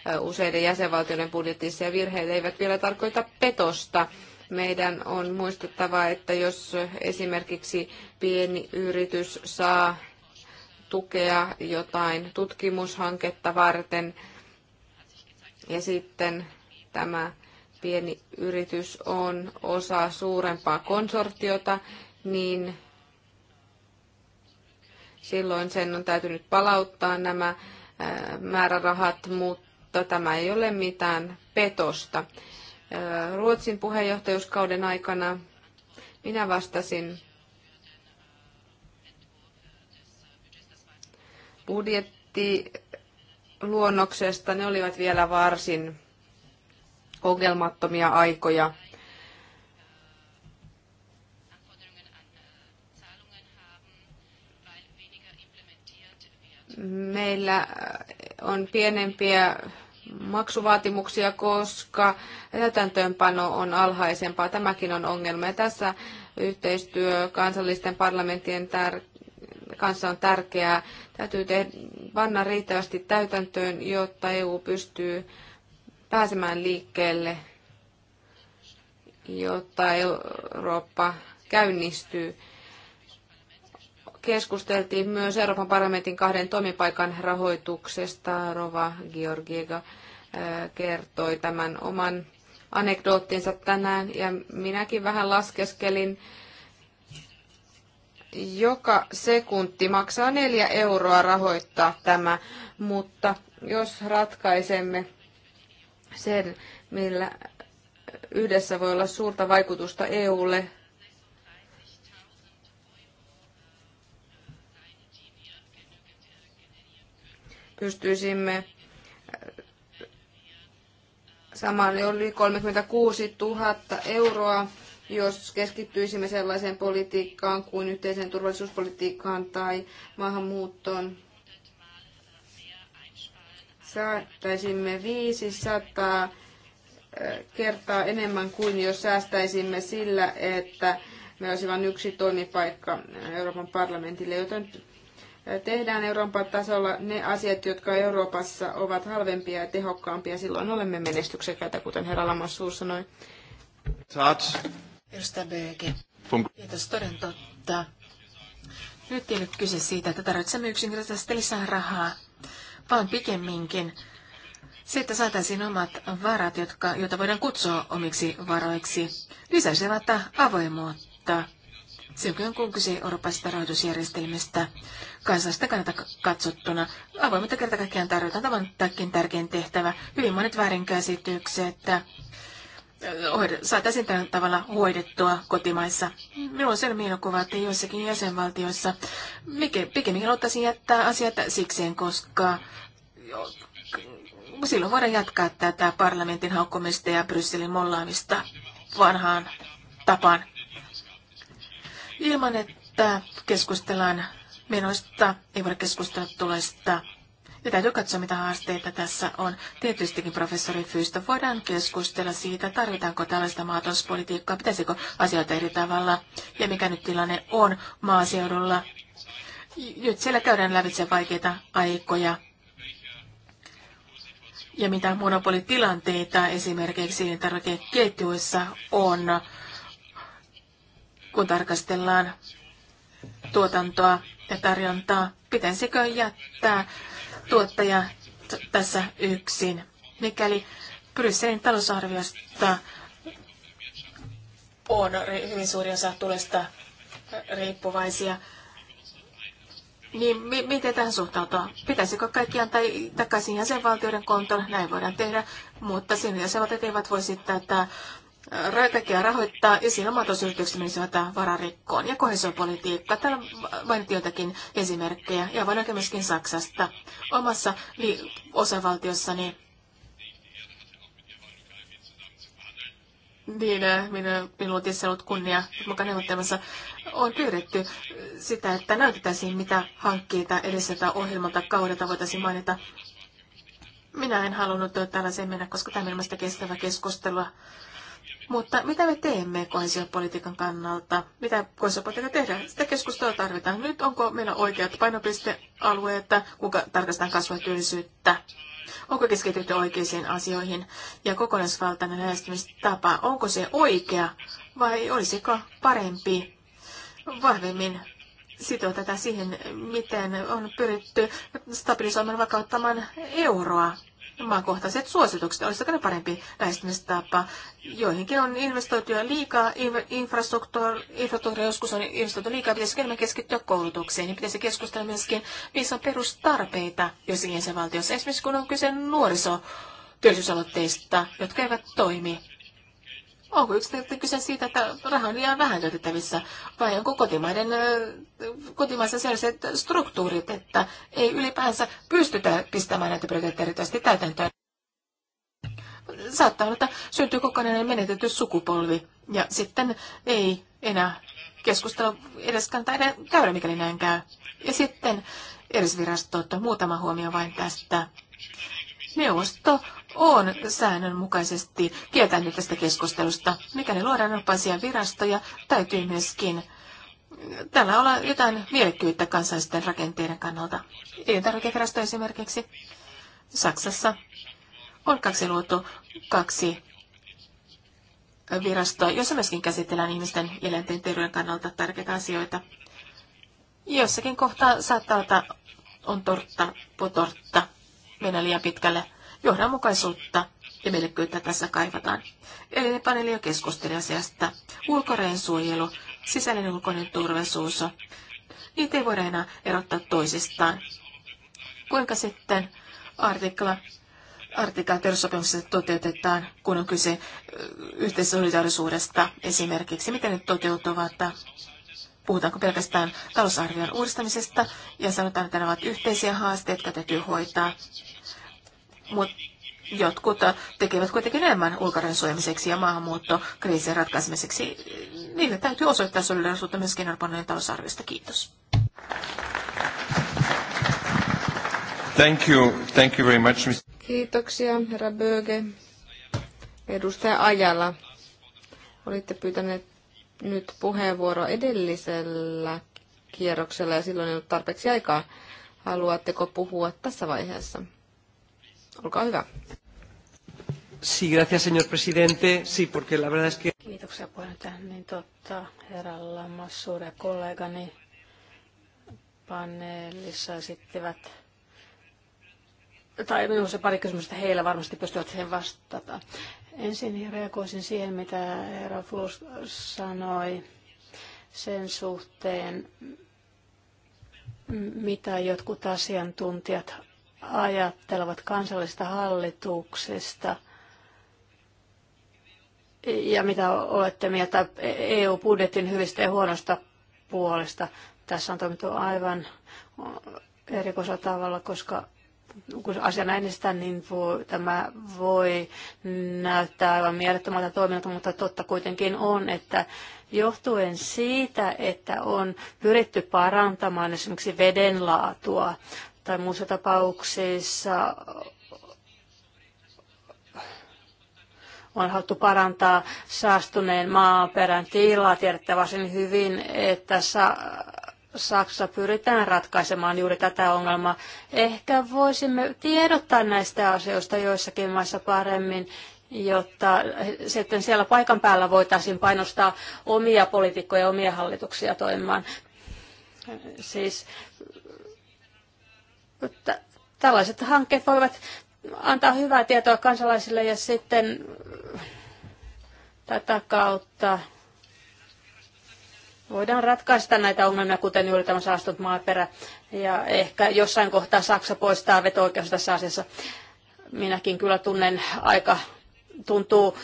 äh, useiden jäsenvaltioiden budjetissa, ja virheet eivät vielä tarkoita petosta. Meidän on muistettava, että jos esimerkiksi pieni yritys saa tukea jotain tutkimushanketta varten, ja sitten tämä pieni yritys on osa suurempaa konsortiota, niin silloin sen on täytynyt palauttaa nämä äh, määrärahat, mutta tämä ei ole mitään petosta. Äh, Ruotsin puheenjohtajuuskauden aikana minä vastasin budjetti luonnoksesta. Ne olivat vielä varsin ongelmattomia aikoja. Meillä on pienempiä maksuvaatimuksia, koska täytäntöönpano on alhaisempaa. Tämäkin on ongelma. Ja tässä yhteistyö kansallisten parlamenttien tär- kanssa on tärkeää. Täytyy tehdä, panna riittävästi täytäntöön, jotta EU pystyy pääsemään liikkeelle, jotta Eurooppa käynnistyy. Keskusteltiin myös Euroopan parlamentin kahden toimipaikan rahoituksesta. Rova Georgiega kertoi tämän oman anekdoottinsa tänään ja minäkin vähän laskeskelin joka sekunti maksaa neljä euroa rahoittaa tämä, mutta jos ratkaisemme sen, millä yhdessä voi olla suurta vaikutusta EUlle, pystyisimme samaan oli 36 000 euroa jos keskittyisimme sellaiseen politiikkaan kuin yhteiseen turvallisuuspolitiikkaan tai maahanmuuttoon. Säästäisimme 500 eh, kertaa enemmän kuin jos säästäisimme sillä, että me olisi vain yksi toimipaikka Euroopan parlamentille, joten eh, tehdään Euroopan tasolla ne asiat, jotka Euroopassa ovat halvempia ja tehokkaampia. Silloin olemme menestyksekkäitä, kuten herra Lamassuus sanoi. Edustaja Böge. Kiitos toden totta. Nyt ei ole kyse siitä, että tarvitsemme yksinkertaisesti lisää rahaa, vaan pikemminkin se, että saataisiin omat varat, jotka, joita voidaan kutsua omiksi varoiksi, lisäisivät avoimuutta. on kun kyse eurooppalaisesta rahoitusjärjestelmistä kansallista kannalta katsottuna, avoimuutta kerta kaikkiaan tarjotaan tavan tärkein tehtävä. Hyvin monet väärinkäsitykset saataisiin tällä tavalla hoidettua kotimaissa. Minulla on sellainen mielikuva, että joissakin jäsenvaltioissa pikemminkin ottaisi, jättää asiat sikseen, koska silloin voidaan jatkaa tätä parlamentin haukkumista ja Brysselin mollaamista vanhaan tapaan. Ilman, että keskustellaan menoista, ei voida keskustella tuloista ja täytyy katsoa, mitä haasteita tässä on. Tietystikin professori Fyystä voidaan keskustella siitä, tarvitaanko tällaista maatalouspolitiikkaa, pitäisikö asioita eri tavalla ja mikä nyt tilanne on maaseudulla. Nyt siellä käydään lävitse vaikeita aikoja ja mitä monopolitilanteita esimerkiksi elintarvikeketjuissa on, kun tarkastellaan tuotantoa ja tarjontaa. Pitäisikö jättää tuottaja tässä yksin. Mikäli Brysselin talousarviosta on hyvin suuri osa tulesta riippuvaisia, niin mi- miten tähän suhtautua? Pitäisikö kaikki antaa takaisin jäsenvaltioiden kontolle? Näin voidaan tehdä, mutta sinne jäsenvaltiot eivät voisi tätä Raitakia rahoittaa, ja siinä maatalousyritykset menisivät vararikkoon. Ja kohesiopolitiikka, täällä mainittiin jotakin esimerkkejä, ja vain myöskin Saksasta. Omassa li- osavaltiossani niin, äh, minä, minulla on tietysti ollut kunnia mukaan neuvottelemassa, on pyydetty sitä, että näytettäisiin, mitä hankkeita edelliseltä ohjelmalta kaudelta voitaisiin mainita. Minä en halunnut tällaiseen mennä, koska tämä on kestävä keskustelua mutta mitä me teemme kohesiopolitiikan kannalta? Mitä kohesiopolitiikka tehdään? Sitä keskustelua tarvitaan. Nyt onko meillä oikeat painopistealueet, kuinka tarkastetaan kasvua työllisyyttä? Onko keskitytty oikeisiin asioihin ja kokonaisvaltainen lähestymistapa, onko se oikea vai olisiko parempi vahvemmin sitoa tätä siihen, miten on pyritty stabilisoimaan vakauttamaan euroa maakohtaiset suositukset. Olisiko ne parempi lähestymistapa? Joihinkin on investoitu jo liikaa, infrastruktuuria, joskus on investoitu liikaa, pitäisi enemmän keskittyä koulutukseen, niin pitäisi keskustella myöskin, missä on perustarpeita joissakin jäsenvaltioissa. Esimerkiksi kun on kyse nuoriso työllisyysaloitteista, jotka eivät toimi. Onko yksilöitä kyse siitä, että raha on liian vähän käytettävissä, vai onko kotimaiden, kotimaissa sellaiset struktuurit, että ei ylipäänsä pystytä pistämään näitä prioriteetteja erityisesti täytäntöön? Saattaa olla, että syntyy kokonainen menetetty sukupolvi, ja sitten ei enää keskustella edes kantaa edes käydä, mikäli näin käy. Ja sitten erisvirastot, muutama huomio vain tästä. Neuvosto on säännönmukaisesti kieltänyt tästä keskustelusta. Mikäli luodaan eurooppaisia virastoja, täytyy myöskin tällä olla jotain mielekkyyttä kansallisten rakenteiden kannalta. Elintarvikevirasto esimerkiksi Saksassa on kaksi luotu kaksi virastoa, jossa myöskin käsitellään ihmisten eläinten terveyden kannalta tärkeitä asioita. Jossakin kohtaa saattaa olla on tortta potortta, mennä liian pitkälle johdonmukaisuutta ja mielekkyyttä tässä kaivataan. Eli paneeli jo keskusteli asiasta. Ulkorajan suojelu, sisäinen ulkoinen turvallisuus, niitä ei voida enää erottaa toisistaan. Kuinka sitten artikla artikla perussopimuksessa toteutetaan, kun on kyse yhteissolidaarisuudesta esimerkiksi, miten ne toteutuvat, puhutaanko pelkästään talousarvion uudistamisesta ja sanotaan, että nämä ovat yhteisiä haasteet, jotka täytyy hoitaa mutta jotkut tekevät kuitenkin enemmän ulkorajan suojamiseksi ja maahanmuuttokriisin ratkaisemiseksi. Niille täytyy osoittaa solidarisuutta myös Kenarponen talousarviosta. Kiitos. Thank you. Thank you very much, Mr. Kiitoksia, herra Böge. Edustaja Ajala, olitte pyytäneet nyt puheenvuoro edellisellä kierroksella ja silloin ei ollut tarpeeksi aikaa. Haluatteko puhua tässä vaiheessa? Olkaa hyvä. Sí, gracias, señor presidente. Sí, porque la verdad es que... Kiitoksia puheenjohtaja. Niin totta, herra Lamassur ja kollegani paneelissa esittivät tai minun se pari kysymystä heillä varmasti pystyvät siihen vastata. Ensin reagoisin siihen, mitä herra Fuls sanoi sen suhteen, mitä jotkut asiantuntijat ajattelevat kansallisesta hallituksesta ja mitä olette mieltä EU-budjetin hyvistä ja huonosta puolesta. Tässä on toimittu aivan erikoisella tavalla, koska kun asia näin sitä, niin voi, tämä voi näyttää aivan mielettömältä toiminnalta, mutta totta kuitenkin on, että johtuen siitä, että on pyritty parantamaan esimerkiksi vedenlaatua tai muussa tapauksessa on haluttu parantaa saastuneen maaperän tilaa. Tiedätte varsin hyvin, että sa- Saksa pyritään ratkaisemaan juuri tätä ongelmaa. Ehkä voisimme tiedottaa näistä asioista joissakin maissa paremmin, jotta sitten siellä paikan päällä voitaisiin painostaa omia poliitikkoja, omia hallituksia toimimaan. Siis Tällaiset hankkeet voivat antaa hyvää tietoa kansalaisille ja sitten tätä kautta voidaan ratkaista näitä ongelmia, kuten juuri tämä saastunut maaperä. Ja ehkä jossain kohtaa Saksa poistaa veto tässä asiassa. Minäkin kyllä tunnen aika, tuntuu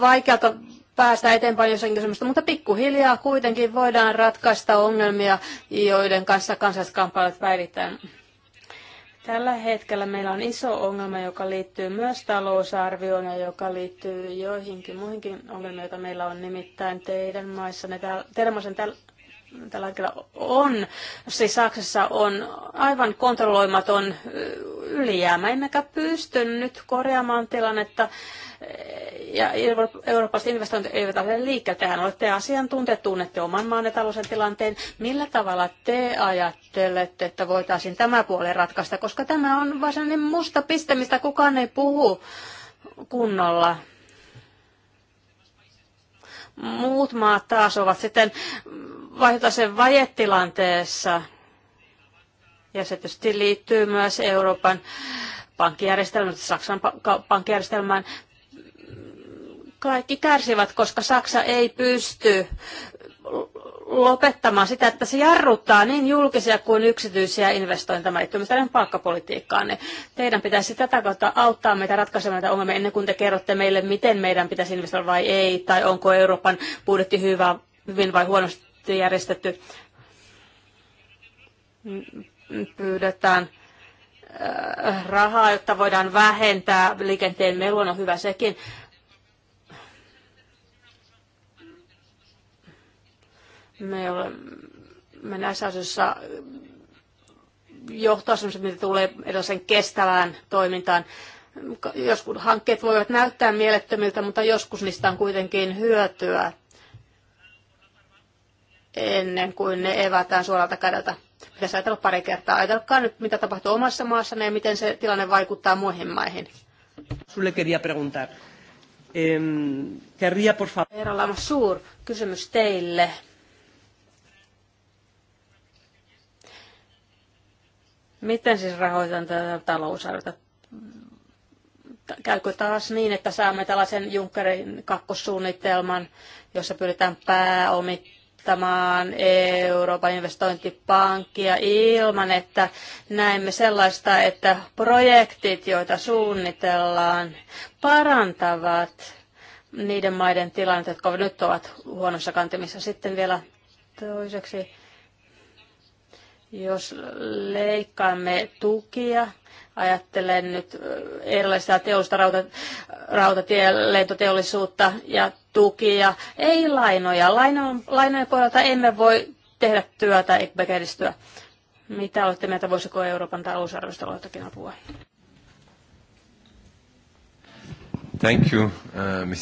vaikealta päästä eteenpäin jossakin kysymystä, mutta pikkuhiljaa kuitenkin voidaan ratkaista ongelmia, joiden kanssa kansalliskamppailut päivittäin. Tällä hetkellä meillä on iso ongelma, joka liittyy myös talousarvioon ja joka liittyy joihinkin muihinkin ongelmiin, joita meillä on nimittäin teidän maissanne. Teidän maissanne tällä hetkellä on, siis Saksassa on aivan kontrolloimaton ylijäämä, emmekä pysty nyt korjaamaan tilannetta e, ja eurooppalaiset investoinnit eivät ole liikkeelle. Tähän olette asiantuntijat, tunnette oman maan ja tilanteen. Millä tavalla te ajattelette, että voitaisiin tämä puoli ratkaista, koska tämä on varsinainen musta piste, mistä kukaan ei puhu kunnolla. Muut maat taas ovat sitten vaihtoisen vajetilanteessa. Ja se tietysti liittyy myös Euroopan pankkijärjestelmään, Saksan pankkijärjestelmään. Kaikki kärsivät, koska Saksa ei pysty lopettamaan sitä, että se jarruttaa niin julkisia kuin yksityisiä investointeja. Tämä palkkapolitiikkaan. Niin teidän pitäisi tätä kautta auttaa meitä ratkaisemaan näitä ongelmia ennen kuin te kerrotte meille, miten meidän pitäisi investoida vai ei, tai onko Euroopan budjetti hyvä, hyvin vai huonosti järjestetty. Pyydetään äh, rahaa, jotta voidaan vähentää liikenteen melua, on hyvä sekin Me olemme näissä asioissa johtaa mitä tulee erilaisen kestävään toimintaan. Joskus hankkeet voivat näyttää mielettömiltä, mutta joskus niistä on kuitenkin hyötyä ennen kuin ne evätään suoralta kädeltä. Pitäisi ajatella pari kertaa. Ajatelkaa nyt, mitä tapahtuu omassa maassa ja miten se tilanne vaikuttaa muihin maihin. Sulle quería preguntar. Em, querría, por favor. Herra Suur, kysymys teille. Miten siis rahoitan tätä talousarviota? Käykö taas niin, että saamme tällaisen Junckerin kakkossuunnitelman, jossa pyritään pääomittamaan Euroopan investointipankkia ilman, että näemme sellaista, että projektit, joita suunnitellaan, parantavat niiden maiden tilanteet, jotka nyt ovat huonossa kantimissa. Sitten vielä toiseksi jos leikkaamme tukia, ajattelen nyt erilaisia teollista rauta, rautatie, ja tukia, ei lainoja. Laino, lainojen pohjalta emme voi tehdä työtä eikä edistyä. Mitä olette mieltä, voisiko Euroopan talousarvosta olla jotakin apua? Thank you, uh,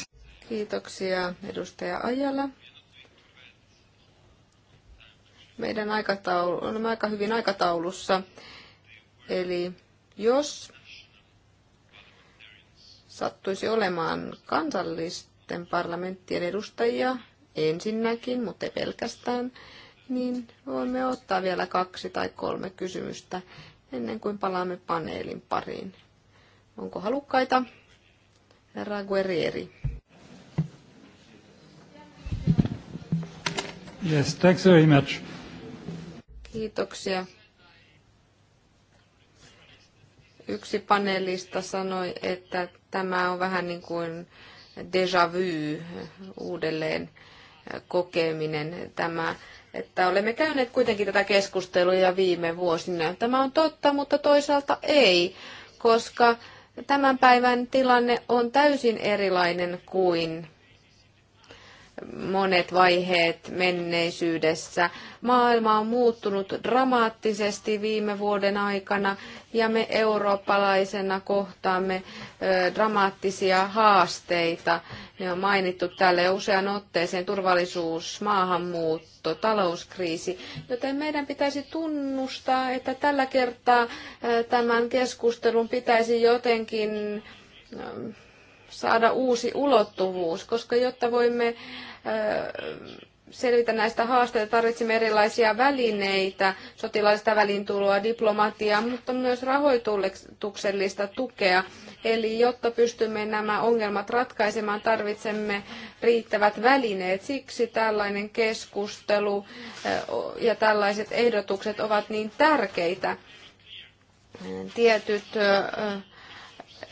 Kiitoksia edustaja Ajala meidän aikataulu, olemme aika hyvin aikataulussa. Eli jos sattuisi olemaan kansallisten parlamenttien edustajia ensinnäkin, mutta ei pelkästään, niin voimme ottaa vielä kaksi tai kolme kysymystä ennen kuin palaamme paneelin pariin. Onko halukkaita? Herra Guerrieri. Yes, thanks very much. Kiitoksia. Yksi panelista sanoi, että tämä on vähän niin kuin déjà vu, uudelleen kokeminen. Tämä että olemme käyneet kuitenkin tätä keskustelua viime vuosina. Tämä on totta, mutta toisaalta ei, koska tämän päivän tilanne on täysin erilainen kuin monet vaiheet menneisyydessä. Maailma on muuttunut dramaattisesti viime vuoden aikana ja me eurooppalaisena kohtaamme dramaattisia haasteita. Ne on mainittu täällä usean otteeseen, turvallisuus, maahanmuutto, talouskriisi, joten meidän pitäisi tunnustaa, että tällä kertaa tämän keskustelun pitäisi jotenkin saada uusi ulottuvuus, koska jotta voimme selvitä näistä haasteista, tarvitsemme erilaisia välineitä, sotilaallista välintuloa, diplomatiaa, mutta myös rahoituksellista tukea. Eli jotta pystymme nämä ongelmat ratkaisemaan, tarvitsemme riittävät välineet. Siksi tällainen keskustelu ja tällaiset ehdotukset ovat niin tärkeitä. Tietyt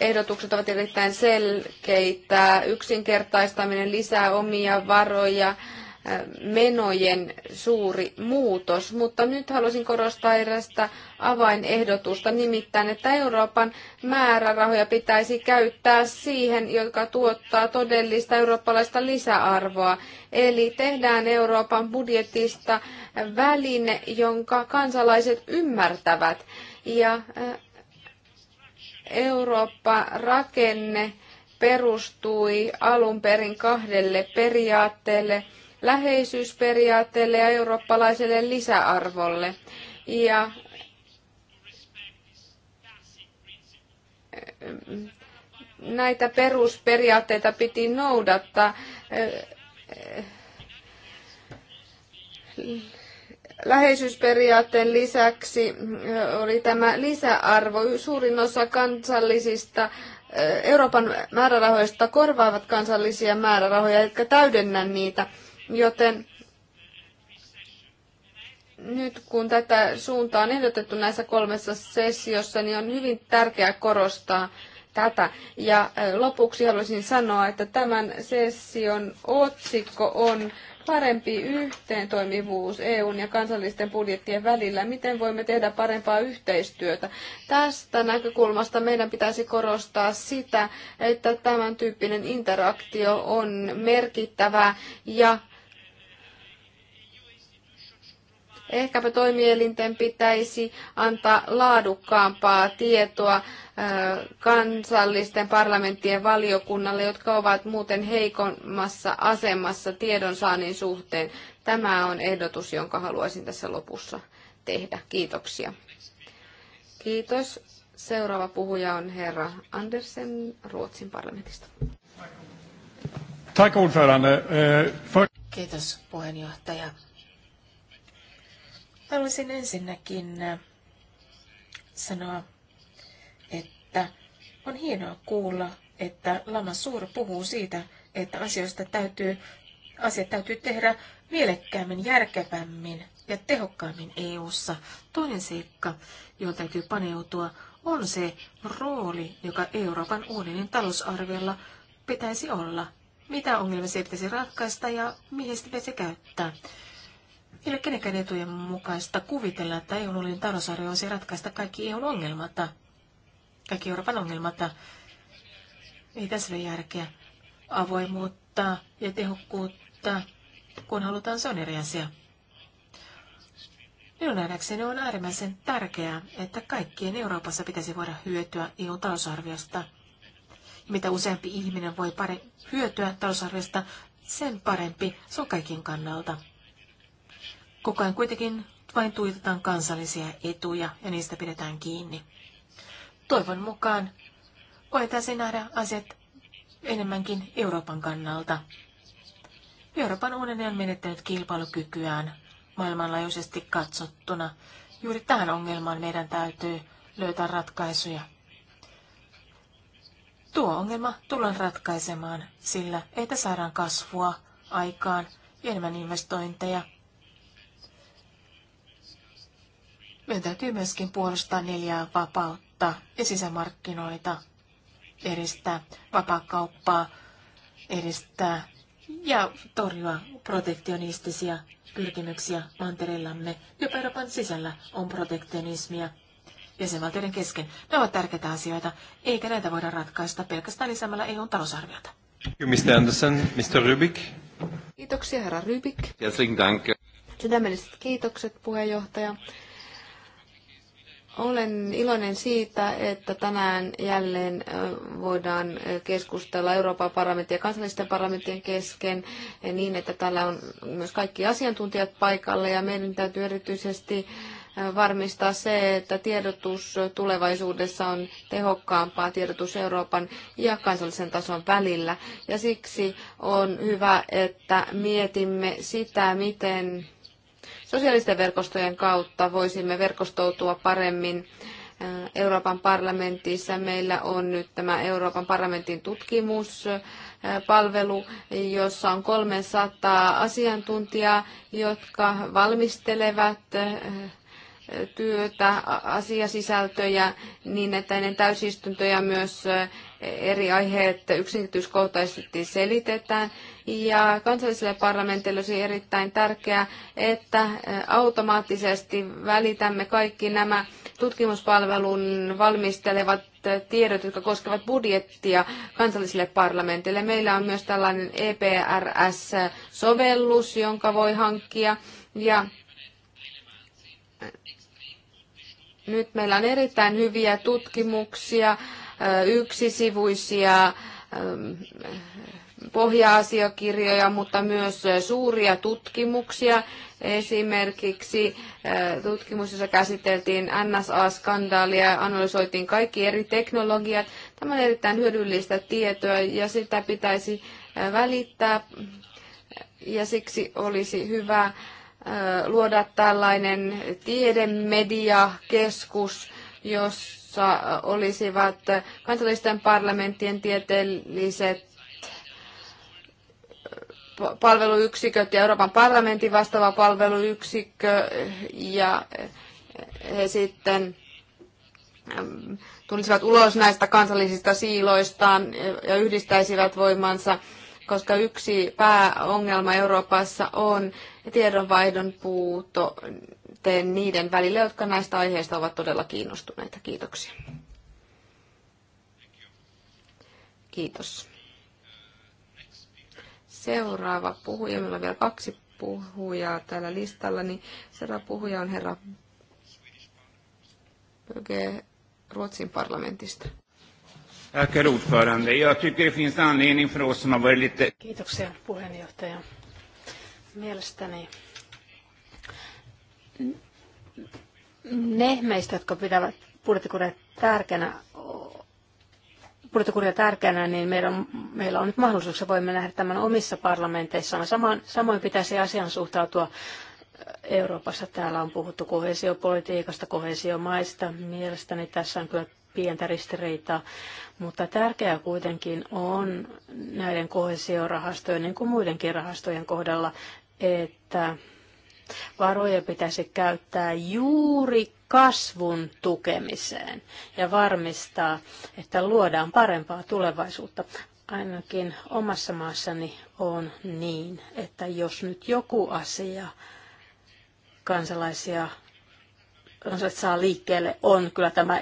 ehdotukset ovat erittäin selkeitä. Yksinkertaistaminen lisää omia varoja, äh, menojen suuri muutos. Mutta nyt haluaisin korostaa erästä avainehdotusta, nimittäin, että Euroopan määrärahoja pitäisi käyttää siihen, joka tuottaa todellista eurooppalaista lisäarvoa. Eli tehdään Euroopan budjetista väline, jonka kansalaiset ymmärtävät. Ja äh, Eurooppa-rakenne perustui alun perin kahdelle periaatteelle, läheisyysperiaatteelle ja eurooppalaiselle lisäarvolle. Ja eh, näitä perusperiaatteita piti noudattaa eh, eh, läheisyysperiaatteen lisäksi oli tämä lisäarvo. Suurin osa kansallisista Euroopan määrärahoista korvaavat kansallisia määrärahoja, jotka täydennä niitä, joten nyt kun tätä suuntaa on ehdotettu näissä kolmessa sessiossa, niin on hyvin tärkeää korostaa tätä. Ja lopuksi haluaisin sanoa, että tämän session otsikko on parempi yhteentoimivuus EUn ja kansallisten budjettien välillä? Miten voimme tehdä parempaa yhteistyötä? Tästä näkökulmasta meidän pitäisi korostaa sitä, että tämän tyyppinen interaktio on merkittävä ja ehkäpä toimielinten pitäisi antaa laadukkaampaa tietoa kansallisten parlamenttien valiokunnalle, jotka ovat muuten heikommassa asemassa tiedonsaannin suhteen. Tämä on ehdotus, jonka haluaisin tässä lopussa tehdä. Kiitoksia. Kiitos. Seuraava puhuja on herra Andersen Ruotsin parlamentista. Tack eh, Kiitos puheenjohtaja. Haluaisin ensinnäkin eh, sanoa että on hienoa kuulla, että Lama Suur puhuu siitä, että asioista täytyy, asiat täytyy tehdä mielekkäämmin, järkevämmin ja tehokkaammin EU:ssa. Toinen seikka, johon täytyy paneutua, on se rooli, joka Euroopan unionin talousarviolla pitäisi olla. Mitä ongelmia se pitäisi ratkaista ja mihin sitä pitäisi käyttää? Ei ole kenenkään etujen mukaista kuvitella, että eu unionin talousarvio olisi ratkaista kaikki EU ongelmat kaikki Euroopan ongelmat. Ei tässä ole järkeä. Avoimuutta ja tehokkuutta, kun halutaan, se on eri asia. Minun nähdäkseni on äärimmäisen tärkeää, että kaikkien Euroopassa pitäisi voida hyötyä EU-talousarviosta. Mitä useampi ihminen voi pare- hyötyä talousarviosta, sen parempi se on kaikin kannalta. Koko ajan kuitenkin vain tuitetaan kansallisia etuja ja niistä pidetään kiinni. Toivon mukaan voitaisiin nähdä asiat enemmänkin Euroopan kannalta. Euroopan unioni on menettänyt kilpailukykyään maailmanlaajuisesti katsottuna. Juuri tähän ongelmaan meidän täytyy löytää ratkaisuja. Tuo ongelma tullaan ratkaisemaan sillä, että saadaan kasvua aikaan ja enemmän investointeja. Meidän täytyy myöskin puolustaa neljää vapautta taloutta ja sisämarkkinoita, edistää vapaakauppaa, edistää ja torjua protektionistisia pyrkimyksiä mantereillamme. Jopa Euroopan sisällä on protektionismia jäsenvaltioiden kesken. Ne ovat tärkeitä asioita, eikä näitä voida ratkaista pelkästään lisäämällä EUn talousarviota. Mr. Anderson, Mr. Rubik. Kiitoksia, herra Rybik. Herzlichen Dank. Sydämelliset kiitokset, puheenjohtaja. Olen iloinen siitä, että tänään jälleen voidaan keskustella Euroopan parlamentin ja kansallisten parlamenttien kesken e, niin, että täällä on myös kaikki asiantuntijat paikalla ja meidän täytyy erityisesti varmistaa se, että tiedotus tulevaisuudessa on tehokkaampaa tiedotus Euroopan ja kansallisen tason välillä. Ja siksi on hyvä, että mietimme sitä, miten Sosiaalisten verkostojen kautta voisimme verkostoutua paremmin Euroopan parlamentissa. Meillä on nyt tämä Euroopan parlamentin tutkimuspalvelu, jossa on 300 asiantuntijaa, jotka valmistelevat työtä, asiasisältöjä niin, että ennen täysistuntoja myös eri aiheet yksityiskohtaisesti selitetään. Ja kansalliselle parlamentille olisi erittäin tärkeää, että automaattisesti välitämme kaikki nämä tutkimuspalvelun valmistelevat tiedot, jotka koskevat budjettia kansallisille parlamentille. Meillä on myös tällainen EPRS-sovellus, jonka voi hankkia. Ja nyt meillä on erittäin hyviä tutkimuksia yksisivuisia pohja-asiakirjoja, mutta myös suuria tutkimuksia. Esimerkiksi tutkimus, jossa käsiteltiin NSA-skandaalia ja analysoitiin kaikki eri teknologiat. Tämä on erittäin hyödyllistä tietoa ja sitä pitäisi välittää ja siksi olisi hyvä luoda tällainen tiedemediakeskus, jos jossa olisivat kansallisten parlamenttien tieteelliset palveluyksiköt ja Euroopan parlamentin vastaava palveluyksikkö ja he sitten mm, tulisivat ulos näistä kansallisista siiloistaan ja yhdistäisivät voimansa, koska yksi pääongelma Euroopassa on tiedonvaihdon puuto sitten niiden välille, jotka näistä aiheista ovat todella kiinnostuneita. Kiitoksia. Kiitos. Seuraava puhuja, meillä on vielä kaksi puhujaa täällä listalla, niin seuraava puhuja on herra Böge Ruotsin parlamentista. Kiitoksia puheenjohtaja. Mielestäni ne meistä, jotka pitävät budjettikuria tärkeänä, budjettikuria tärkeänä, niin meillä on meillä on nyt mahdollisuus, että voimme nähdä tämän omissa parlamenteissaan. Samoin, samoin pitäisi asian suhtautua Euroopassa. Täällä on puhuttu kohesiopolitiikasta, kohesiomaista. Mielestäni tässä on kyllä pientä ristiriitaa, mutta tärkeää kuitenkin on näiden kohesiorahastojen, niin kuin muidenkin rahastojen kohdalla, että Varoja pitäisi käyttää juuri kasvun tukemiseen ja varmistaa, että luodaan parempaa tulevaisuutta. Ainakin omassa maassani on niin, että jos nyt joku asia kansalaisia saa liikkeelle, on kyllä tämä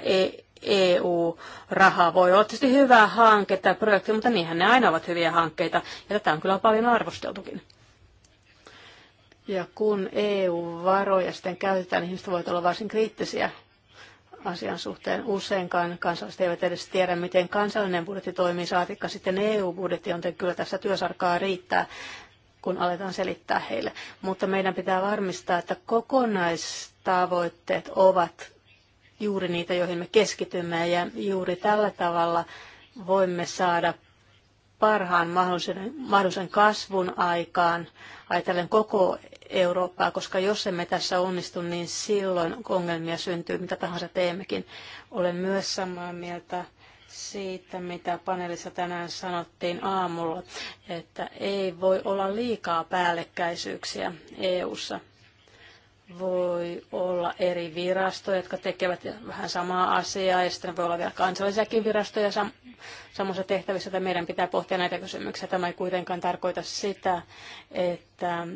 EU-raha. E Voi olla tietysti hyvä hanke tai projekti, mutta niinhän ne aina ovat hyviä hankkeita, ja tätä on kyllä paljon arvosteltukin. Ja kun EU-varoja sitten käytetään, niin ihmiset voivat olla varsin kriittisiä asian suhteen. Useinkaan kansalaiset eivät edes tiedä, miten kansallinen budjetti toimii, saatikka sitten EU-budjetti, joten kyllä tässä työsarkaa riittää kun aletaan selittää heille. Mutta meidän pitää varmistaa, että kokonaistavoitteet ovat juuri niitä, joihin me keskitymme ja juuri tällä tavalla voimme saada parhaan mahdollisen, mahdollisen kasvun aikaan, ajatellen koko Eurooppaa, koska jos emme tässä onnistu, niin silloin ongelmia syntyy, mitä tahansa teemmekin. Olen myös samaa mieltä siitä, mitä paneelissa tänään sanottiin aamulla, että ei voi olla liikaa päällekkäisyyksiä EU:ssa. Voi olla eri virastoja, jotka tekevät vähän samaa asiaa, ja sitten voi olla vielä kansallisiakin virastoja sam- samassa tehtävissä, että meidän pitää pohtia näitä kysymyksiä. Tämä ei kuitenkaan tarkoita sitä, että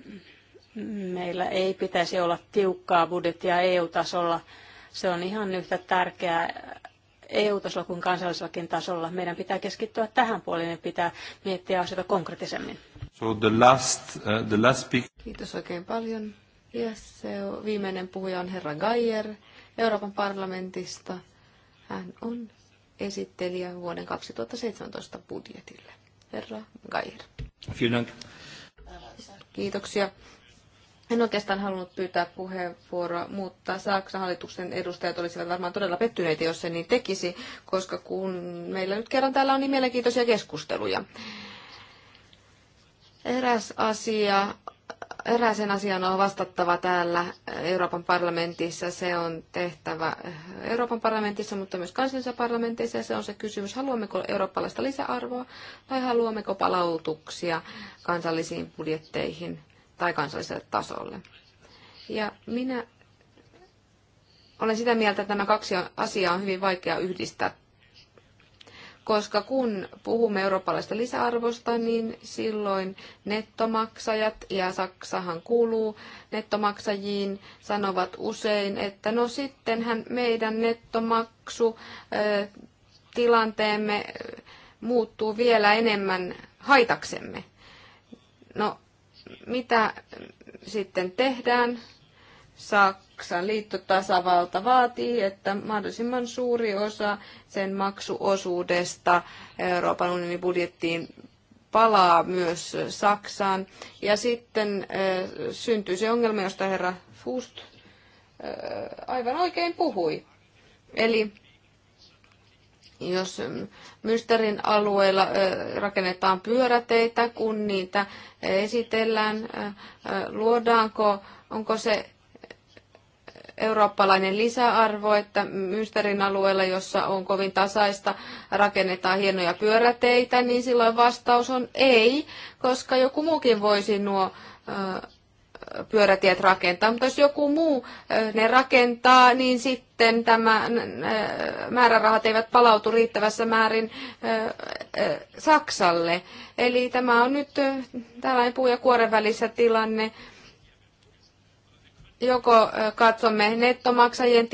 meillä ei pitäisi olla tiukkaa budjettia EU-tasolla. Se on ihan yhtä tärkeää EU-tasolla kuin kansallisellakin tasolla. Meidän pitää keskittyä tähän puoleen ja pitää miettiä asioita konkreettisemmin. So the last, uh, the last speak... Kiitos oikein paljon. Ja se viimeinen puhuja on herra Geier Euroopan parlamentista. Hän on esittelijä vuoden 2017 budjetille. Herra Geier. Vielen Kiitoksia. En oikeastaan halunnut pyytää puheenvuoroa, mutta Saksan hallituksen edustajat olisivat varmaan todella pettyneitä, jos se niin tekisi, koska kun meillä nyt kerran täällä on niin mielenkiintoisia keskusteluja. Eräs asia, erääseen asiaan on vastattava täällä Euroopan parlamentissa. Se on tehtävä Euroopan parlamentissa, mutta myös kansallisissa parlamentissa. se on se kysymys, haluammeko eurooppalaista lisäarvoa vai haluammeko palautuksia kansallisiin budjetteihin tai kansalliselle tasolle. Ja minä olen sitä mieltä, että nämä kaksi asiaa on hyvin vaikea yhdistää, koska kun puhumme eurooppalaisesta lisäarvosta, niin silloin nettomaksajat, ja Saksahan kuuluu nettomaksajiin, sanovat usein, että no sittenhän meidän nettomaksu tilanteemme muuttuu vielä enemmän haitaksemme. No, mitä sitten tehdään? Saksan liittotasavalta vaatii, että mahdollisimman suuri osa sen maksuosuudesta Euroopan unionin budjettiin palaa myös Saksaan. Ja sitten eh, syntyy se ongelma, josta herra Fust eh, aivan oikein puhui. Eli jos Mysterin alueella rakennetaan pyöräteitä, kun niitä esitellään, luodaanko, onko se eurooppalainen lisäarvo, että Mysterin alueella, jossa on kovin tasaista, rakennetaan hienoja pyöräteitä, niin silloin vastaus on ei, koska joku muukin voisi nuo pyörätiet rakentaa, mutta jos joku muu ne rakentaa, niin sitten tämä määrärahat eivät palautu riittävässä määrin Saksalle. Eli tämä on nyt tällainen puu- ja kuoren välissä tilanne. Joko katsomme nettomaksajien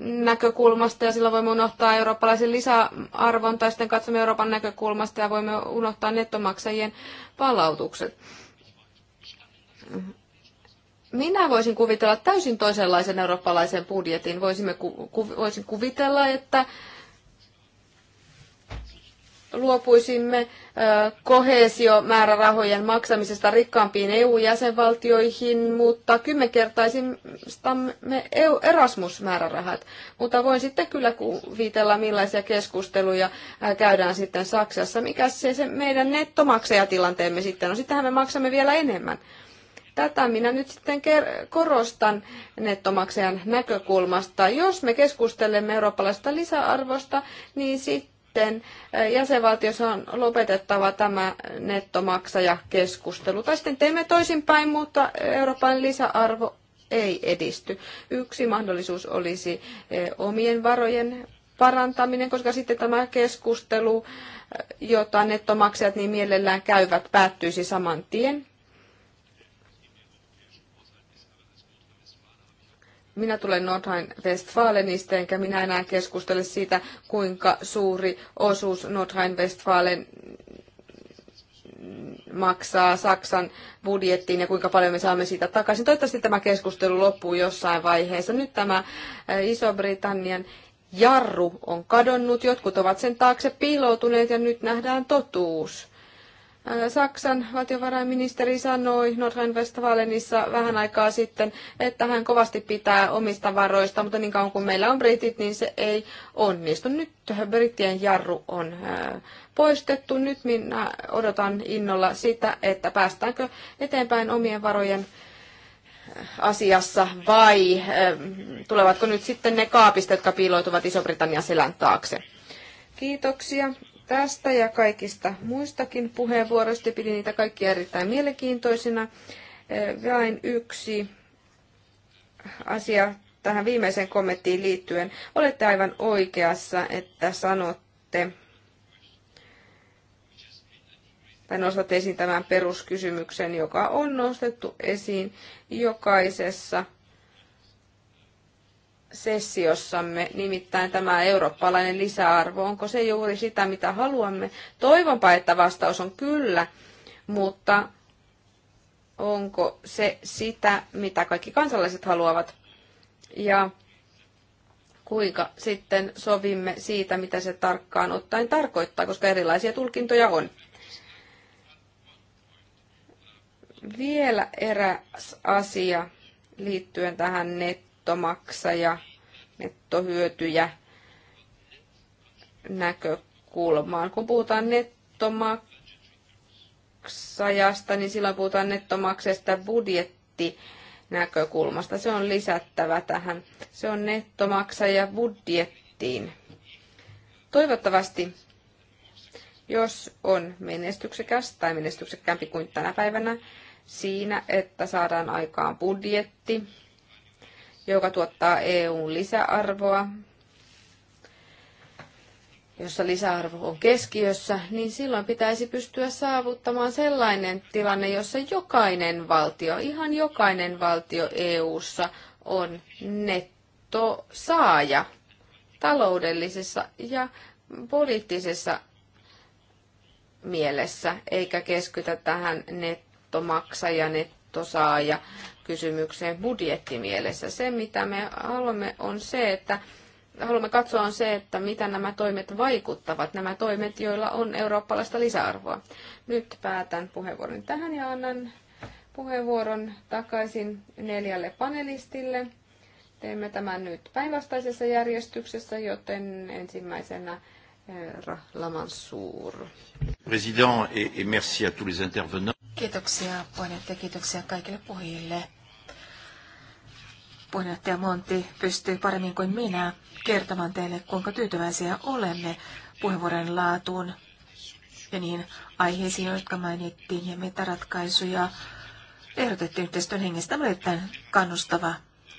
näkökulmasta ja silloin voimme unohtaa eurooppalaisen lisäarvon, tai sitten katsomme Euroopan näkökulmasta ja voimme unohtaa nettomaksajien palautukset minä voisin kuvitella täysin toisenlaisen eurooppalaisen budjetin. Voisimme ku, ku, voisin kuvitella, että luopuisimme kohesiomäärärahojen maksamisesta rikkaampiin EU-jäsenvaltioihin, mutta kymmenkertaisimme e Erasmus-määrärahat. Mutta voin sitten kyllä kuvitella, millaisia keskusteluja käydään sitten Saksassa. Mikä se, se meidän nettomaksajatilanteemme sitten on? Sitähän me maksamme vielä enemmän. Tätä minä nyt sitten korostan nettomaksajan näkökulmasta. Jos me keskustelemme eurooppalaisesta lisäarvosta, niin sitten eh, jäsenvaltiossa on lopetettava tämä nettomaksajakeskustelu. Tai sitten teemme toisinpäin, mutta Euroopan lisäarvo ei edisty. Yksi mahdollisuus olisi eh, omien varojen parantaminen, koska sitten tämä keskustelu, eh, jota nettomaksajat niin mielellään käyvät, päättyisi saman tien. Minä tulen Nordrhein-Westfalenista, enkä minä enää keskustele siitä, kuinka suuri osuus Nordrhein-Westfalen maksaa Saksan budjettiin ja kuinka paljon me saamme siitä takaisin. Toivottavasti tämä keskustelu loppuu jossain vaiheessa. Nyt tämä Iso-Britannian jarru on kadonnut, jotkut ovat sen taakse piiloutuneet ja nyt nähdään totuus. Äh, Saksan valtiovarainministeri sanoi Nordrhein-Westfalenissa vähän aikaa sitten, että hän kovasti pitää omista varoista, mutta niin kauan kuin meillä on britit, niin se ei onnistu. Nyt brittien jarru on äh, poistettu. Nyt minä odotan innolla sitä, että päästäänkö eteenpäin omien varojen äh, asiassa vai ähm, tulevatko nyt sitten ne kaapista, jotka piiloituvat Iso-Britannian selän taakse. Kiitoksia tästä ja kaikista muistakin puheenvuoroista. Pidin niitä kaikkia erittäin mielenkiintoisina. Vain yksi asia tähän viimeiseen kommenttiin liittyen. Olette aivan oikeassa, että sanotte, tai nostatte esiin tämän peruskysymyksen, joka on nostettu esiin jokaisessa – sessiossamme, nimittäin tämä eurooppalainen lisäarvo. Onko se juuri sitä, mitä haluamme? Toivonpa, että vastaus on kyllä, mutta onko se sitä, mitä kaikki kansalaiset haluavat? Ja kuinka sitten sovimme siitä, mitä se tarkkaan ottaen tarkoittaa, koska erilaisia tulkintoja on. Vielä eräs asia liittyen tähän nettiin nettomaksaja, nettohyötyjä näkökulmaan. Kun puhutaan nettomaksajasta, niin silloin puhutaan nettomaksajasta budjetti näkökulmasta. Se on lisättävä tähän. Se on nettomaksaja budjettiin. Toivottavasti, jos on menestyksekäs tai menestyksekkäämpi kuin tänä päivänä siinä, että saadaan aikaan budjetti, joka tuottaa EUn lisäarvoa, jossa lisäarvo on keskiössä, niin silloin pitäisi pystyä saavuttamaan sellainen tilanne, jossa jokainen valtio, ihan jokainen valtio EU:ssa on nettosaaja taloudellisessa ja poliittisessa mielessä, eikä keskytä tähän nettomaksaja, nettosaaja kysymykseen budjettimielessä. Se, mitä me haluamme, on se, että haluamme katsoa on se, että mitä nämä toimet vaikuttavat, nämä toimet, joilla on eurooppalaista lisäarvoa. Nyt päätän puheenvuoron tähän ja annan puheenvuoron takaisin neljälle panelistille. Teemme tämän nyt päinvastaisessa järjestyksessä, joten ensimmäisenä herra Lamansuur. President, et merci à tous les intervenants. Kiitoksia puheenjohtaja, kiitoksia kaikille puhujille puheenjohtaja Monti pystyy paremmin kuin minä kertomaan teille, kuinka tyytyväisiä olemme puheenvuoron laatuun ja niihin aiheisiin, jotka mainittiin, ja mitä ratkaisuja ehdotettiin yhteistyön hengestä. Tämä oli erittäin kannustava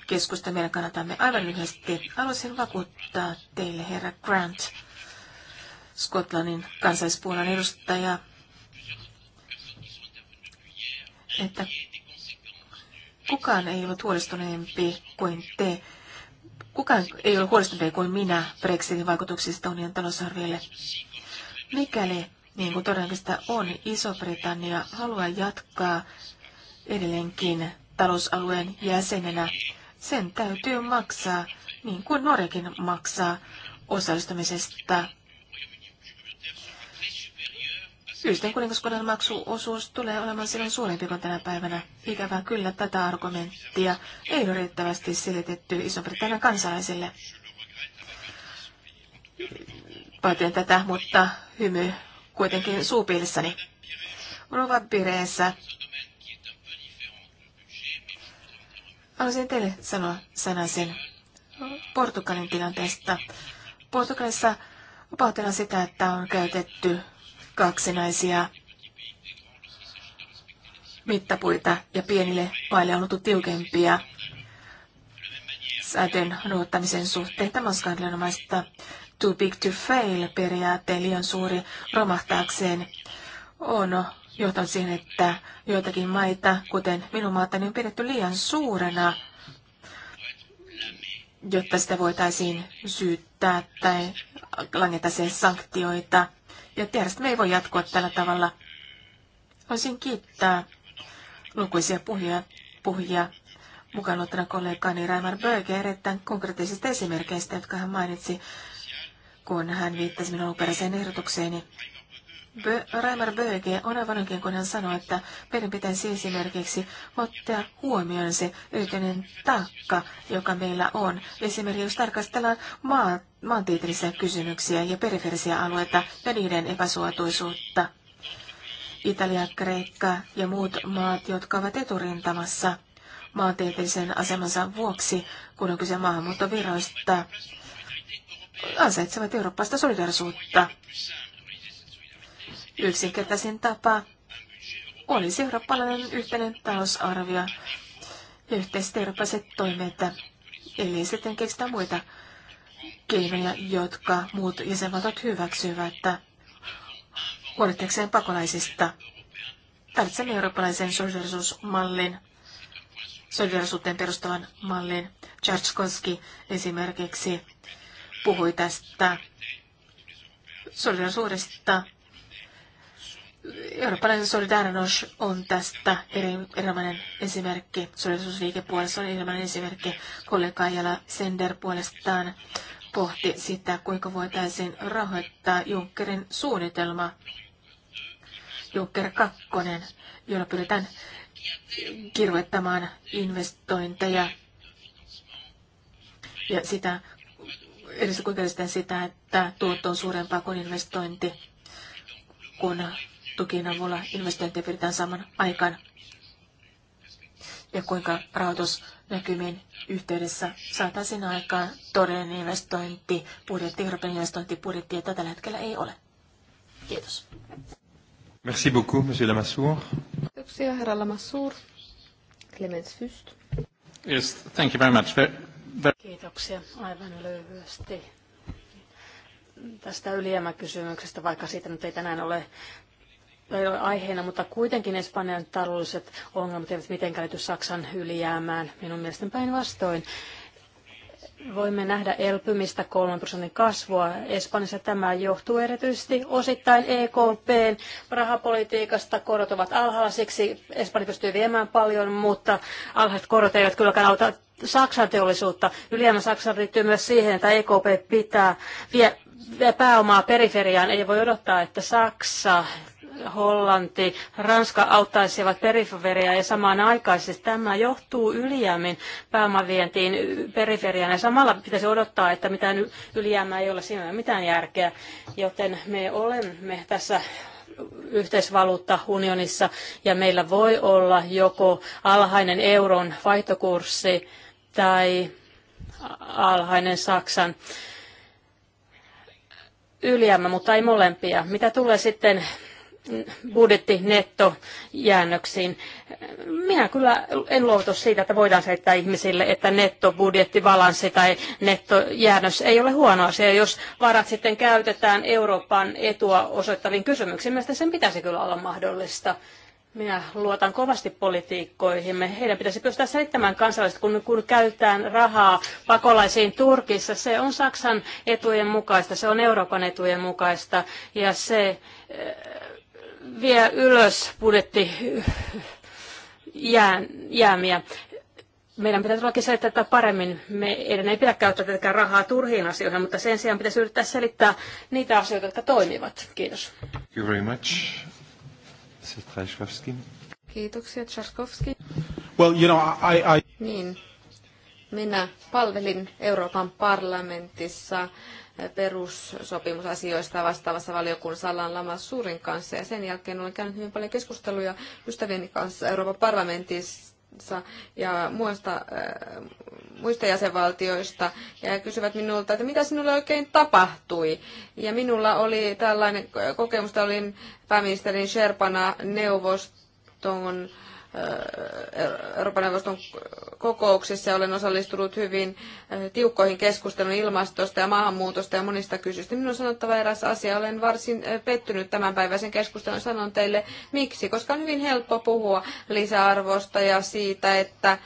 keskustelu meidän kannatamme aivan lyhyesti. Haluaisin vakuuttaa teille, herra Grant, Skotlannin kansallispuolan edustaja, että Kukaan ei ollut huolestuneempi kuin te. Kukaan ei ole huolestuneempi kuin minä Brexitin vaikutuksista unionin talousarviolle. Mikäli, niin kuin todennäköistä on, Iso-Britannia haluaa jatkaa edelleenkin talousalueen jäsenenä, sen täytyy maksaa, niin kuin Norjakin maksaa osallistumisesta Yhdistön kuningaskunnan maksuosuus tulee olemaan silloin suurempi kuin tänä päivänä. Ikävää kyllä tätä argumenttia ei ole riittävästi selitetty Iso-Britannian kansalaisille. Pahoitin tätä, mutta hymy kuitenkin suupiilissäni. Ruva Haluaisin teille sanoa sanasin Portugalin tilanteesta. Portugalissa pahoitellaan sitä, että on käytetty kaksinaisia mittapuita ja pienille maille on ollut tiukempia säätön nuottamisen suhteen. Tämä on skandalinomaista too big to fail periaatteen liian suuri romahtaakseen on johtanut siihen, että joitakin maita, kuten minun maatani, on pidetty liian suurena, jotta sitä voitaisiin syyttää tai langeta sen sanktioita – ja me ei voi jatkua tällä tavalla. Voisin kiittää lukuisia puhujia, puhujia mukaan luottana kollegaani Raimar Böge erittäin konkreettisista esimerkkeistä, jotka hän mainitsi, kun hän viittasi minun alkuperäiseen ehdotukseeni. Bö, Raimar Böge on aivan oikein, kun hän sanoi, että meidän pitäisi esimerkiksi ottaa huomioon se yhteinen taakka, joka meillä on. Esimerkiksi jos tarkastellaan maat, maantieteellisiä kysymyksiä ja periferisiä alueita ja niiden epäsuotuisuutta. Italia, Kreikka ja muut maat, jotka ovat eturintamassa maantieteellisen asemansa vuoksi, kun on kyse maahanmuuttovirroista, ansaitsevat eurooppaista solidarisuutta. Yksinkertaisin tapa olisi eurooppalainen yhteinen talousarvio ja yhteiset eurooppalaiset toimet, eli sitten keksitään muita keinoja, jotka muut jäsenvaltiot hyväksyvät huolehtiakseen pakolaisista. Tarvitsemme eurooppalaisen solidarisuusmallin, solidarisuuteen perustuvan mallin. Tchartskoski esimerkiksi puhui tästä solidarisuudesta Eurooppalainen solidaarisuus on tästä eri, erilainen esimerkki. Solidarisuusliike puolesta on erilainen esimerkki. Kollega Ajala Sender puolestaan pohti sitä, kuinka voitaisiin rahoittaa Junckerin suunnitelma Juncker 2, jolla pyritään kirjoittamaan investointeja ja sitä, edessä kuinka sitä, että tuotto on suurempaa kuin investointi kun tukien avulla investointeja pyritään saamaan aikaan ja kuinka rahoitusnäkymien yhteydessä saataisiin aikaan todellinen investointi, budjetti, Euroopan budjetti, jota tällä hetkellä ei ole. Kiitos. Merci beaucoup, monsieur Lamassour. Kiitoksia, herra Lamassour. Clemens Fyst. Yes, thank you very much. Very, very... Kiitoksia aivan lyhyesti tästä ylijäämäkysymyksestä, vaikka siitä nyt ei tänään ole ei ole aiheena, mutta kuitenkin Espanjan taloudelliset ongelmat eivät mitenkään liity Saksan ylijäämään, minun mielestäni päinvastoin. Voimme nähdä elpymistä 3 prosentin kasvua. Espanjassa tämä johtuu erityisesti osittain EKPn rahapolitiikasta. Korot ovat alhaalla, siksi Espanja pystyy viemään paljon, mutta alhaiset korot eivät kylläkään auta Saksan teollisuutta. Ylijäämä Saksan liittyy myös siihen, että EKP pitää vie pääomaa periferiaan. Ei voi odottaa, että Saksa Hollanti, Ranska auttaisivat periferiaa ja samanaikaisesti tämä johtuu ylijäämin pääomavientiin periferiaan ja samalla pitäisi odottaa, että mitään ylijäämää ei ole, siinä ei ole mitään järkeä, joten me olemme tässä yhteisvaluutta unionissa ja meillä voi olla joko alhainen euron vaihtokurssi tai alhainen Saksan ylijäämä, mutta ei molempia. Mitä tulee sitten budjettinettojäännöksiin. Minä kyllä en luovutu siitä, että voidaan seittää ihmisille, että nettobudjettivalanssi tai nettojäännös ei ole huono asia. Jos varat sitten käytetään Euroopan etua osoittaviin kysymyksiin, mielestäni sen pitäisi kyllä olla mahdollista. Minä luotan kovasti politiikkoihin. Heidän pitäisi pystyä selittämään kansalaiset, kun, kun käytetään rahaa pakolaisiin Turkissa. Se on Saksan etujen mukaista, se on Euroopan etujen mukaista ja se eh, vie ylös budjetti jää, jäämiä. Meidän pitää todellakin selittää tätä paremmin. Meidän ei pidä käyttää tätäkään rahaa turhiin asioihin, mutta sen sijaan pitäisi yrittää selittää niitä asioita, jotka toimivat. Kiitos. Thank you very much. Kiitoksia, Tcharskovski. Well, you know, I, I... Niin. Minä palvelin Euroopan parlamentissa perussopimusasioista vastaavassa valiokunnassa Alan suurin kanssa. Ja sen jälkeen olen käynyt hyvin paljon keskusteluja ystävieni kanssa Euroopan parlamentissa ja muista, äh, muista jäsenvaltioista ja kysyvät minulta, että mitä sinulle oikein tapahtui. Ja minulla oli tällainen kokemus, että olin pääministerin Sherpana neuvoston Euroopan neuvoston kokouksissa ja olen osallistunut hyvin eh, tiukkoihin keskusteluun ilmastosta ja maahanmuutosta ja monista kysyistä. Minun on sanottava eräs asia. Olen varsin eh, pettynyt päiväisen keskustelun. Sanon teille miksi, koska on hyvin helppo puhua lisäarvosta ja siitä, että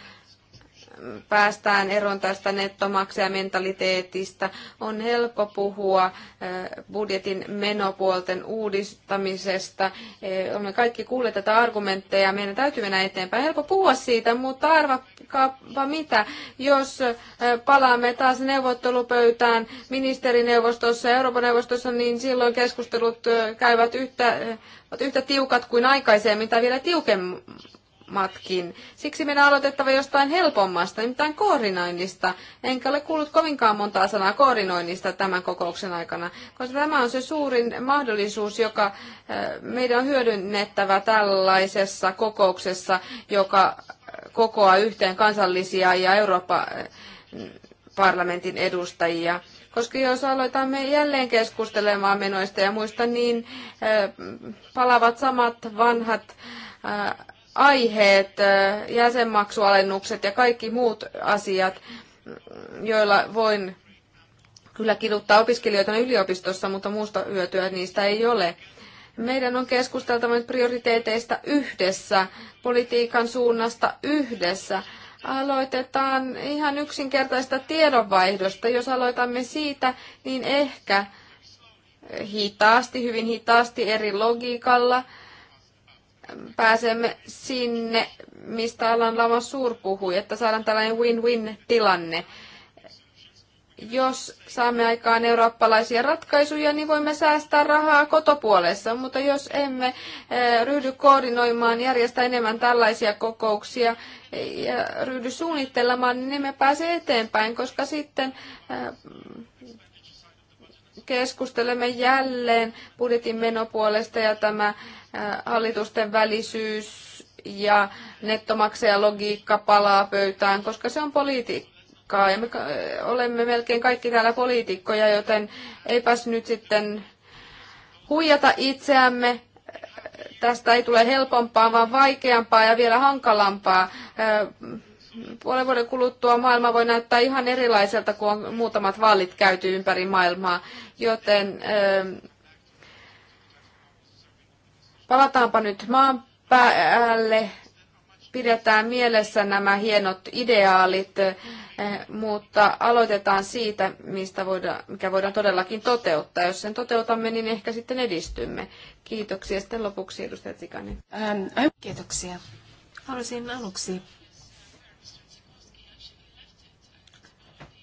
päästään eroon tästä nettomaksajamentaliteetista. On helppo puhua eh, budjetin menopuolten uudistamisesta. Eh, olemme kaikki kuulleet tätä argumentteja. Meidän täytyy mennä eteenpäin. Helppo puhua siitä, mutta arvakaapa mitä, jos eh, palaamme taas neuvottelupöytään ministerineuvostossa ja Euroopan neuvostossa, niin silloin keskustelut käyvät yhtä, yhtä tiukat kuin aikaisemmin tai vielä tiukemmin matkin. Siksi meidän on aloitettava jostain helpommasta, nimittäin koordinoinnista. Enkä ole kuullut kovinkaan montaa sanaa koordinoinnista tämän kokouksen aikana, koska tämä on se suurin mahdollisuus, joka eh, meidän on hyödynnettävä tällaisessa kokouksessa, joka eh, kokoaa yhteen kansallisia ja Euroopan eh, parlamentin edustajia koska jos aloitamme jälleen keskustelemaan menoista ja muista, niin palavat samat vanhat aiheet, jäsenmaksualennukset ja kaikki muut asiat, joilla voin kyllä kiduttaa opiskelijoita yliopistossa, mutta muusta hyötyä niistä ei ole. Meidän on keskusteltava nyt prioriteeteista yhdessä, politiikan suunnasta yhdessä. Aloitetaan ihan yksinkertaista tiedonvaihdosta. Jos aloitamme siitä, niin ehkä hitaasti, hyvin hitaasti eri logiikalla – pääsemme sinne, mistä alan lama suur puhui, että saadaan tällainen win-win-tilanne. Jos saamme aikaan eurooppalaisia ratkaisuja, niin voimme säästää rahaa kotopuolessa, mutta jos emme eh, ryhdy koordinoimaan, järjestää enemmän tällaisia kokouksia ja ryhdy suunnittelemaan, niin emme pääse eteenpäin, koska sitten eh, keskustelemme jälleen budjetin menopuolesta ja tämä hallitusten välisyys ja nettomaksajalogiikka palaa pöytään, koska se on politiikkaa ja me olemme melkein kaikki täällä poliitikkoja, joten eipäs nyt sitten huijata itseämme. Tästä ei tule helpompaa, vaan vaikeampaa ja vielä hankalampaa puolen vuoden kuluttua maailma voi näyttää ihan erilaiselta, kun on muutamat vaalit käyty ympäri maailmaa. Joten Palataanpa nyt maan päälle. Pidetään mielessä nämä hienot ideaalit, eh, mutta aloitetaan siitä, mistä voidaan, mikä voidaan todellakin toteuttaa. Jos sen toteutamme, niin ehkä sitten edistymme. Kiitoksia. Sitten lopuksi edustaja Ähm, Kiitoksia. Haluaisin aluksi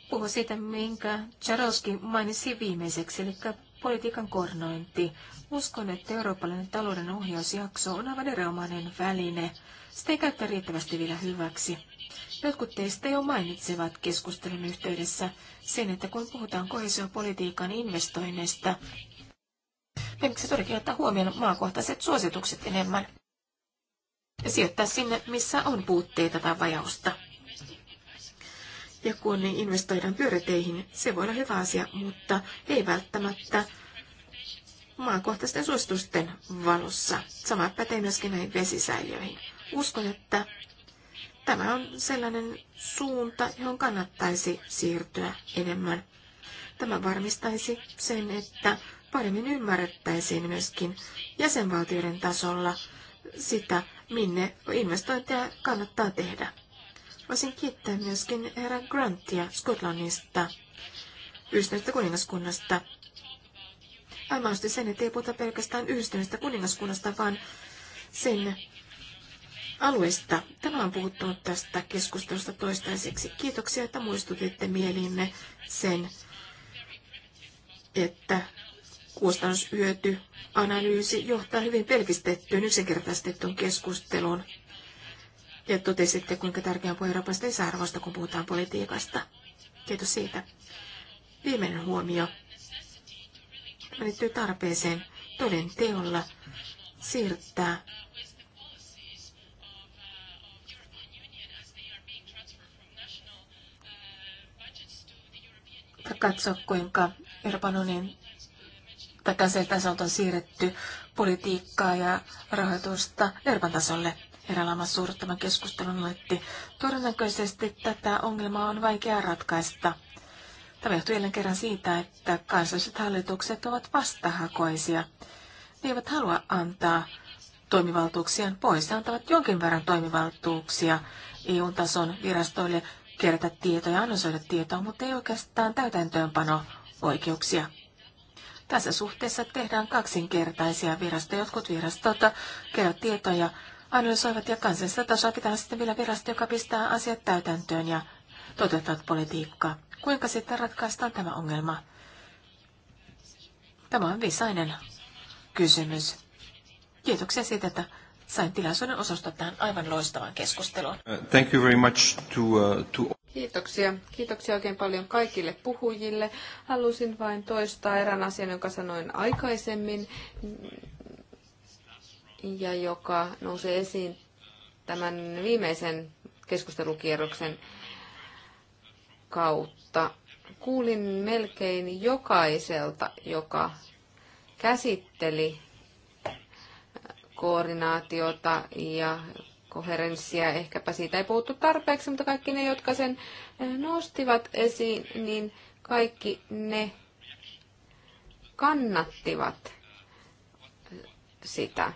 puhua siitä, minkä Charoski mainitsi viimeiseksi, eli politiikan koordinointi. Uskon, että eurooppalainen talouden ohjausjakso on aivan erinomainen väline. Sitä ei käyttää riittävästi vielä hyväksi. Jotkut teistä jo mainitsevat keskustelun yhteydessä sen, että kun puhutaan kohesiopolitiikan investoinneista, meidän se todellakin ottaa huomioon maakohtaiset suositukset enemmän ja sijoittaa sinne, missä on puutteita tai vajausta. Ja kun investoidaan pyöräteihin, se voi olla hyvä asia, mutta ei välttämättä maakohtaisten suositusten valossa. Sama pätee myöskin näihin vesisäiliöihin. Uskon, että tämä on sellainen suunta, johon kannattaisi siirtyä enemmän. Tämä varmistaisi sen, että paremmin ymmärrettäisiin myöskin jäsenvaltioiden tasolla sitä, minne investointeja kannattaa tehdä. Voisin kiittää myöskin herra Grantia Skotlannista, yhdistyneestä kuningaskunnasta, Aimaisesti sen, että ei puhuta pelkästään yhdistyneestä kuningaskunnasta, vaan sen alueesta. Tämä on puhuttunut tästä keskustelusta toistaiseksi. Kiitoksia, että muistutitte mieliinne sen, että kustannushyöty analyysi johtaa hyvin pelkistettyyn, yksinkertaistettuun keskusteluun. Ja totesitte, kuinka tärkeää on Euroopasta lisäarvosta, kun puhutaan politiikasta. Kiitos siitä. Viimeinen huomio liittyy tarpeeseen toden teolla siirtää katsoa, kuinka Euroopan unionin takaisin tasolta on siirretty politiikkaa ja rahoitusta Euroopan tasolle. Erälaama suurtaman keskustelun luetti. Todennäköisesti tätä ongelmaa on vaikea ratkaista Tämä johtuu jälleen kerran siitä, että kansalliset hallitukset ovat vastahakoisia. Ne eivät halua antaa toimivaltuuksiaan pois. Ne antavat jonkin verran toimivaltuuksia EU-tason virastoille kerätä tietoja ja analysoida tietoa, mutta ei oikeastaan täytäntöönpano oikeuksia. Tässä suhteessa tehdään kaksinkertaisia virastoja. Jotkut virastot keräävät tietoja, analysoivat ja kansallisella tasoa pitää sitten vielä virasto, joka pistää asiat täytäntöön ja toteuttaa politiikkaa. Kuinka sitten ratkaistaan tämä ongelma? Tämä on viisainen kysymys. Kiitoksia siitä, että sain tilaisuuden osallistua tähän aivan loistavaan keskusteluun. Uh, thank you very much to, uh, to... Kiitoksia. Kiitoksia oikein paljon kaikille puhujille. Halusin vain toistaa erään asian, jonka sanoin aikaisemmin ja joka nousi esiin tämän viimeisen keskustelukierroksen kautta mutta kuulin melkein jokaiselta, joka käsitteli äh, koordinaatiota ja koherenssia. Ehkäpä siitä ei puhuttu tarpeeksi, mutta kaikki ne, jotka sen äh, nostivat esiin, niin kaikki ne kannattivat sitä.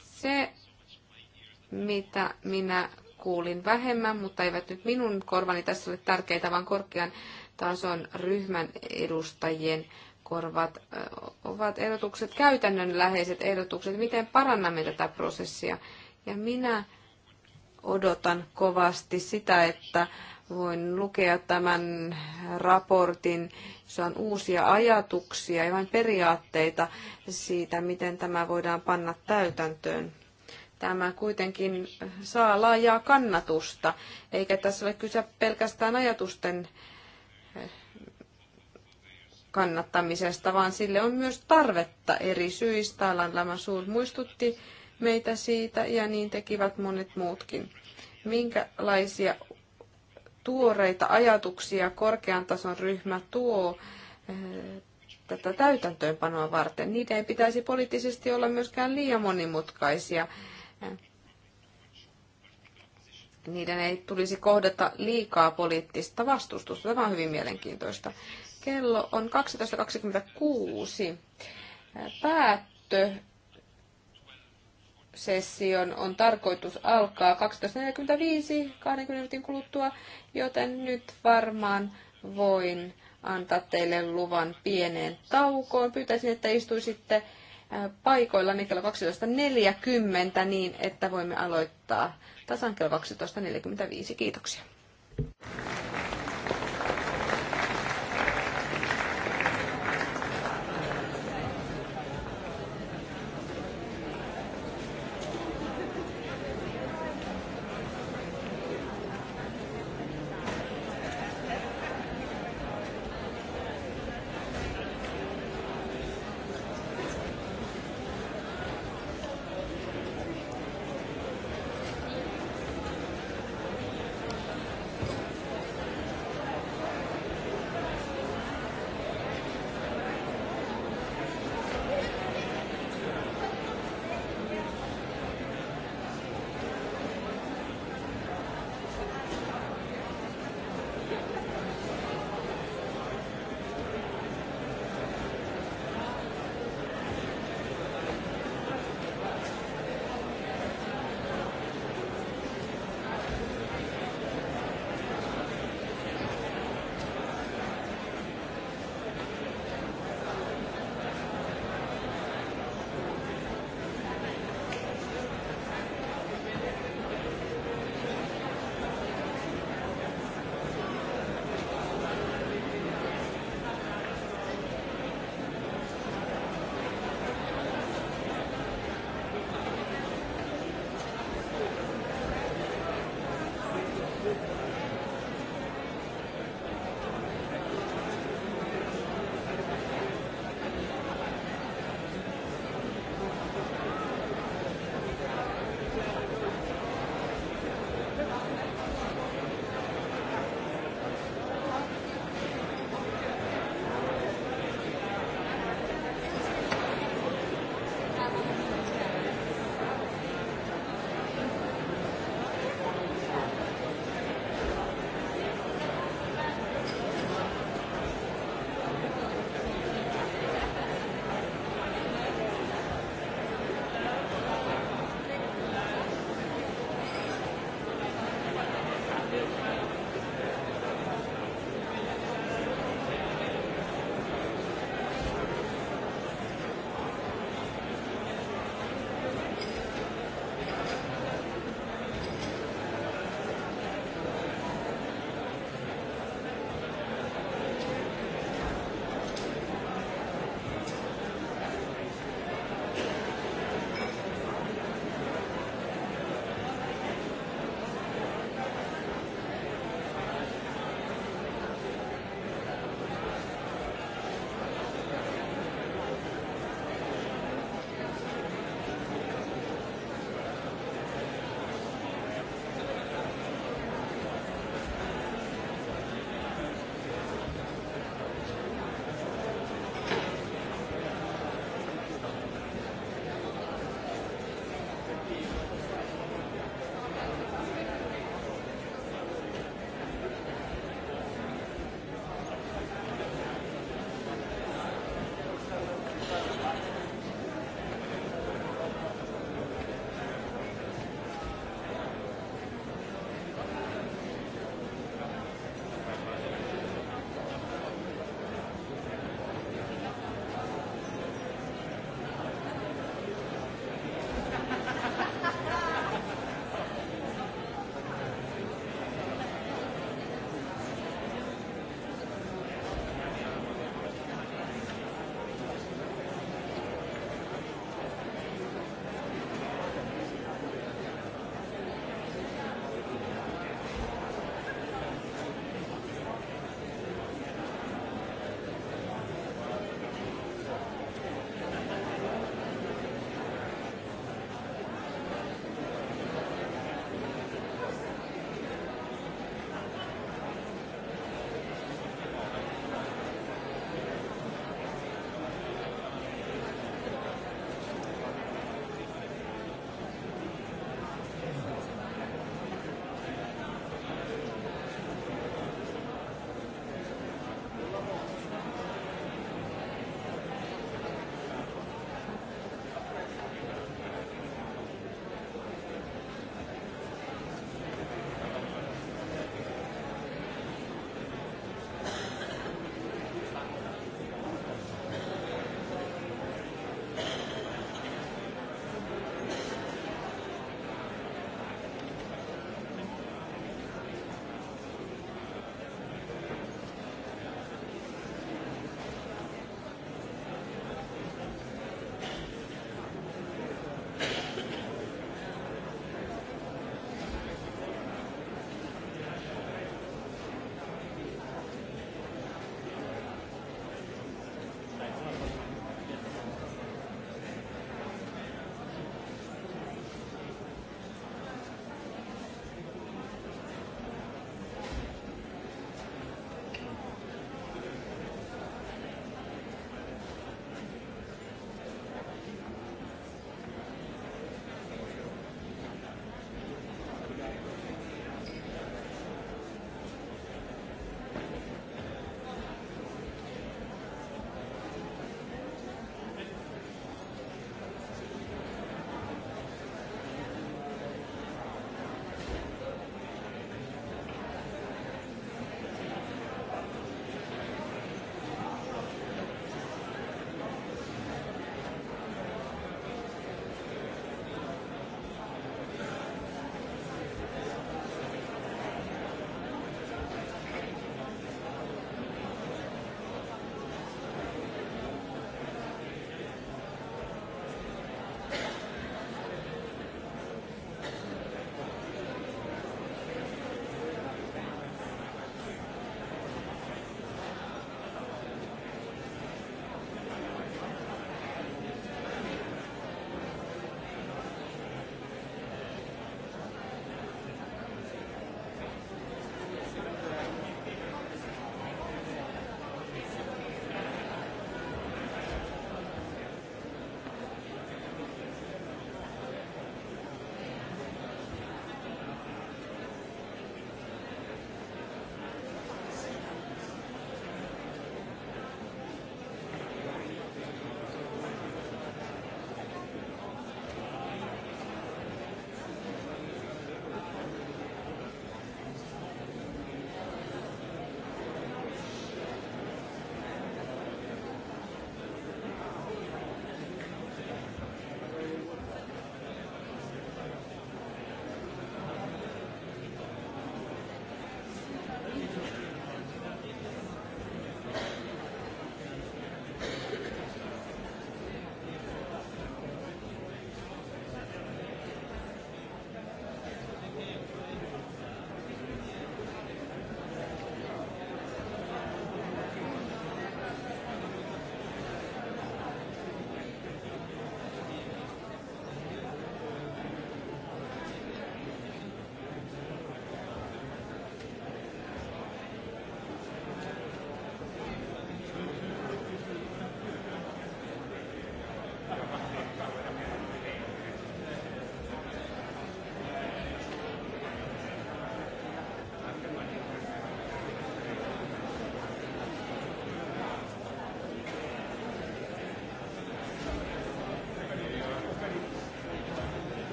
Se, mitä minä kuulin vähemmän, mutta eivät nyt minun korvani tässä ole tärkeitä, vaan korkean tason ryhmän edustajien korvat ovat ehdotukset, käytännönläheiset ehdotukset, miten parannamme tätä prosessia. Ja minä odotan kovasti sitä, että voin lukea tämän raportin, se on uusia ajatuksia ja vain periaatteita siitä, miten tämä voidaan panna täytäntöön tämä kuitenkin saa laajaa kannatusta, eikä tässä ole kyse pelkästään ajatusten eh, kannattamisesta, vaan sille on myös tarvetta eri syistä. Alan Lama Suur muistutti meitä siitä ja niin tekivät monet muutkin. Minkälaisia tuoreita ajatuksia korkean tason ryhmä tuo eh, tätä täytäntöönpanoa varten. Niiden ei pitäisi poliittisesti olla myöskään liian monimutkaisia niiden ei tulisi kohdata liikaa poliittista vastustusta. Tämä on hyvin mielenkiintoista. Kello on 12.26. Päättö session on tarkoitus alkaa 12.45 20 minuutin kuluttua, joten nyt varmaan voin antaa teille luvan pieneen taukoon. Pyytäisin, että istuisitte paikoilla kello 12.40 niin, että voimme aloittaa tasan kello 12.45. Kiitoksia.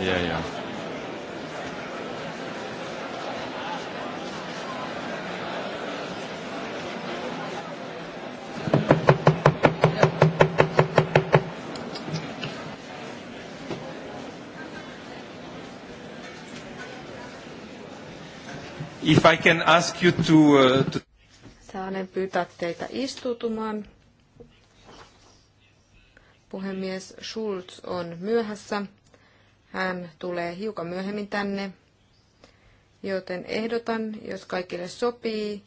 Yeah, yeah. If I can ask you to, uh, to... Saanen pyytää teitä istutumaan. Puhemies Schulz on myöhässä. Hän tulee hiukan myöhemmin tänne, joten ehdotan, jos kaikille sopii,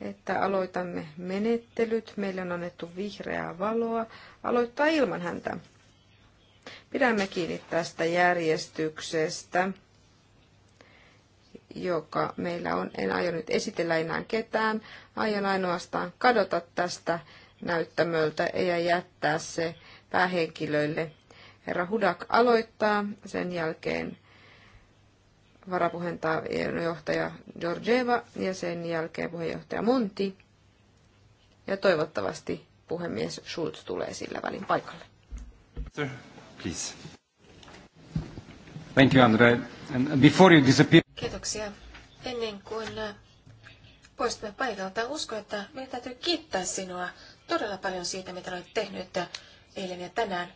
että aloitamme menettelyt. Meille on annettu vihreää valoa aloittaa ilman häntä. Pidämme kiinni tästä järjestyksestä, joka meillä on. En aio nyt esitellä enää ketään. Aion ainoastaan kadota tästä näyttämöltä ja jättää se päähenkilöille Herra Hudak aloittaa, sen jälkeen varapuheenjohtaja Georgieva ja sen jälkeen puheenjohtaja Monti. Ja toivottavasti puhemies Schulz tulee sillä välin paikalle. Sir, please. Thank you, Andre. And before you disappear... Kiitoksia. Ennen kuin poistumme paikalta, uskon, että meidän täytyy kiittää sinua todella paljon siitä, mitä olet tehnyt eilen ja tänään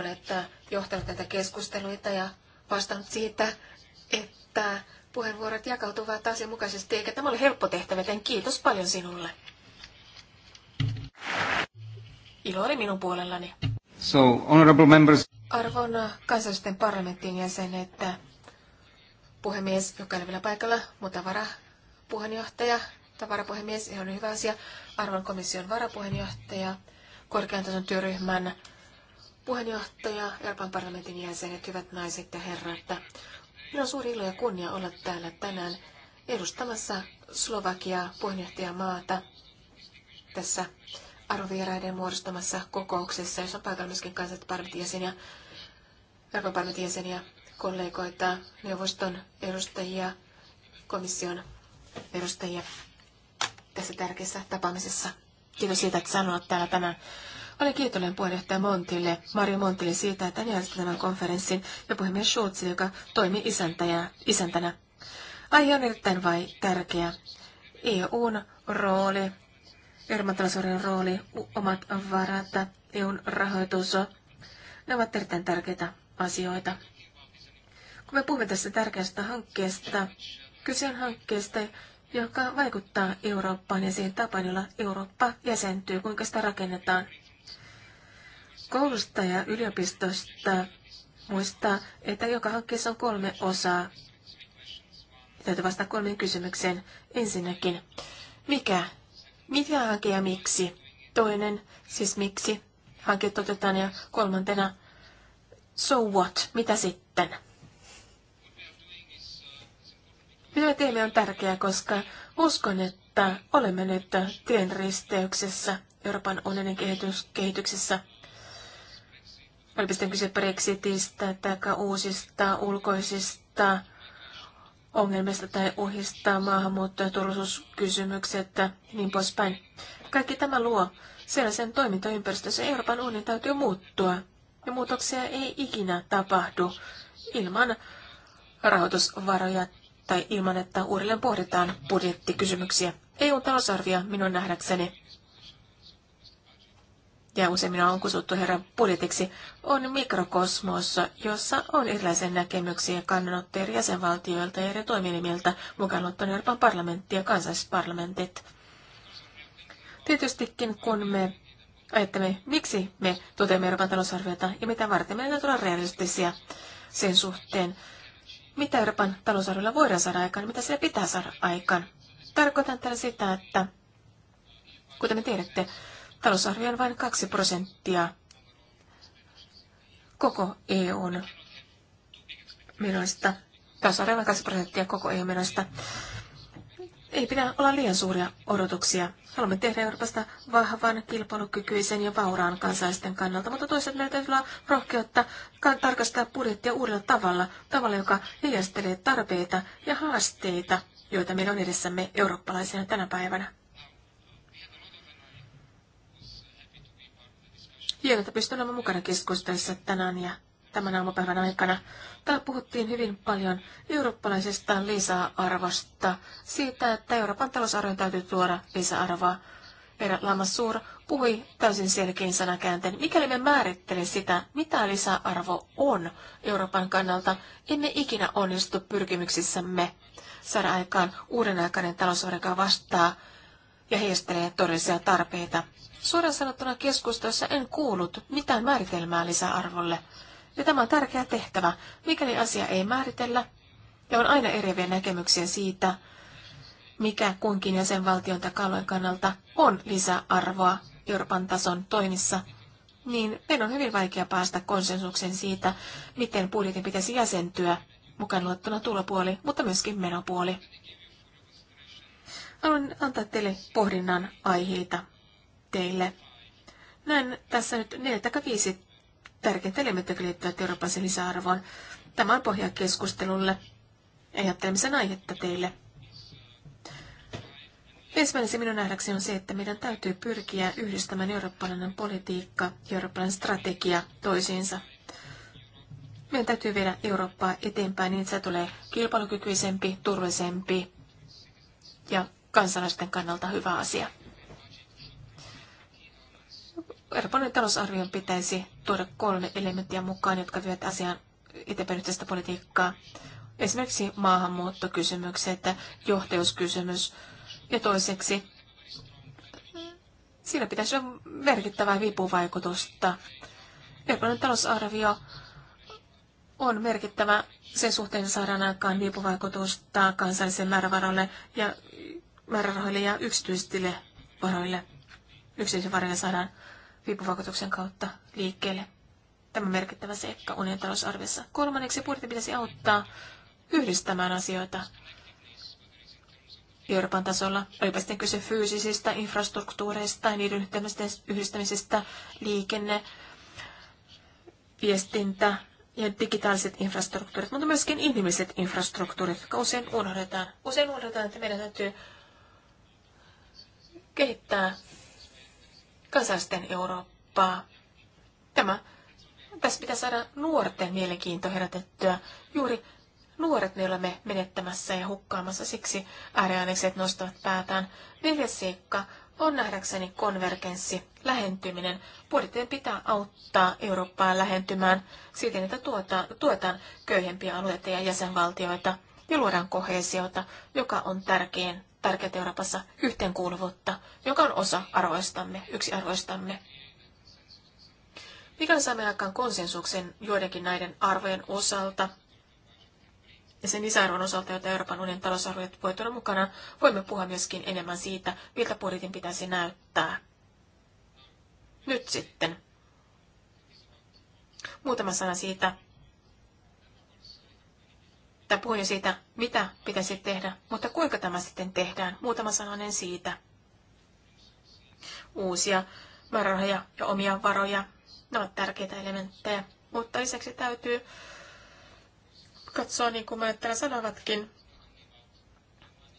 olet johtanut näitä keskusteluita ja vastannut siitä, että puheenvuorot jakautuvat asianmukaisesti, eikä tämä ole helppo tehtävä, joten kiitos paljon sinulle. Ilo oli minun puolellani. So, honorable members. Arvon kansallisten parlamentin jäsenet, puhemies, joka ei vielä paikalla, mutta varapuheenjohtaja tai varapuhemies, ihan hyvä asia, arvon komission varapuheenjohtaja, korkean tason työryhmän puheenjohtaja, Euroopan parlamentin jäsenet, hyvät naiset ja herrat. Minulla on suuri ilo ja kunnia olla täällä tänään edustamassa Slovakiaa puheenjohtajamaata tässä arvovieraiden muodostamassa kokouksessa, jossa on paikalla myöskin kansalliset parlamentin jäseniä, Euroopan parlamentin jäseniä, kollegoita, neuvoston edustajia, komission edustajia tässä tärkeässä tapaamisessa. Kiitos siitä, että sanoit täällä tänään. Olen kiitollinen puheenjohtaja Montille, Mario Montille siitä, että hän järjesti tämän konferenssin ja puhemies Schulz, joka toimi isäntäjä, isäntänä. Aihe on erittäin vai tärkeä. EUn rooli, Euroopan rooli, omat varat, EUn rahoitus, ne ovat erittäin tärkeitä asioita. Kun me puhumme tästä tärkeästä hankkeesta, kyse on hankkeesta, joka vaikuttaa Eurooppaan ja siihen tapaan, jolla Eurooppa jäsentyy, kuinka sitä rakennetaan. Koulusta ja yliopistosta muistaa, että joka hankkeessa on kolme osaa. Täytyy vastata kolmeen kysymykseen. Ensinnäkin, mikä? mitä hanke ja miksi? Toinen, siis miksi hanke toteutetaan ja kolmantena, so what? Mitä sitten? Mitä teemme on tärkeää, koska uskon, että olemme nyt tien risteyksessä Euroopan unionin kehityksessä oli sitten kyse Brexitistä tai uusista ulkoisista ongelmista tai uhista, maahanmuutto- ja turvallisuuskysymykset ja niin poispäin. Kaikki tämä luo sellaisen toimintaympäristössä Euroopan unionin täytyy muuttua. Ja muutoksia ei ikinä tapahdu ilman rahoitusvaroja tai ilman, että uudelleen pohditaan budjettikysymyksiä. EU-talousarvio minun nähdäkseni ja useimmin on kutsuttu herran budjetiksi, on mikrokosmos, jossa on erilaisia näkemyksiä kannanottoja eri jäsenvaltioilta ja eri toimielimiltä, mukaan ottaen Euroopan parlamentti ja kansallisparlamentit. Tietystikin kun me ajattelemme, miksi me toteamme Euroopan talousarviota ja mitä varten meidän täytyy olla realistisia sen suhteen, mitä Euroopan talousarviolla voidaan saada aikaan, mitä sillä pitää saada aikaan. Tarkoitan tällä sitä, että kuten me tiedätte, Talousarvio on vain 2 prosenttia koko EUn menoista. Talousarvio on 2 prosenttia koko EUn menoista. Ei pidä olla liian suuria odotuksia. Haluamme tehdä Euroopasta vahvan, kilpailukykyisen ja vauraan kansalaisten kannalta, mutta toisaalta meillä täytyy olla rohkeutta tarkastaa budjettia uudella tavalla, tavalla, joka heijastelee tarpeita ja haasteita, joita meillä on edessämme eurooppalaisena tänä päivänä. hienoa, että pystyn olemaan mukana keskustelussa tänään ja tämän aamupäivän aikana. Täällä puhuttiin hyvin paljon eurooppalaisesta lisäarvosta, siitä, että Euroopan talousarvoon täytyy tuoda lisäarvoa. Herra Lamassuur puhui täysin selkein sanakäänteen. Mikäli me määrittele sitä, mitä lisäarvo on Euroopan kannalta, emme ikinä onnistu pyrkimyksissämme saada aikaan uuden aikainen talousarvo, vastaa ja heistelee todellisia tarpeita. Suoraan sanottuna keskustelussa en kuullut mitään määritelmää lisäarvolle. Ja tämä on tärkeä tehtävä. Mikäli asia ei määritellä, ja on aina eriäviä näkemyksiä siitä, mikä kunkin jäsenvaltion tai kannalta on lisäarvoa Euroopan tason toimissa, niin meidän on hyvin vaikea päästä konsensuksen siitä, miten budjetin pitäisi jäsentyä, mukaan luettuna tulopuoli, mutta myöskin menopuoli. Haluan antaa teille pohdinnan aiheita teille. Näin tässä nyt neljä tai viisi tärkeintä elementtiä, jotka liittyvät Euroopan lisäarvoon. Tämä on pohja keskustelulle ja ajattelemisen aihetta teille. Ensimmäinen se minun nähdäkseni on se, että meidän täytyy pyrkiä yhdistämään eurooppalainen politiikka ja eurooppalainen strategia toisiinsa. Meidän täytyy viedä Eurooppaa eteenpäin niin, että se tulee kilpailukykyisempi, turvallisempi ja kansalaisten kannalta hyvä asia. Euroopan talousarvion pitäisi tuoda kolme elementtiä mukaan, jotka vievät asian eteenpäin politiikkaa. Esimerkiksi maahanmuuttokysymykset, johtajuuskysymys ja toiseksi siinä pitäisi olla merkittävää vipuvaikutusta. Euroopan talousarvio on merkittävä sen suhteen saadaan aikaan vipuvaikutusta kansallisille määrävaroille ja määrärahoille ja yksityisille varoille. Yksityisille varoille saadaan vipuvaikutuksen kautta liikkeelle. Tämä merkittävä seikka unionin talousarviossa. Kolmanneksi budjetti pitäisi auttaa yhdistämään asioita Euroopan tasolla. Olipa sitten kyse fyysisistä infrastruktuureista tai niiden yhdistämisestä, liikenne, viestintä ja digitaaliset infrastruktuurit, mutta myöskin inhimilliset infrastruktuurit, jotka usein unohdetaan. Usein unohdetaan, että meidän täytyy kehittää kansalaisten Eurooppaa. Tämä, tässä pitää saada nuorten mielenkiinto herätettyä. Juuri nuoret me olemme menettämässä ja hukkaamassa, siksi ääriainekset nostavat päätään. Neljäs seikka on nähdäkseni konvergenssi, lähentyminen. Budjettien pitää auttaa Eurooppaa lähentymään siten, että tuotaan, tuetaan köyhempiä alueita ja jäsenvaltioita ja luodaan kohesiota, joka on tärkein tärkeät Euroopassa yhteenkuuluvuutta, joka on osa arvoistamme, yksi arvoistamme. Mikäli saamme aikaan konsensuksen joidenkin näiden arvojen osalta ja sen lisäarvon osalta, jota Euroopan unionin talousarvojat voi tuoda mukana, voimme puhua myöskin enemmän siitä, miltä budjetin pitäisi näyttää. Nyt sitten. Muutama sana siitä, tai puhuin jo siitä, mitä pitäisi tehdä, mutta kuinka tämä sitten tehdään. Muutama sananen siitä. Uusia varoja ja omia varoja, ne ovat tärkeitä elementtejä, mutta lisäksi täytyy katsoa, niin kuin me täällä sanovatkin,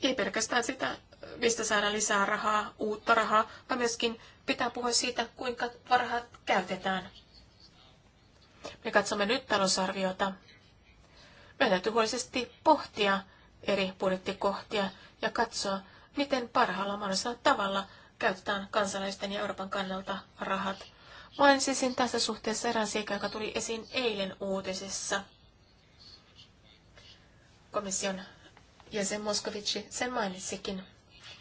ei pelkästään sitä, mistä saadaan lisää rahaa, uutta rahaa, vaan myöskin pitää puhua siitä, kuinka varhaat käytetään. Me katsomme nyt talousarviota meidän täytyy huolellisesti pohtia eri budjettikohtia ja katsoa, miten parhaalla mahdollisella tavalla käytetään kansalaisten ja Euroopan kannalta rahat. Mainitsisin tässä suhteessa erään seikan, joka tuli esiin eilen uutisissa. Komission jäsen Moskovici sen mainitsikin.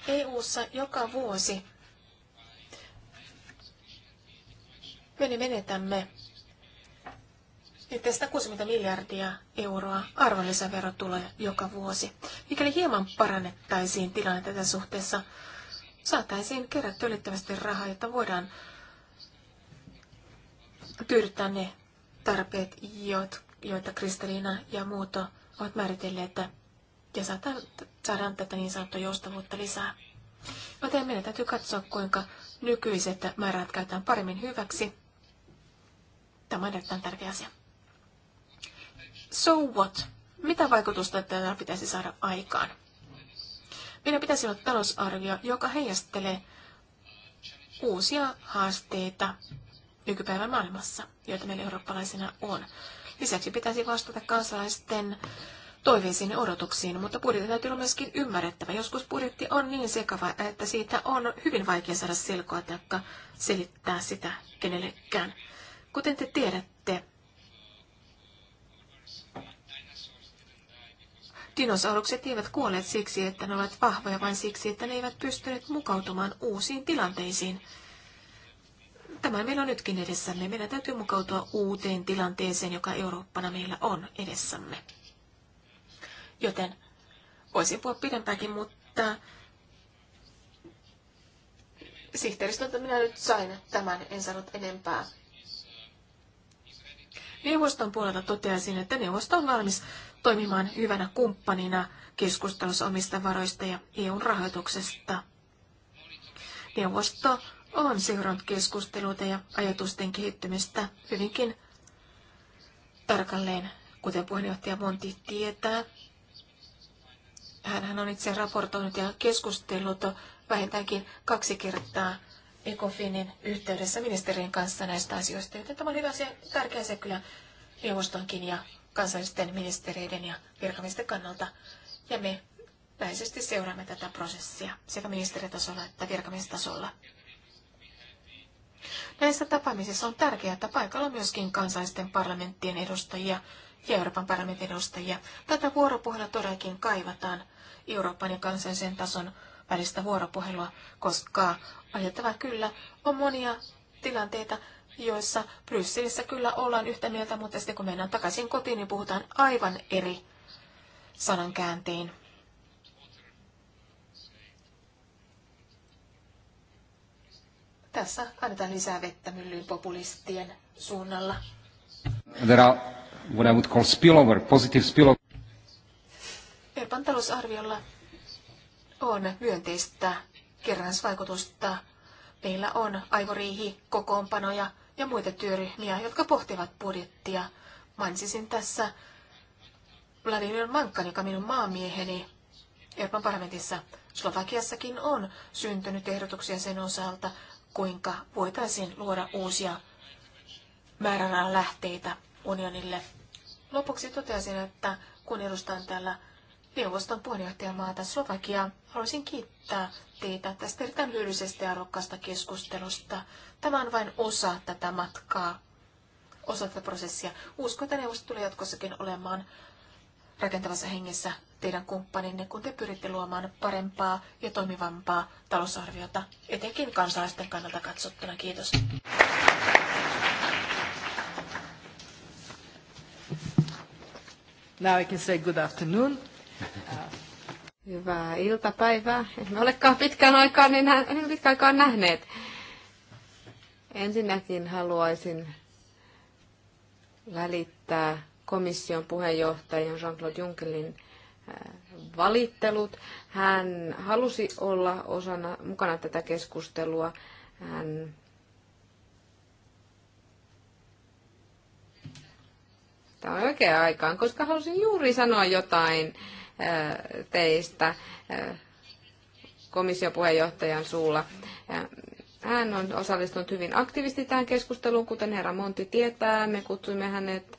EU-ssa joka vuosi me menetämme että 160 miljardia euroa arvonlisäverotuloja joka vuosi. Mikäli hieman parannettaisiin tilannetta tässä suhteessa, saataisiin kerätty yllättävästi rahaa, jotta voidaan tyydyttää ne tarpeet, joita Kristelina ja muut ovat määritelleet, ja saadaan tätä niin sanottua joustavuutta lisää. Joten meidän täytyy katsoa, kuinka nykyiset määrät käytetään paremmin hyväksi. Tämä on erittäin tärkeä asia so what? Mitä vaikutusta tällä pitäisi saada aikaan? Meidän pitäisi olla talousarvio, joka heijastelee uusia haasteita nykypäivän maailmassa, joita meillä eurooppalaisina on. Lisäksi pitäisi vastata kansalaisten toiveisiin ja odotuksiin, mutta budjetti täytyy olla myöskin ymmärrettävä. Joskus budjetti on niin sekava, että siitä on hyvin vaikea saada selkoa tai selittää sitä kenellekään. Kuten te tiedätte, Dinosaurukset eivät kuolleet siksi, että ne ovat vahvoja, vaan siksi, että ne eivät pystyneet mukautumaan uusiin tilanteisiin. Tämä meillä on nytkin edessämme. Meidän täytyy mukautua uuteen tilanteeseen, joka Eurooppana meillä on edessämme. Joten voisin puhua pidempäänkin, mutta sihteeristöltä minä nyt sain tämän, en sanonut enempää. Neuvoston puolelta toteaisin, että neuvosto on valmis toimimaan hyvänä kumppanina keskustelussa omista varoista ja EUn rahoituksesta. Neuvosto on seurannut keskusteluita ja ajatusten kehittymistä hyvinkin tarkalleen, kuten puheenjohtaja Monti tietää. Hän on itse raportoinut ja keskustellut vähintäänkin kaksi kertaa Ecofinin yhteydessä ministerin kanssa näistä asioista, joten tämä on hyvä se, tärkeä se kyllä neuvostonkin ja kansallisten ministereiden ja virkamiesten kannalta. Ja me läheisesti seuraamme tätä prosessia sekä ministeritasolla että virkamiestasolla. Näissä tapaamisissa on tärkeää, että paikalla on myöskin kansallisten parlamenttien edustajia ja Euroopan parlamentin edustajia. Tätä vuoropuhelua todellakin kaivataan Euroopan ja kansallisen tason välistä vuoropuhelua, koska ajattava kyllä on monia tilanteita, joissa Brysselissä kyllä ollaan yhtä mieltä, mutta sitten kun mennään takaisin kotiin, niin puhutaan aivan eri sanankääntein. Tässä annetaan lisää vettä myllyyn populistien suunnalla. There are what I would call spillover, positive spillover. Euroopan talousarviolla on myönteistä kerransvaikutusta. Meillä on aivoriihi kokoonpanoja ja muita työryhmiä, jotka pohtivat budjettia. Mainitsisin tässä Vladimir Mankan, joka minun maamieheni Euroopan parlamentissa Slovakiassakin on syntynyt ehdotuksia sen osalta, kuinka voitaisiin luoda uusia määrärahalähteitä lähteitä unionille. Lopuksi toteaisin, että kun edustan täällä neuvoston puheenjohtajamaata Slovakia, Haluaisin kiittää teitä tästä erittäin hyödyllisestä ja arvokkaasta keskustelusta. Tämä on vain osa tätä matkaa, osa tätä prosessia. Uskon, että neuvosto tulee jatkossakin olemaan rakentavassa hengessä teidän kumppaninne, kun te pyritte luomaan parempaa ja toimivampaa talousarviota, etenkin kansalaisten kannalta katsottuna. Kiitos. Now I can say good afternoon. Hyvää iltapäivää. Emme olekaan pitkään aikaa, niin, niin pitkään aikaa nähneet. Ensinnäkin haluaisin välittää komission puheenjohtajan Jean-Claude Junckerin äh, valittelut. Hän halusi olla osana, mukana tätä keskustelua. Hän Tämä on oikea aikaan, koska halusin juuri sanoa jotain teistä komissiopuheenjohtajan suulla. Hän on osallistunut hyvin aktiivisesti tähän keskusteluun, kuten herra Monti tietää. Me kutsuimme hänet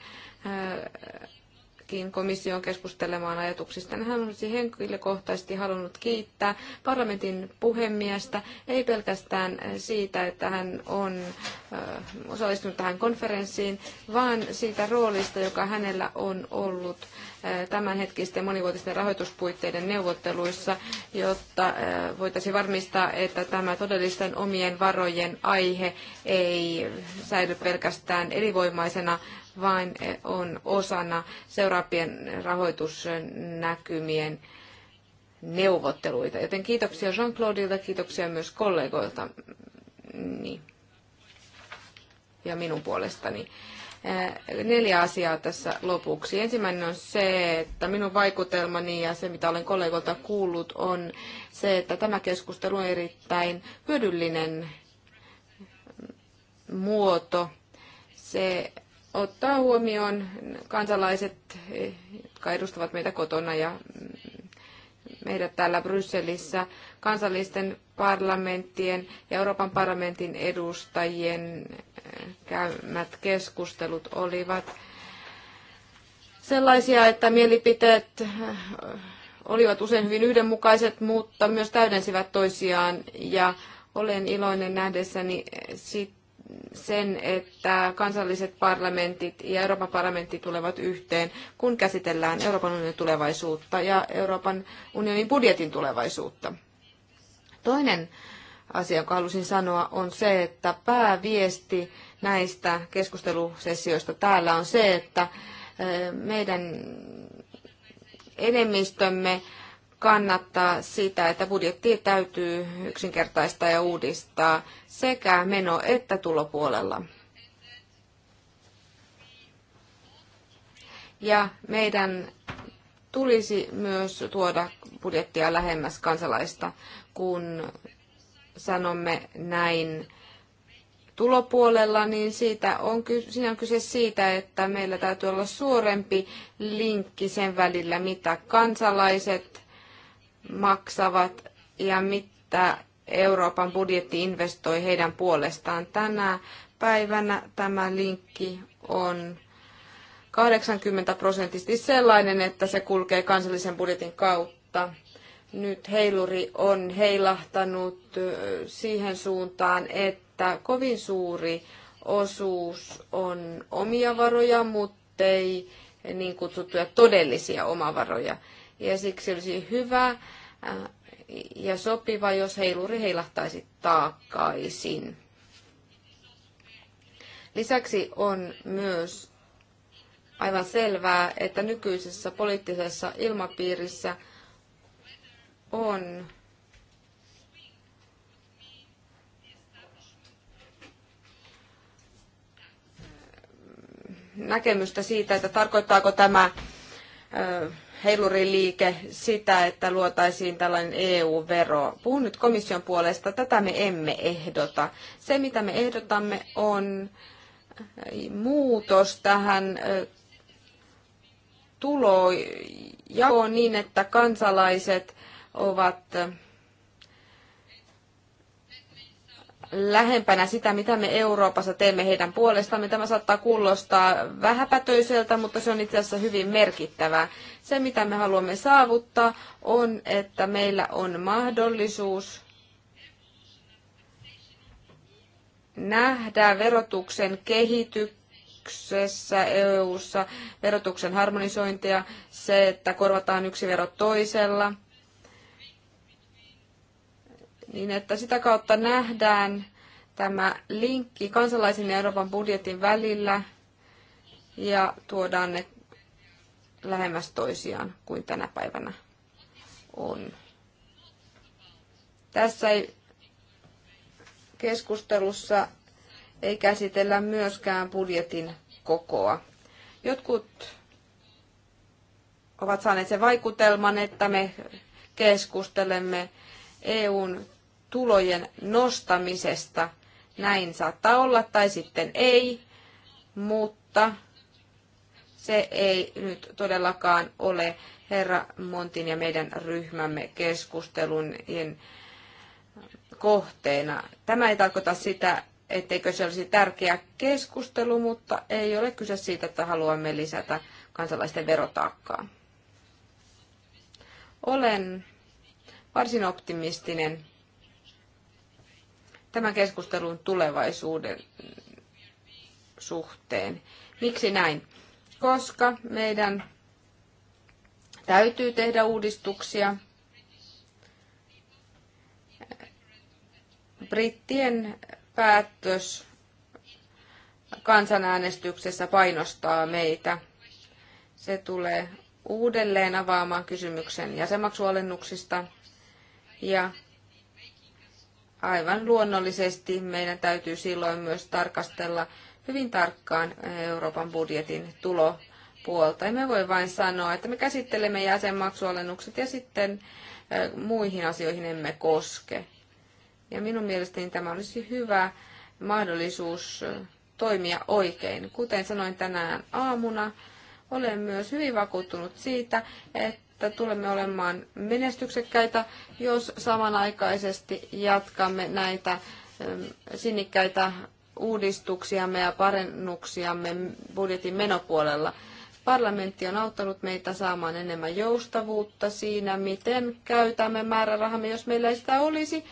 Barrosokin komission keskustelemaan ajatuksista. Hän olisi henkilökohtaisesti halunnut kiittää parlamentin puhemiestä, ei pelkästään siitä, että hän on äh, osallistunut tähän konferenssiin, vaan siitä roolista, joka hänellä on ollut äh, tämänhetkisten monivuotisten rahoituspuitteiden neuvotteluissa, jotta äh, voitaisiin varmistaa, että tämä todellisten omien varojen aihe ei säily pelkästään elinvoimaisena vain on osana seuraavien rahoitusnäkymien neuvotteluita. Joten kiitoksia Jean-Claudilta, kiitoksia myös kollegoilta niin. ja minun puolestani. Neljä asiaa tässä lopuksi. Ensimmäinen on se, että minun vaikutelmani ja se, mitä olen kollegoilta kuullut, on se, että tämä keskustelu on erittäin hyödyllinen muoto. Se ottaa huomioon kansalaiset, jotka edustavat meitä kotona ja meidät täällä Brysselissä kansallisten parlamenttien ja Euroopan parlamentin edustajien käymät keskustelut olivat sellaisia, että mielipiteet olivat usein hyvin yhdenmukaiset, mutta myös täydensivät toisiaan ja olen iloinen nähdessäni sit sen, että kansalliset parlamentit ja Euroopan parlamentti tulevat yhteen, kun käsitellään Euroopan unionin tulevaisuutta ja Euroopan unionin budjetin tulevaisuutta. Toinen asia, jonka halusin sanoa, on se, että pääviesti näistä keskustelusessioista täällä on se, että eh, meidän enemmistömme kannattaa sitä, että budjetti täytyy yksinkertaistaa ja uudistaa sekä meno- että tulopuolella. Ja meidän tulisi myös tuoda budjettia lähemmäs kansalaista, kun sanomme näin tulopuolella, niin siitä on, siinä on kyse siitä, että meillä täytyy olla suorempi linkki sen välillä, mitä kansalaiset maksavat ja mitä Euroopan budjetti investoi heidän puolestaan. Tänä päivänä tämä linkki on 80 prosenttisesti sellainen, että se kulkee kansallisen budjetin kautta. Nyt heiluri on heilahtanut siihen suuntaan, että kovin suuri osuus on omia varoja, mutta ei niin kutsuttuja todellisia omavaroja. Ja siksi olisi hyvä, ja sopiva, jos heiluri heilahtaisi taakkaisin. Lisäksi on myös aivan selvää, että nykyisessä poliittisessa ilmapiirissä on näkemystä siitä, että tarkoittaako tämä heiluriliike sitä, että luotaisiin tällainen EU-vero. Puhun nyt komission puolesta, tätä me emme ehdota. Se, mitä me ehdotamme, on äh, muutos tähän äh, tulojakoon niin, että kansalaiset ovat äh, lähempänä sitä, mitä me Euroopassa teemme heidän puolestamme. Tämä saattaa kuulostaa vähäpätöiseltä, mutta se on itse asiassa hyvin merkittävää. Se, mitä me haluamme saavuttaa, on, että meillä on mahdollisuus nähdä verotuksen kehityksessä EU-ssa, verotuksen harmonisointia, se, että korvataan yksi vero toisella, niin että sitä kautta nähdään tämä linkki kansalaisen ja Euroopan budjetin välillä ja tuodaan ne lähemmäs toisiaan kuin tänä päivänä on. Tässä ei keskustelussa ei käsitellä myöskään budjetin kokoa. Jotkut ovat saaneet sen vaikutelman, että me keskustelemme EUn tulojen nostamisesta. Näin saattaa olla tai sitten ei, mutta se ei nyt todellakaan ole herra Montin ja meidän ryhmämme keskustelun kohteena. Tämä ei tarkoita sitä, etteikö se olisi tärkeä keskustelu, mutta ei ole kyse siitä, että haluamme lisätä kansalaisten verotaakkaa. Olen varsin optimistinen tämän keskustelun tulevaisuuden suhteen. Miksi näin? koska meidän täytyy tehdä uudistuksia. Brittien päätös kansanäänestyksessä painostaa meitä. Se tulee uudelleen avaamaan kysymyksen jäsenmaksualennuksista ja aivan luonnollisesti meidän täytyy silloin myös tarkastella hyvin tarkkaan eh, Euroopan budjetin tulopuolta. Emme voi vain sanoa, että me käsittelemme jäsenmaksualennukset ja sitten eh, muihin asioihin emme koske. Ja minun mielestäni tämä olisi hyvä mahdollisuus eh, toimia oikein. Kuten sanoin tänään aamuna, olen myös hyvin vakuuttunut siitä, että tulemme olemaan menestyksekkäitä, jos samanaikaisesti jatkamme näitä sinikkäitä uudistuksiamme ja parannuksiamme budjetin menopuolella. Parlamentti on auttanut meitä saamaan enemmän joustavuutta siinä, miten käytämme määrärahamme. Jos meillä ei sitä olisi,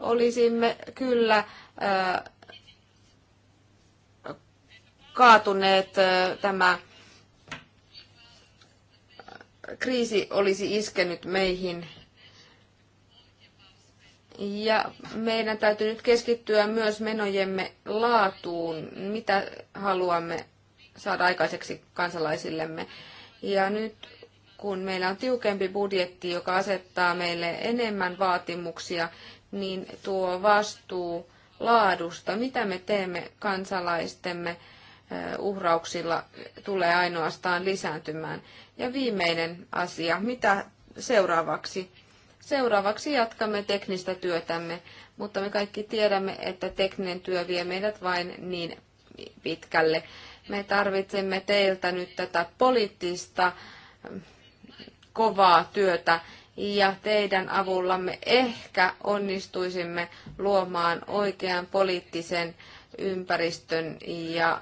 olisimme kyllä ää, äh, kaatuneet ää, äh, tämä kriisi olisi iskenyt meihin ja meidän täytyy nyt keskittyä myös menojemme laatuun, mitä haluamme saada aikaiseksi kansalaisillemme. Ja nyt kun meillä on tiukempi budjetti, joka asettaa meille enemmän vaatimuksia, niin tuo vastuu laadusta, mitä me teemme kansalaistemme uhrauksilla, tulee ainoastaan lisääntymään. Ja viimeinen asia, mitä seuraavaksi? Seuraavaksi jatkamme teknistä työtämme, mutta me kaikki tiedämme, että tekninen työ vie meidät vain niin pitkälle. Me tarvitsemme teiltä nyt tätä poliittista mm, kovaa työtä ja teidän avullamme ehkä onnistuisimme luomaan oikean poliittisen ympäristön ja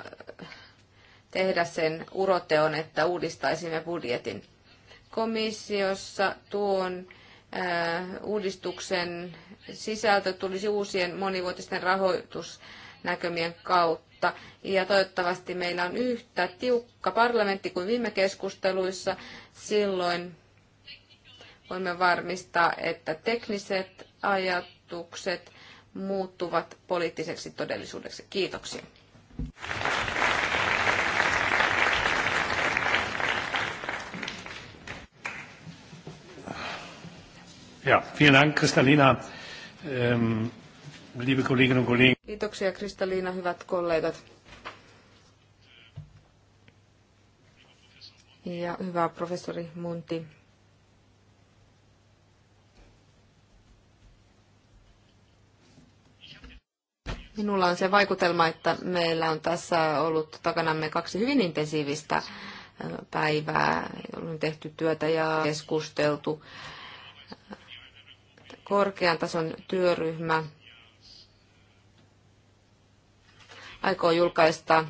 tehdä sen uroteon, että uudistaisimme budjetin. Komissiossa tuon uudistuksen sisältö tulisi uusien monivuotisten rahoitusnäkymien kautta. Ja toivottavasti meillä on yhtä tiukka parlamentti kuin viime keskusteluissa. Silloin voimme varmistaa, että tekniset ajatukset muuttuvat poliittiseksi todellisuudeksi. Kiitoksia. Ja, Kristalina. Ähm, liebe Kolleginnen und Kollegen. Kiitoksia hyvät kollegat. Ja hyvä professori Munti. Minulla on se vaikutelma, että meillä on tässä ollut takanamme kaksi hyvin intensiivistä äh, päivää. On tehty työtä ja keskusteltu korkean tason työryhmä aikoo julkaista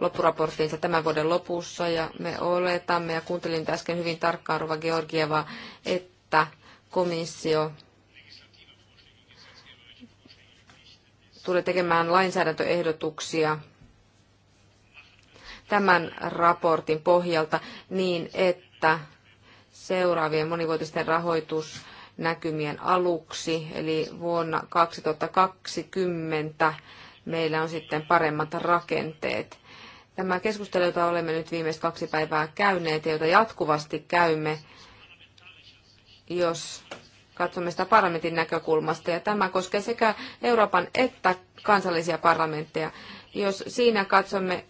loppuraporttinsa tämän vuoden lopussa ja me oletamme ja kuuntelin äsken hyvin tarkkaan Rova Georgieva, että komissio tulee tekemään lainsäädäntöehdotuksia tämän raportin pohjalta niin, että seuraavien monivuotisten rahoitus näkymien aluksi, eli vuonna 2020 meillä on sitten paremmat rakenteet. Tämä keskustelu, jota olemme nyt viimeiset kaksi päivää käyneet ja jota jatkuvasti käymme, jos katsomme sitä parlamentin näkökulmasta, ja tämä koskee sekä Euroopan että kansallisia parlamentteja. Jos siinä katsomme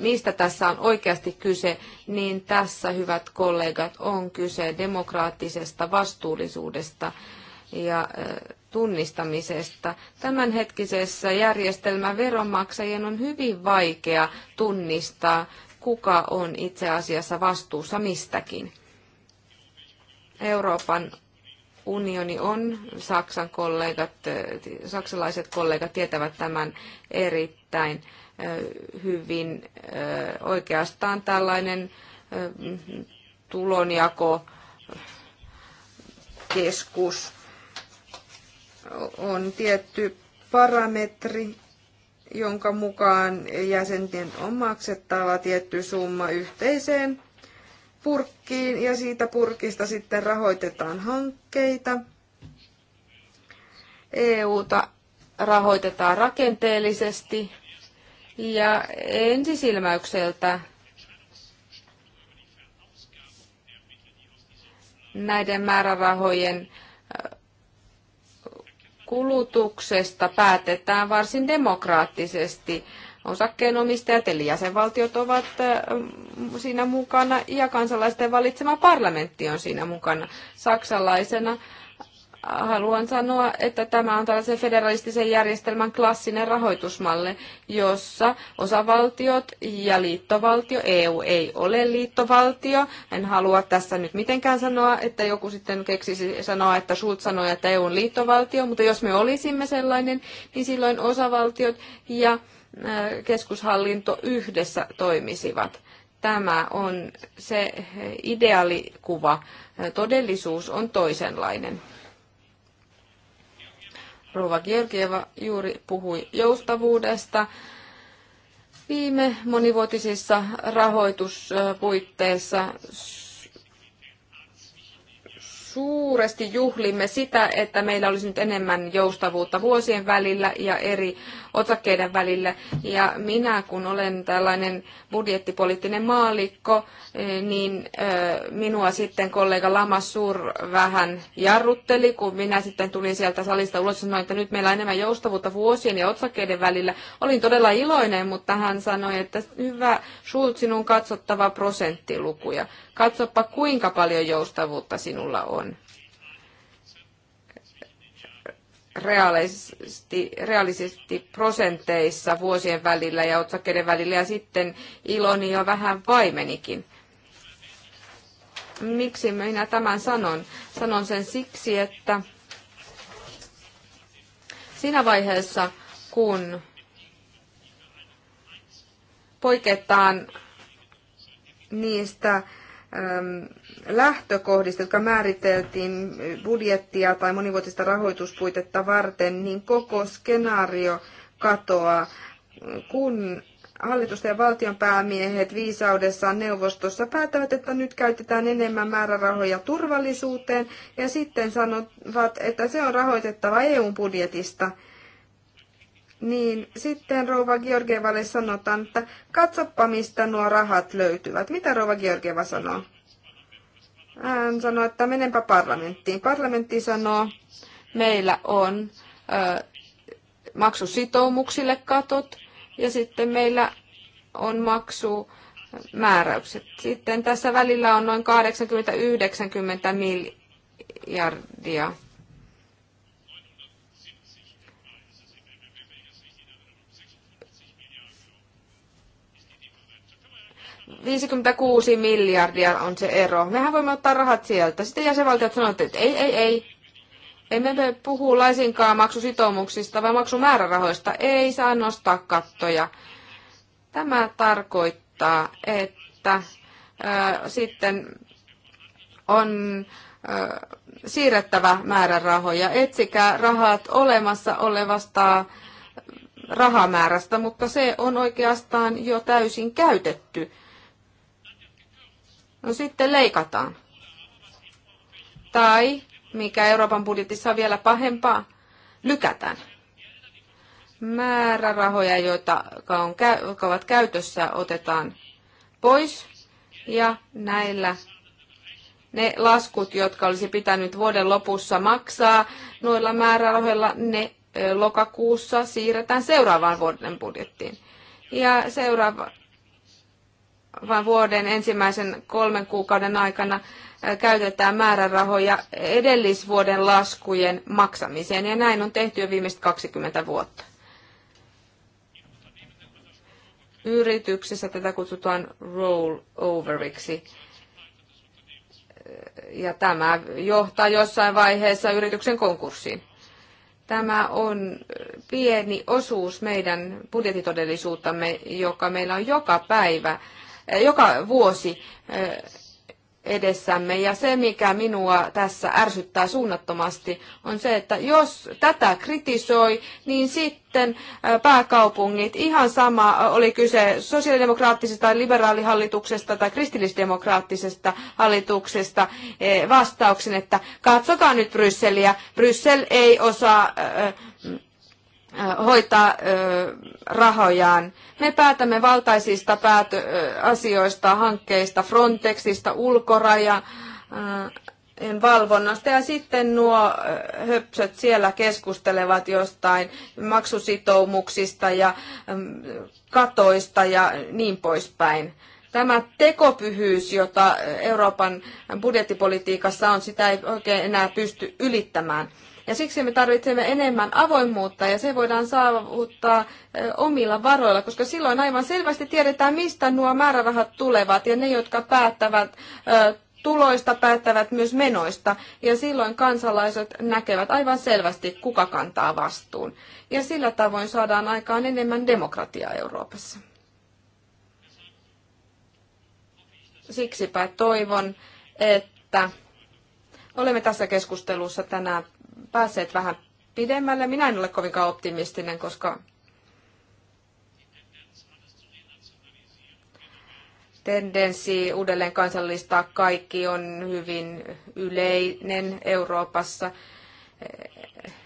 mistä tässä on oikeasti kyse, niin tässä, hyvät kollegat, on kyse demokraattisesta vastuullisuudesta ja tunnistamisesta. Tämänhetkisessä järjestelmä veronmaksajien on hyvin vaikea tunnistaa, kuka on itse asiassa vastuussa mistäkin. Euroopan unioni on, Saksan kollegat, saksalaiset kollegat tietävät tämän erittäin hyvin. Oikeastaan tällainen tulonjako keskus on tietty parametri, jonka mukaan jäsenten on maksettava tietty summa yhteiseen purkkiin ja siitä purkista sitten rahoitetaan hankkeita. EUta rahoitetaan rakenteellisesti ja ensisilmäykseltä näiden määrärahojen kulutuksesta päätetään varsin demokraattisesti. Osakkeenomistajat eli jäsenvaltiot ovat siinä mukana ja kansalaisten valitsema parlamentti on siinä mukana. Saksalaisena haluan sanoa, että tämä on tällaisen federalistisen järjestelmän klassinen rahoitusmalli, jossa osavaltiot ja liittovaltio, EU ei ole liittovaltio. En halua tässä nyt mitenkään sanoa, että joku sitten keksisi sanoa, että Schulz sanoi, että EU on liittovaltio, mutta jos me olisimme sellainen, niin silloin osavaltiot ja keskushallinto yhdessä toimisivat tämä on se ideaalikuva. Todellisuus on toisenlainen. Rova Georgieva juuri puhui joustavuudesta. Viime monivuotisissa rahoituspuitteissa suuresti juhlimme sitä, että meillä olisi nyt enemmän joustavuutta vuosien välillä ja eri osakkeiden välillä. Ja minä, kun olen tällainen budjettipoliittinen maalikko, eh, niin eh, minua sitten kollega Lamassur vähän jarrutteli, kun minä sitten tulin sieltä salista ulos ja sanoin, että nyt meillä on enemmän joustavuutta vuosien ja otsakkeiden välillä. Olin todella iloinen, mutta hän sanoi, että hyvä Schulz, sinun katsottava prosenttilukuja katsopa kuinka paljon joustavuutta sinulla on. Reaalisesti, realisesti prosenteissa vuosien välillä ja otsakkeiden välillä ja sitten iloni jo vähän vaimenikin. Miksi minä tämän sanon? Sanon sen siksi, että siinä vaiheessa, kun poiketaan niistä Ähm, lähtökohdista, jotka määriteltiin budjettia tai monivuotista rahoituspuitetta varten, niin koko skenaario katoaa, kun hallitusten ja valtion päämiehet viisaudessaan neuvostossa päättävät, että nyt käytetään enemmän määrärahoja turvallisuuteen ja sitten sanovat, että se on rahoitettava EU-budjetista niin sitten rouva Georgievalle sanotaan, että katsoppa mistä nuo rahat löytyvät. Mitä rouva Georgieva sanoo? Hän sanoo, että menenpä parlamenttiin. Parlamentti sanoo, meillä on ö, maksusitoumuksille katot ja sitten meillä on maksu Sitten tässä välillä on noin 80-90 miljardia 56 miljardia on se ero. Mehän voimme ottaa rahat sieltä. Sitten jäsenvaltiot sanoivat, että ei, ei, ei. Emme me puhu laisinkaan maksusitoumuksista vai maksumäärärahoista. Ei saa nostaa kattoja. Tämä tarkoittaa, että sitten on siirrettävä määrärahoja. Etsikää rahat olemassa olevasta rahamäärästä, mutta se on oikeastaan jo täysin käytetty. No sitten leikataan. Tai, mikä Euroopan budjetissa on vielä pahempaa, lykätään. Määrärahoja, joita on, jotka ovat käytössä, otetaan pois. Ja näillä ne laskut, jotka olisi pitänyt vuoden lopussa maksaa, noilla määrärahoilla ne lokakuussa siirretään seuraavaan vuoden budjettiin. Ja seuraava vaan vuoden ensimmäisen kolmen kuukauden aikana käytetään määrärahoja edellisvuoden laskujen maksamiseen, ja näin on tehty jo viimeiset 20 vuotta. Yrityksessä tätä kutsutaan rolloveriksi. Ja tämä johtaa jossain vaiheessa yrityksen konkurssiin. Tämä on pieni osuus meidän budjetitodellisuuttamme, joka meillä on joka päivä Eh, joka vuosi eh, edessämme. Ja se, mikä minua tässä ärsyttää suunnattomasti, on se, että jos tätä kritisoi, niin sitten eh, pääkaupungit, ihan sama oli kyse sosiaalidemokraattisesta tai liberaalihallituksesta tai kristillisdemokraattisesta hallituksesta vastauksen, että katsokaa nyt Brysseliä, Bryssel ei osaa hoitaa rahojaan. Me päätämme valtaisista päätö- asioista, hankkeista, Frontexista, ulkoraja, valvonnasta ja sitten nuo höpsöt siellä keskustelevat jostain maksusitoumuksista ja katoista ja niin poispäin. Tämä tekopyhyys, jota Euroopan budjettipolitiikassa on, sitä ei oikein enää pysty ylittämään. Ja siksi me tarvitsemme enemmän avoimuutta ja se voidaan saavuttaa omilla varoilla, koska silloin aivan selvästi tiedetään, mistä nuo määrärahat tulevat ja ne, jotka päättävät tuloista, päättävät myös menoista. Ja silloin kansalaiset näkevät aivan selvästi, kuka kantaa vastuun. Ja sillä tavoin saadaan aikaan enemmän demokratiaa Euroopassa. Siksipä toivon, että olemme tässä keskustelussa tänä päässeet vähän pidemmälle. Minä en ole kovinkaan optimistinen, koska tendenssi uudelleen kansallistaa kaikki on hyvin yleinen Euroopassa.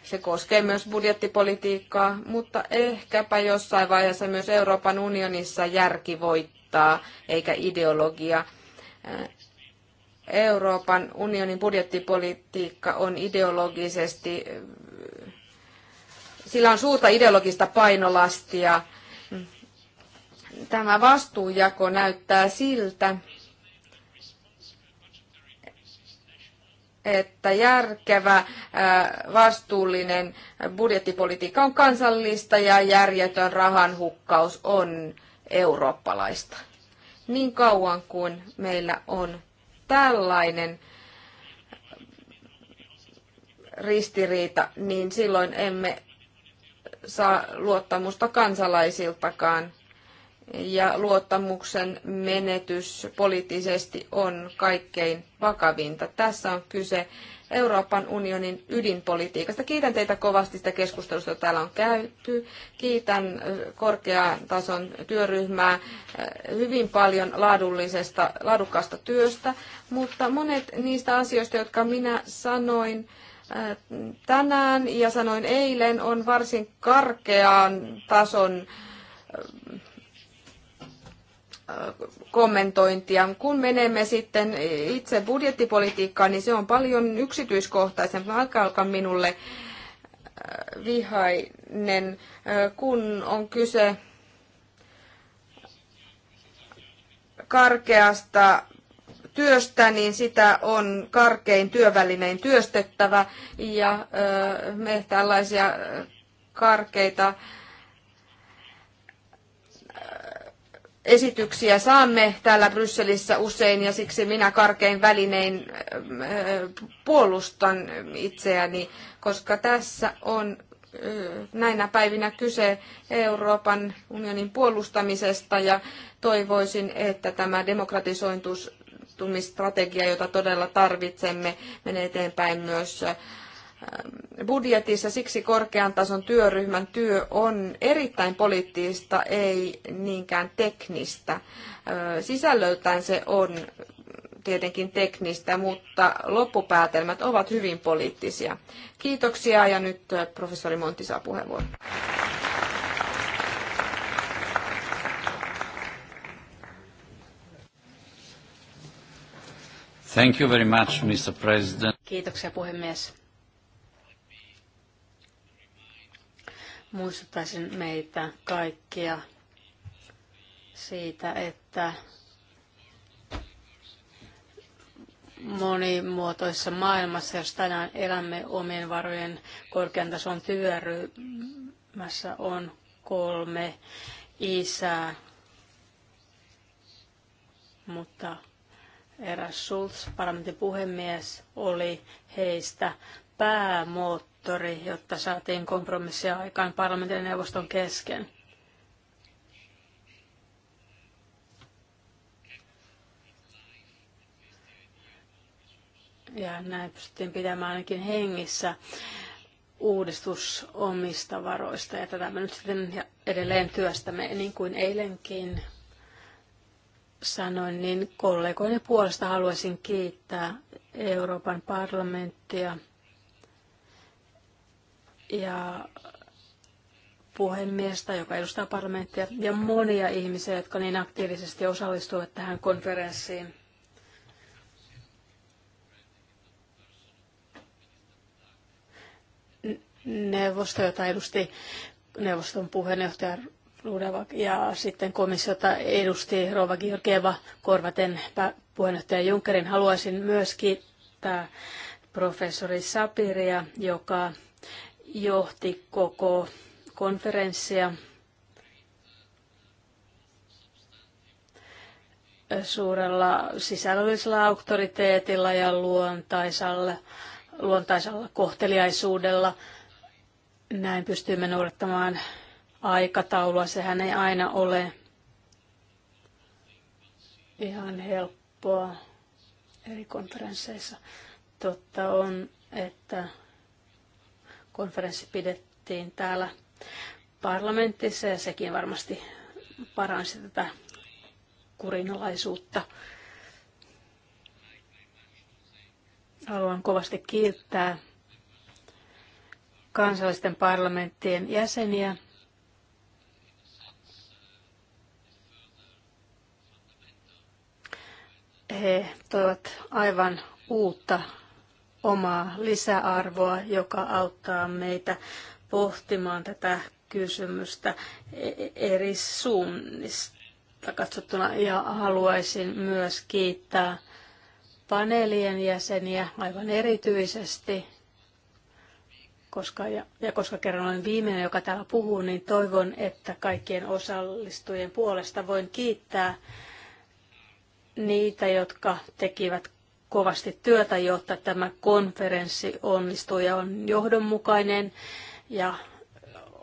Se koskee myös budjettipolitiikkaa, mutta ehkäpä jossain vaiheessa myös Euroopan unionissa järki voittaa, eikä ideologia. Euroopan unionin budjettipolitiikka on ideologisesti, eh, sillä on suurta ideologista painolastia. Tämä vastuunjako näyttää siltä, että järkevä, eh, vastuullinen budjettipolitiikka on kansallista ja järjetön rahanhukkaus on eurooppalaista. Niin kauan kuin meillä on tällainen ristiriita, niin silloin emme saa luottamusta kansalaisiltakaan. Ja luottamuksen menetys poliittisesti on kaikkein vakavinta. Tässä on kyse Euroopan unionin ydinpolitiikasta. Kiitän teitä kovasti sitä keskustelusta, jota täällä on käyty. Kiitän korkean tason työryhmää hyvin paljon laadullisesta, laadukkaasta työstä, mutta monet niistä asioista, jotka minä sanoin, tänään ja sanoin eilen on varsin karkean tason kommentointia. Kun menemme sitten itse budjettipolitiikkaan, niin se on paljon yksityiskohtaisempaa. Alkaa alkaa minulle äh, vihainen, äh, kun on kyse karkeasta työstä, niin sitä on karkein työvälinein työstettävä ja äh, me tällaisia karkeita esityksiä saamme täällä Brysselissä usein ja siksi minä karkein välinein puolustan itseäni, koska tässä on näinä päivinä kyse Euroopan unionin puolustamisesta ja toivoisin, että tämä demokratisointumistrategia, jota todella tarvitsemme, menee eteenpäin myös Ähm, budjetissa. Siksi korkean tason työryhmän työ on erittäin poliittista, ei niinkään teknistä. Äh, sisällöltään se on tietenkin teknistä, mutta loppupäätelmät ovat hyvin poliittisia. Kiitoksia ja nyt äh, professori Montti saa puheenvuoron. Thank you very much, Mr. President. Kiitoksia puhemies. Muistuttaisin meitä kaikkia siitä, että monimuotoisessa maailmassa, jos tänään elämme omien varojen korkean tason työryhmässä, on kolme isää, mutta eräs Schulz, parlamentin puhemies, oli heistä päämoottori sektori, jotta saatiin kompromissia aikaan parlamentin ja neuvoston kesken. Ja näin pystyttiin pitämään ainakin hengissä uudistus omista varoista. Ja tätä me nyt sitten edelleen työstämme, niin kuin eilenkin sanoin, niin kollegoiden puolesta haluaisin kiittää Euroopan parlamenttia ja puhemiestä, joka edustaa parlamenttia, ja monia ihmisiä, jotka niin aktiivisesti osallistuivat tähän konferenssiin. Neuvosto, jota edusti neuvoston puheenjohtaja Rudevak ja sitten komissiota edusti Rova Georgieva korvaten puheenjohtaja Junckerin. Haluaisin myös kiittää professori Sapiria, joka johti koko konferenssia. suurella sisällöllisellä auktoriteetilla ja luontaisalla, luontaisella kohteliaisuudella. Näin pystymme noudattamaan aikataulua. Sehän ei aina ole ihan helppoa eri konferensseissa. Totta on, että konferenssi pidettiin täällä parlamentissa ja sekin varmasti paransi tätä kurinalaisuutta. Haluan kovasti kiittää kansallisten parlamenttien jäseniä. He toivat aivan uutta omaa lisäarvoa, joka auttaa meitä pohtimaan tätä kysymystä eri suunnista katsottuna. Ja haluaisin myös kiittää paneelien jäseniä aivan erityisesti, koska, ja, ja koska kerran olen viimeinen, joka täällä puhuu, niin toivon, että kaikkien osallistujien puolesta voin kiittää niitä, jotka tekivät kovasti työtä, jotta tämä konferenssi onnistuu ja on johdonmukainen ja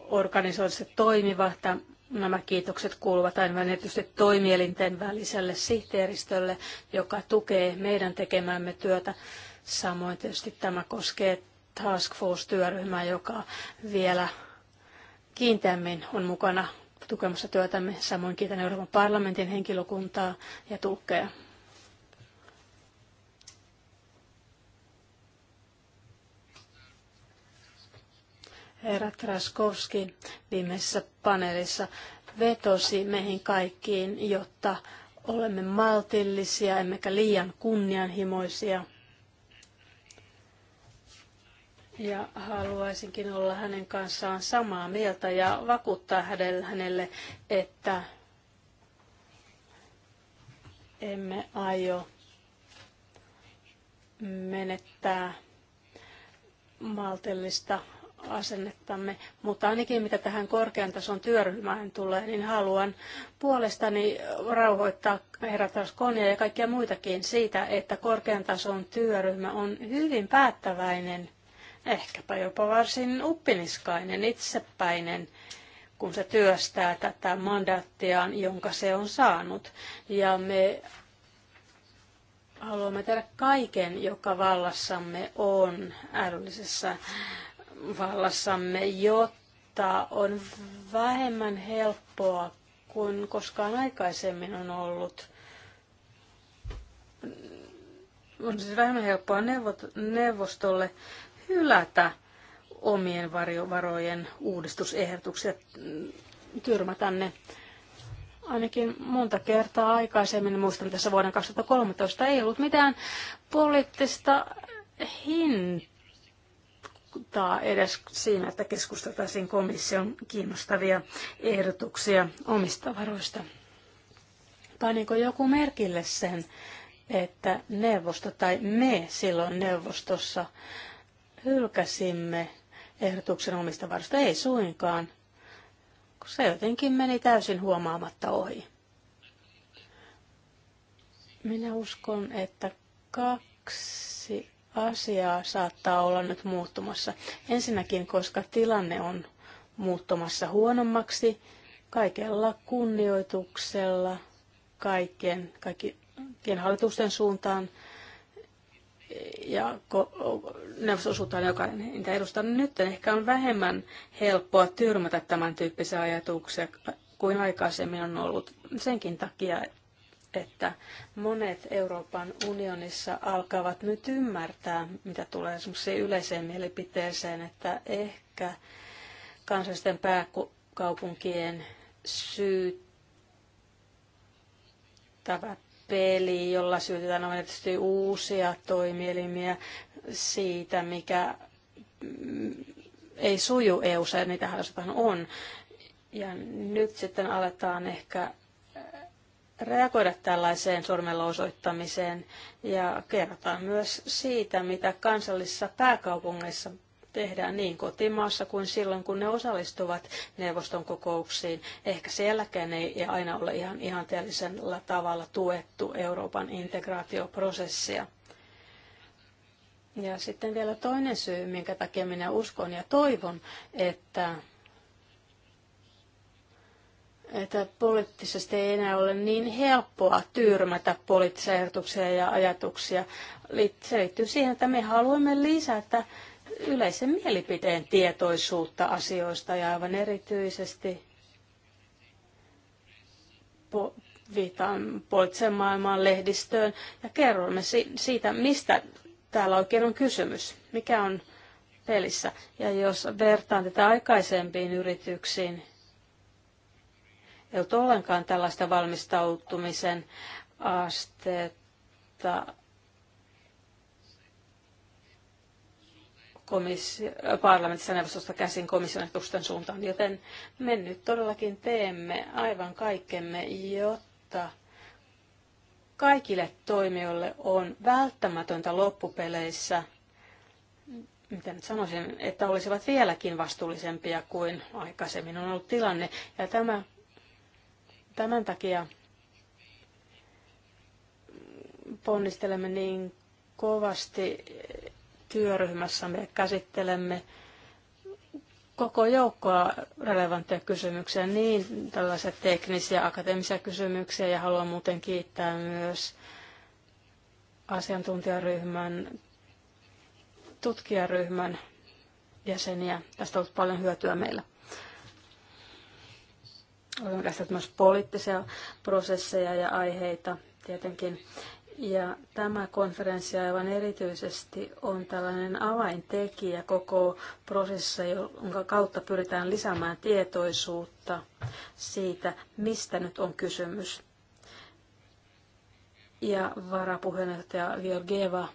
organisoidusti toimiva. Nämä kiitokset kuuluvat aina erityisesti toimielinten väliselle sihteeristölle, joka tukee meidän tekemämme työtä. Samoin tietysti tämä koskee Task Force-työryhmää, joka vielä kiinteämmin on mukana tukemassa työtämme. Samoin kiitän Euroopan parlamentin henkilökuntaa ja tulkkeja. Herra Traskovski viimeisessä paneelissa vetosi meihin kaikkiin, jotta olemme maltillisia emmekä liian kunnianhimoisia. Ja haluaisinkin olla hänen kanssaan samaa mieltä ja vakuuttaa hänelle, että emme aio menettää maltillista asennettamme, mutta ainakin mitä tähän korkean tason työryhmään tulee, niin haluan puolestani rauhoittaa herra Traskonia ja kaikkia muitakin siitä, että korkean tason työryhmä on hyvin päättäväinen, ehkäpä jopa varsin uppiniskainen, itsepäinen, kun se työstää tätä mandaattiaan, jonka se on saanut. Ja me haluamme tehdä kaiken, joka vallassamme on älyllisessä vallassamme, jotta on vähemmän helppoa kuin koskaan aikaisemmin on ollut. On siis vähemmän helppoa neuvostolle hylätä omien varojen uudistusehdotukset, tyrmätä ne ainakin monta kertaa aikaisemmin, muistan tässä vuoden 2013, ei ollut mitään poliittista hintaa edes siinä, että keskusteltaisiin komission kiinnostavia ehdotuksia omista varoista. Paniko joku merkille sen, että neuvosto tai me silloin neuvostossa hylkäsimme ehdotuksen omista varoista? Ei suinkaan, kun se jotenkin meni täysin huomaamatta ohi. Minä uskon, että kaksi asiaa saattaa olla nyt muuttumassa. Ensinnäkin, koska tilanne on muuttumassa huonommaksi, kaikella kunnioituksella, kaikkien, kaikkien hallitusten suuntaan ja neuvoston suuntaan, joka niitä edustaa niin nyt, ehkä on vähemmän helppoa tyrmätä tämän tyyppisiä ajatuksia kuin aikaisemmin on ollut senkin takia, että monet Euroopan unionissa alkavat nyt ymmärtää, mitä tulee esimerkiksi yleiseen mielipiteeseen, että ehkä kansallisten pääkaupunkien syyttävä peli, jolla syytetään on tietysti uusia toimielimiä siitä, mikä ei suju EU-ssa, ja niitähän on. Ja nyt sitten aletaan ehkä reagoida tällaiseen sormella osoittamiseen ja kerrotaan myös siitä, mitä kansallisissa pääkaupungeissa tehdään niin kotimaassa kuin silloin, kun ne osallistuvat neuvoston kokouksiin. Ehkä sielläkään ei aina ole ihan ihanteellisella tavalla tuettu Euroopan integraatioprosessia. Ja sitten vielä toinen syy, minkä takia minä uskon ja toivon, että että poliittisesti ei enää ole niin helppoa tyrmätä poliittisia ehdotuksia ja ajatuksia. Se liittyy siihen, että me haluamme lisätä yleisen mielipiteen tietoisuutta asioista ja aivan erityisesti po- viitaan poliittiseen maailmaan, lehdistöön ja kerromme siitä, mistä täällä oikein on kysymys, mikä on pelissä. Ja jos vertaan tätä aikaisempiin yrityksiin, ei ollut ollenkaan tällaista valmistautumisen astetta. komissio, parlamentissa neuvostosta käsin komission etusten suuntaan, joten me nyt todellakin teemme aivan kaikkemme, jotta kaikille toimijoille on välttämätöntä loppupeleissä, miten nyt sanoisin, että olisivat vieläkin vastuullisempia kuin aikaisemmin on ollut tilanne. Ja tämä Tämän takia ponnistelemme niin kovasti työryhmässämme ja käsittelemme koko joukkoa relevantteja kysymyksiä, niin tällaisia teknisiä, akateemisia kysymyksiä ja haluan muuten kiittää myös asiantuntijaryhmän, tutkijaryhmän jäseniä. Tästä on ollut paljon hyötyä meillä. Olen käsitellyt myös poliittisia prosesseja ja aiheita tietenkin. Ja tämä konferenssi aivan erityisesti on tällainen avaintekijä koko prosessissa, jonka kautta pyritään lisäämään tietoisuutta siitä, mistä nyt on kysymys. Ja varapuheenjohtaja Georgieva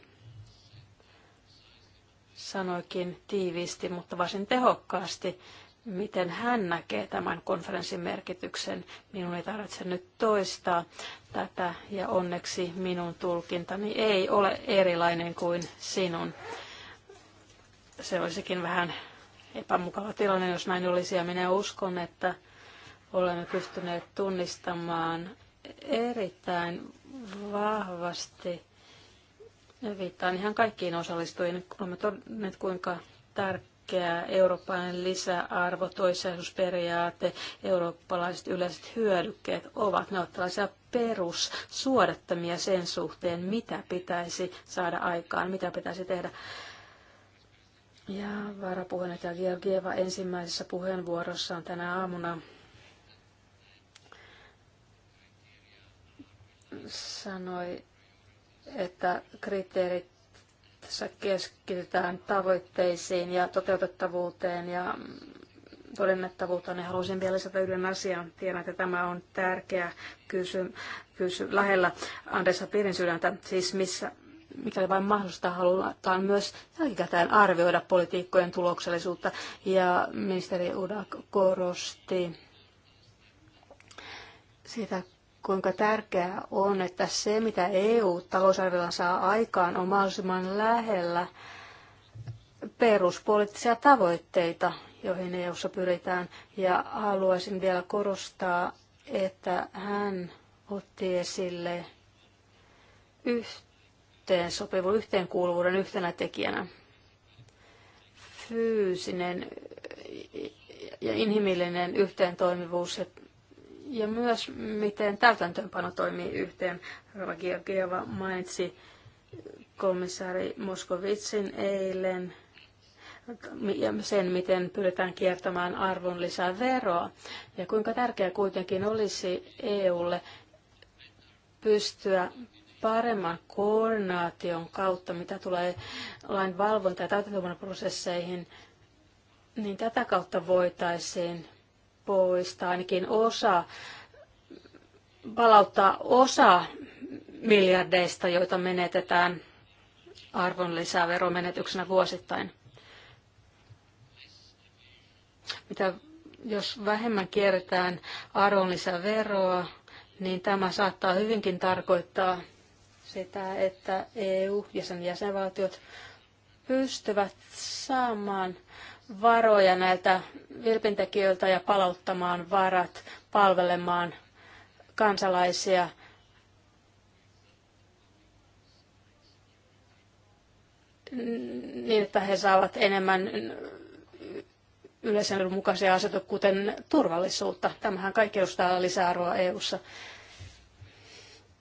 sanoikin tiiviisti, mutta varsin tehokkaasti, miten hän näkee tämän konferenssin merkityksen. Minun ei tarvitse nyt toistaa tätä ja onneksi minun tulkintani ei ole erilainen kuin sinun. Se olisikin vähän epämukava tilanne, jos näin olisi ja minä uskon, että olemme pystyneet tunnistamaan erittäin vahvasti viittaan ihan kaikkiin osallistujiin. Olemme todenneet, kuinka tärkeää tärkeä eurooppalainen lisäarvo, toisaisuusperiaate, eurooppalaiset yleiset hyödykkeet ovat. Ne ovat tällaisia perussuodattamia sen suhteen, mitä pitäisi saada aikaan, mitä pitäisi tehdä. Ja varapuheenjohtaja Georgieva ensimmäisessä puheenvuorossaan tänä aamuna sanoi, että kriteerit tässä keskitytään tavoitteisiin ja toteutettavuuteen ja todennettavuutta, niin haluaisin vielä lisätä yhden asian. Tiedän, että tämä on tärkeä kysy, kysy lähellä Andressa Pirin sydäntä, siis missä, mikäli vain mahdollista, halutaan myös jälkikäteen arvioida politiikkojen tuloksellisuutta. Ja ministeri Uda korosti sitä, kuinka tärkeää on, että se, mitä EU-talousarviolla saa aikaan, on mahdollisimman lähellä peruspoliittisia tavoitteita, joihin EUssa pyritään. Ja haluaisin vielä korostaa, että hän otti esille yhteen sopivu yhteenkuuluvuuden yhtenä tekijänä. Fyysinen ja inhimillinen yhteentoimivuus ja ja myös miten täytäntöönpano toimii yhteen. Rova Georgieva mainitsi komissaari Moskovitsin eilen ja sen, miten pyritään kiertämään veroa Ja kuinka tärkeää kuitenkin olisi EUlle pystyä paremman koordinaation kautta, mitä tulee lain valvonta- ja täytäntöönpanoprosesseihin, niin tätä kautta voitaisiin poistaa ainakin osa, palauttaa osa miljardeista, joita menetetään arvonlisäveromenetyksenä vuosittain. Mitä, jos vähemmän kierretään arvonlisäveroa, niin tämä saattaa hyvinkin tarkoittaa sitä, että EU ja sen jäsenvaltiot pystyvät saamaan varoja näiltä vilpintekijöiltä ja palauttamaan varat palvelemaan kansalaisia. niin, että he saavat enemmän yleisen mukaisia asetuksia, kuten turvallisuutta. Tämähän kaikki edustaa lisäarvoa EU-ssa.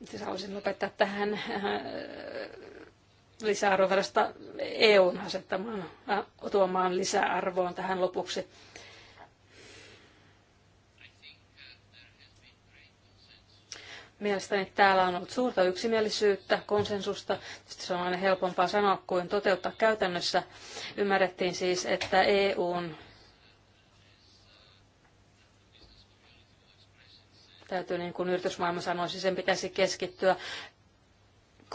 Siis haluaisin lopettaa tähän lisäarvon verrasta EUn asettamaan, äh, tuomaan lisäarvoon tähän lopuksi. Mielestäni täällä on ollut suurta yksimielisyyttä, konsensusta. Tietysti se on aina helpompaa sanoa kuin toteuttaa käytännössä. Ymmärrettiin siis, että EUn täytyy niin kuin yritysmaailma sanoisi, sen pitäisi keskittyä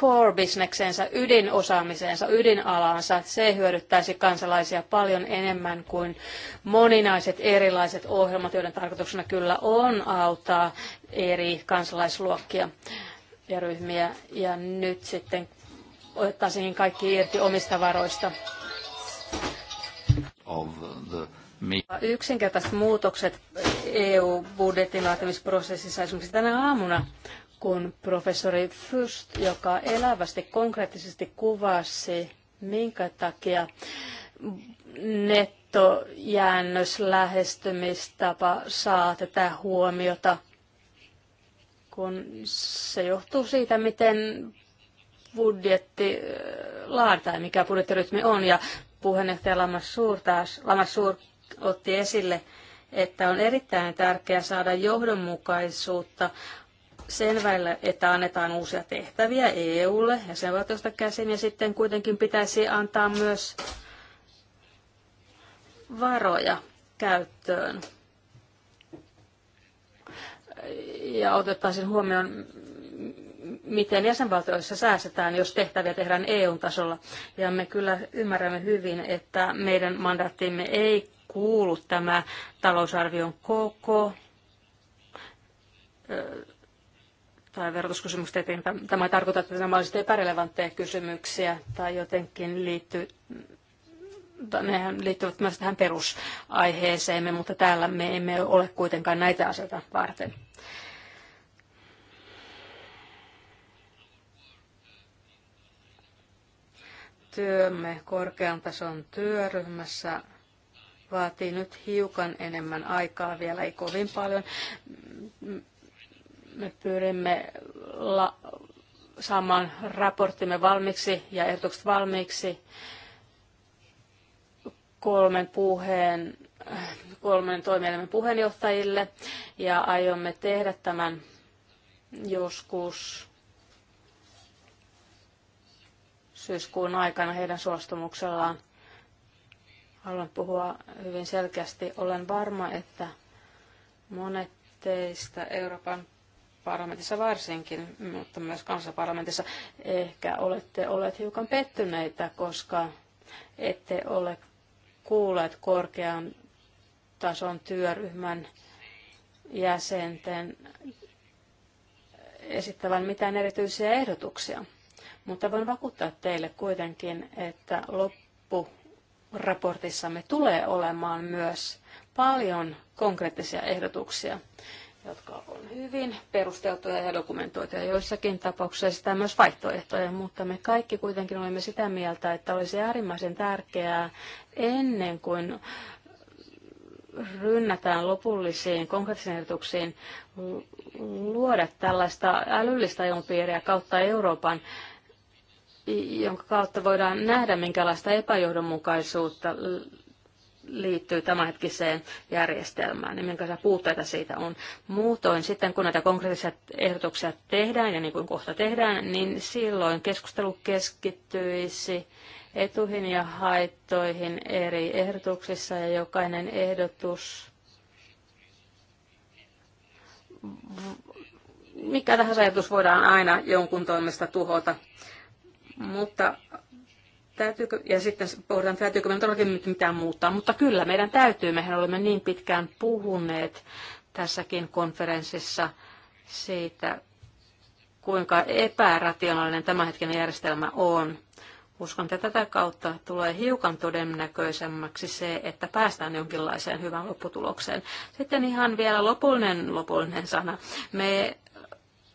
core-bisneksensä, ydinosaamiseensa, ydinalaansa. Se hyödyttäisi kansalaisia paljon enemmän kuin moninaiset erilaiset ohjelmat, joiden tarkoituksena kyllä on auttaa eri kansalaisluokkia ja ryhmiä. Ja nyt sitten otettaisiin kaikki irti omista varoista. Yksinkertaiset muutokset EU-budjetin laatimisprosessissa esimerkiksi tänä aamuna kun professori Fust, joka elävästi konkreettisesti kuvasi, minkä takia nettojäännöslähestymistapa saa tätä huomiota, kun se johtuu siitä, miten budjetti äh, laaditaan, mikä budjettirytmi on. Ja puheenjohtaja Lamas Suur otti esille, että on erittäin tärkeää saada johdonmukaisuutta sen että annetaan uusia tehtäviä EUlle ja sen valtiosta käsin, ja sitten kuitenkin pitäisi antaa myös varoja käyttöön. Ja otettaisiin huomioon, miten jäsenvaltioissa säästetään, jos tehtäviä tehdään EU-tasolla. Ja me kyllä ymmärrämme hyvin, että meidän mandaattimme ei kuulu tämä talousarvion koko tai verotuskysymykset eteenpäin. Tämä ei tarkoita, että nämä olisivat epärelevantteja kysymyksiä tai jotenkin liittyy nehän liittyvät myös tähän perusaiheeseemme, mutta täällä me emme ole kuitenkaan näitä asioita varten. Työmme korkean tason työryhmässä vaatii nyt hiukan enemmän aikaa, vielä ei kovin paljon. Me pyrimme la- saamaan raporttimme valmiiksi ja ehdotukset valmiiksi kolmen puheen, kolmen toimielimen puheenjohtajille ja aiomme tehdä tämän joskus syyskuun aikana heidän suostumuksellaan. Haluan puhua hyvin selkeästi. Olen varma, että monet teistä Euroopan parlamentissa varsinkin, mutta myös kansanparlamentissa, ehkä olette olleet hiukan pettyneitä, koska ette ole kuulleet korkean tason työryhmän jäsenten esittävän mitään erityisiä ehdotuksia. Mutta voin vakuuttaa teille kuitenkin, että loppuraportissamme tulee olemaan myös paljon konkreettisia ehdotuksia, jotka on hyvin perusteltuja ja dokumentoituja. Joissakin tapauksissa sitä myös vaihtoehtoja, mutta me kaikki kuitenkin olemme sitä mieltä, että olisi äärimmäisen tärkeää ennen kuin rynnätään lopullisiin konkreettisiin ehdotuksiin luoda tällaista älyllistä ilmapiiriä kautta Euroopan, jonka kautta voidaan nähdä, minkälaista epäjohdonmukaisuutta liittyy tämänhetkiseen järjestelmään, niin minkä puutteita siitä on. Muutoin sitten, kun näitä konkreettisia ehdotuksia tehdään, ja niin kuin kohta tehdään, niin silloin keskustelu keskittyisi etuihin ja haittoihin eri ehdotuksissa, ja jokainen ehdotus mikä tahansa ajatus voidaan aina jonkun toimesta tuhota. Mutta täytyykö, ja sitten pohditaan, täytyykö meidän todellakin nyt mitään muuttaa, mutta kyllä meidän täytyy, mehän olemme niin pitkään puhuneet tässäkin konferenssissa siitä, kuinka epärationaalinen tämänhetkinen järjestelmä on. Uskon, että tätä kautta tulee hiukan todennäköisemmäksi se, että päästään jonkinlaiseen hyvään lopputulokseen. Sitten ihan vielä lopullinen, lopullinen sana. Me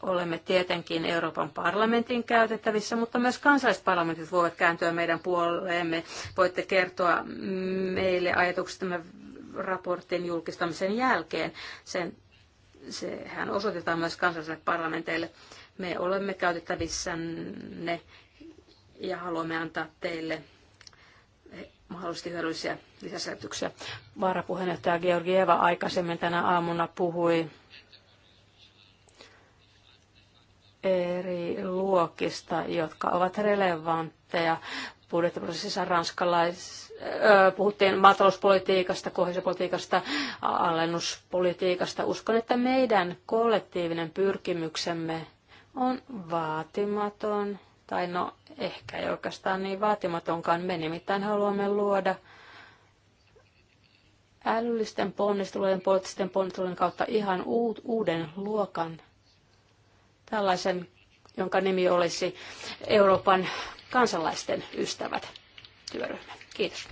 Olemme tietenkin Euroopan parlamentin käytettävissä, mutta myös kansallisparlamentit voivat kääntyä meidän puoleemme. Voitte kertoa meille ajatuksestamme raportin julkistamisen jälkeen. Sen, sehän osoitetaan myös kansallisille parlamenteille. Me olemme käytettävissänne ja haluamme antaa teille mahdollisesti hyödyllisiä lisäselityksiä. Varapuheenjohtaja Georgieva aikaisemmin tänä aamuna puhui eri luokista, jotka ovat relevantteja budjettiprosessissa ranskalais, puhuttiin maatalouspolitiikasta, kohdallisuuspolitiikasta, alennuspolitiikasta. Uskon, että meidän kollektiivinen pyrkimyksemme on vaatimaton, tai no ehkä ei oikeastaan niin vaatimatonkaan. Me nimittäin haluamme luoda älyllisten ponnistelujen, poliittisten ponnistelujen kautta ihan uuden luokan tällaisen, jonka nimi olisi Euroopan kansalaisten ystävät työryhmä. Kiitos.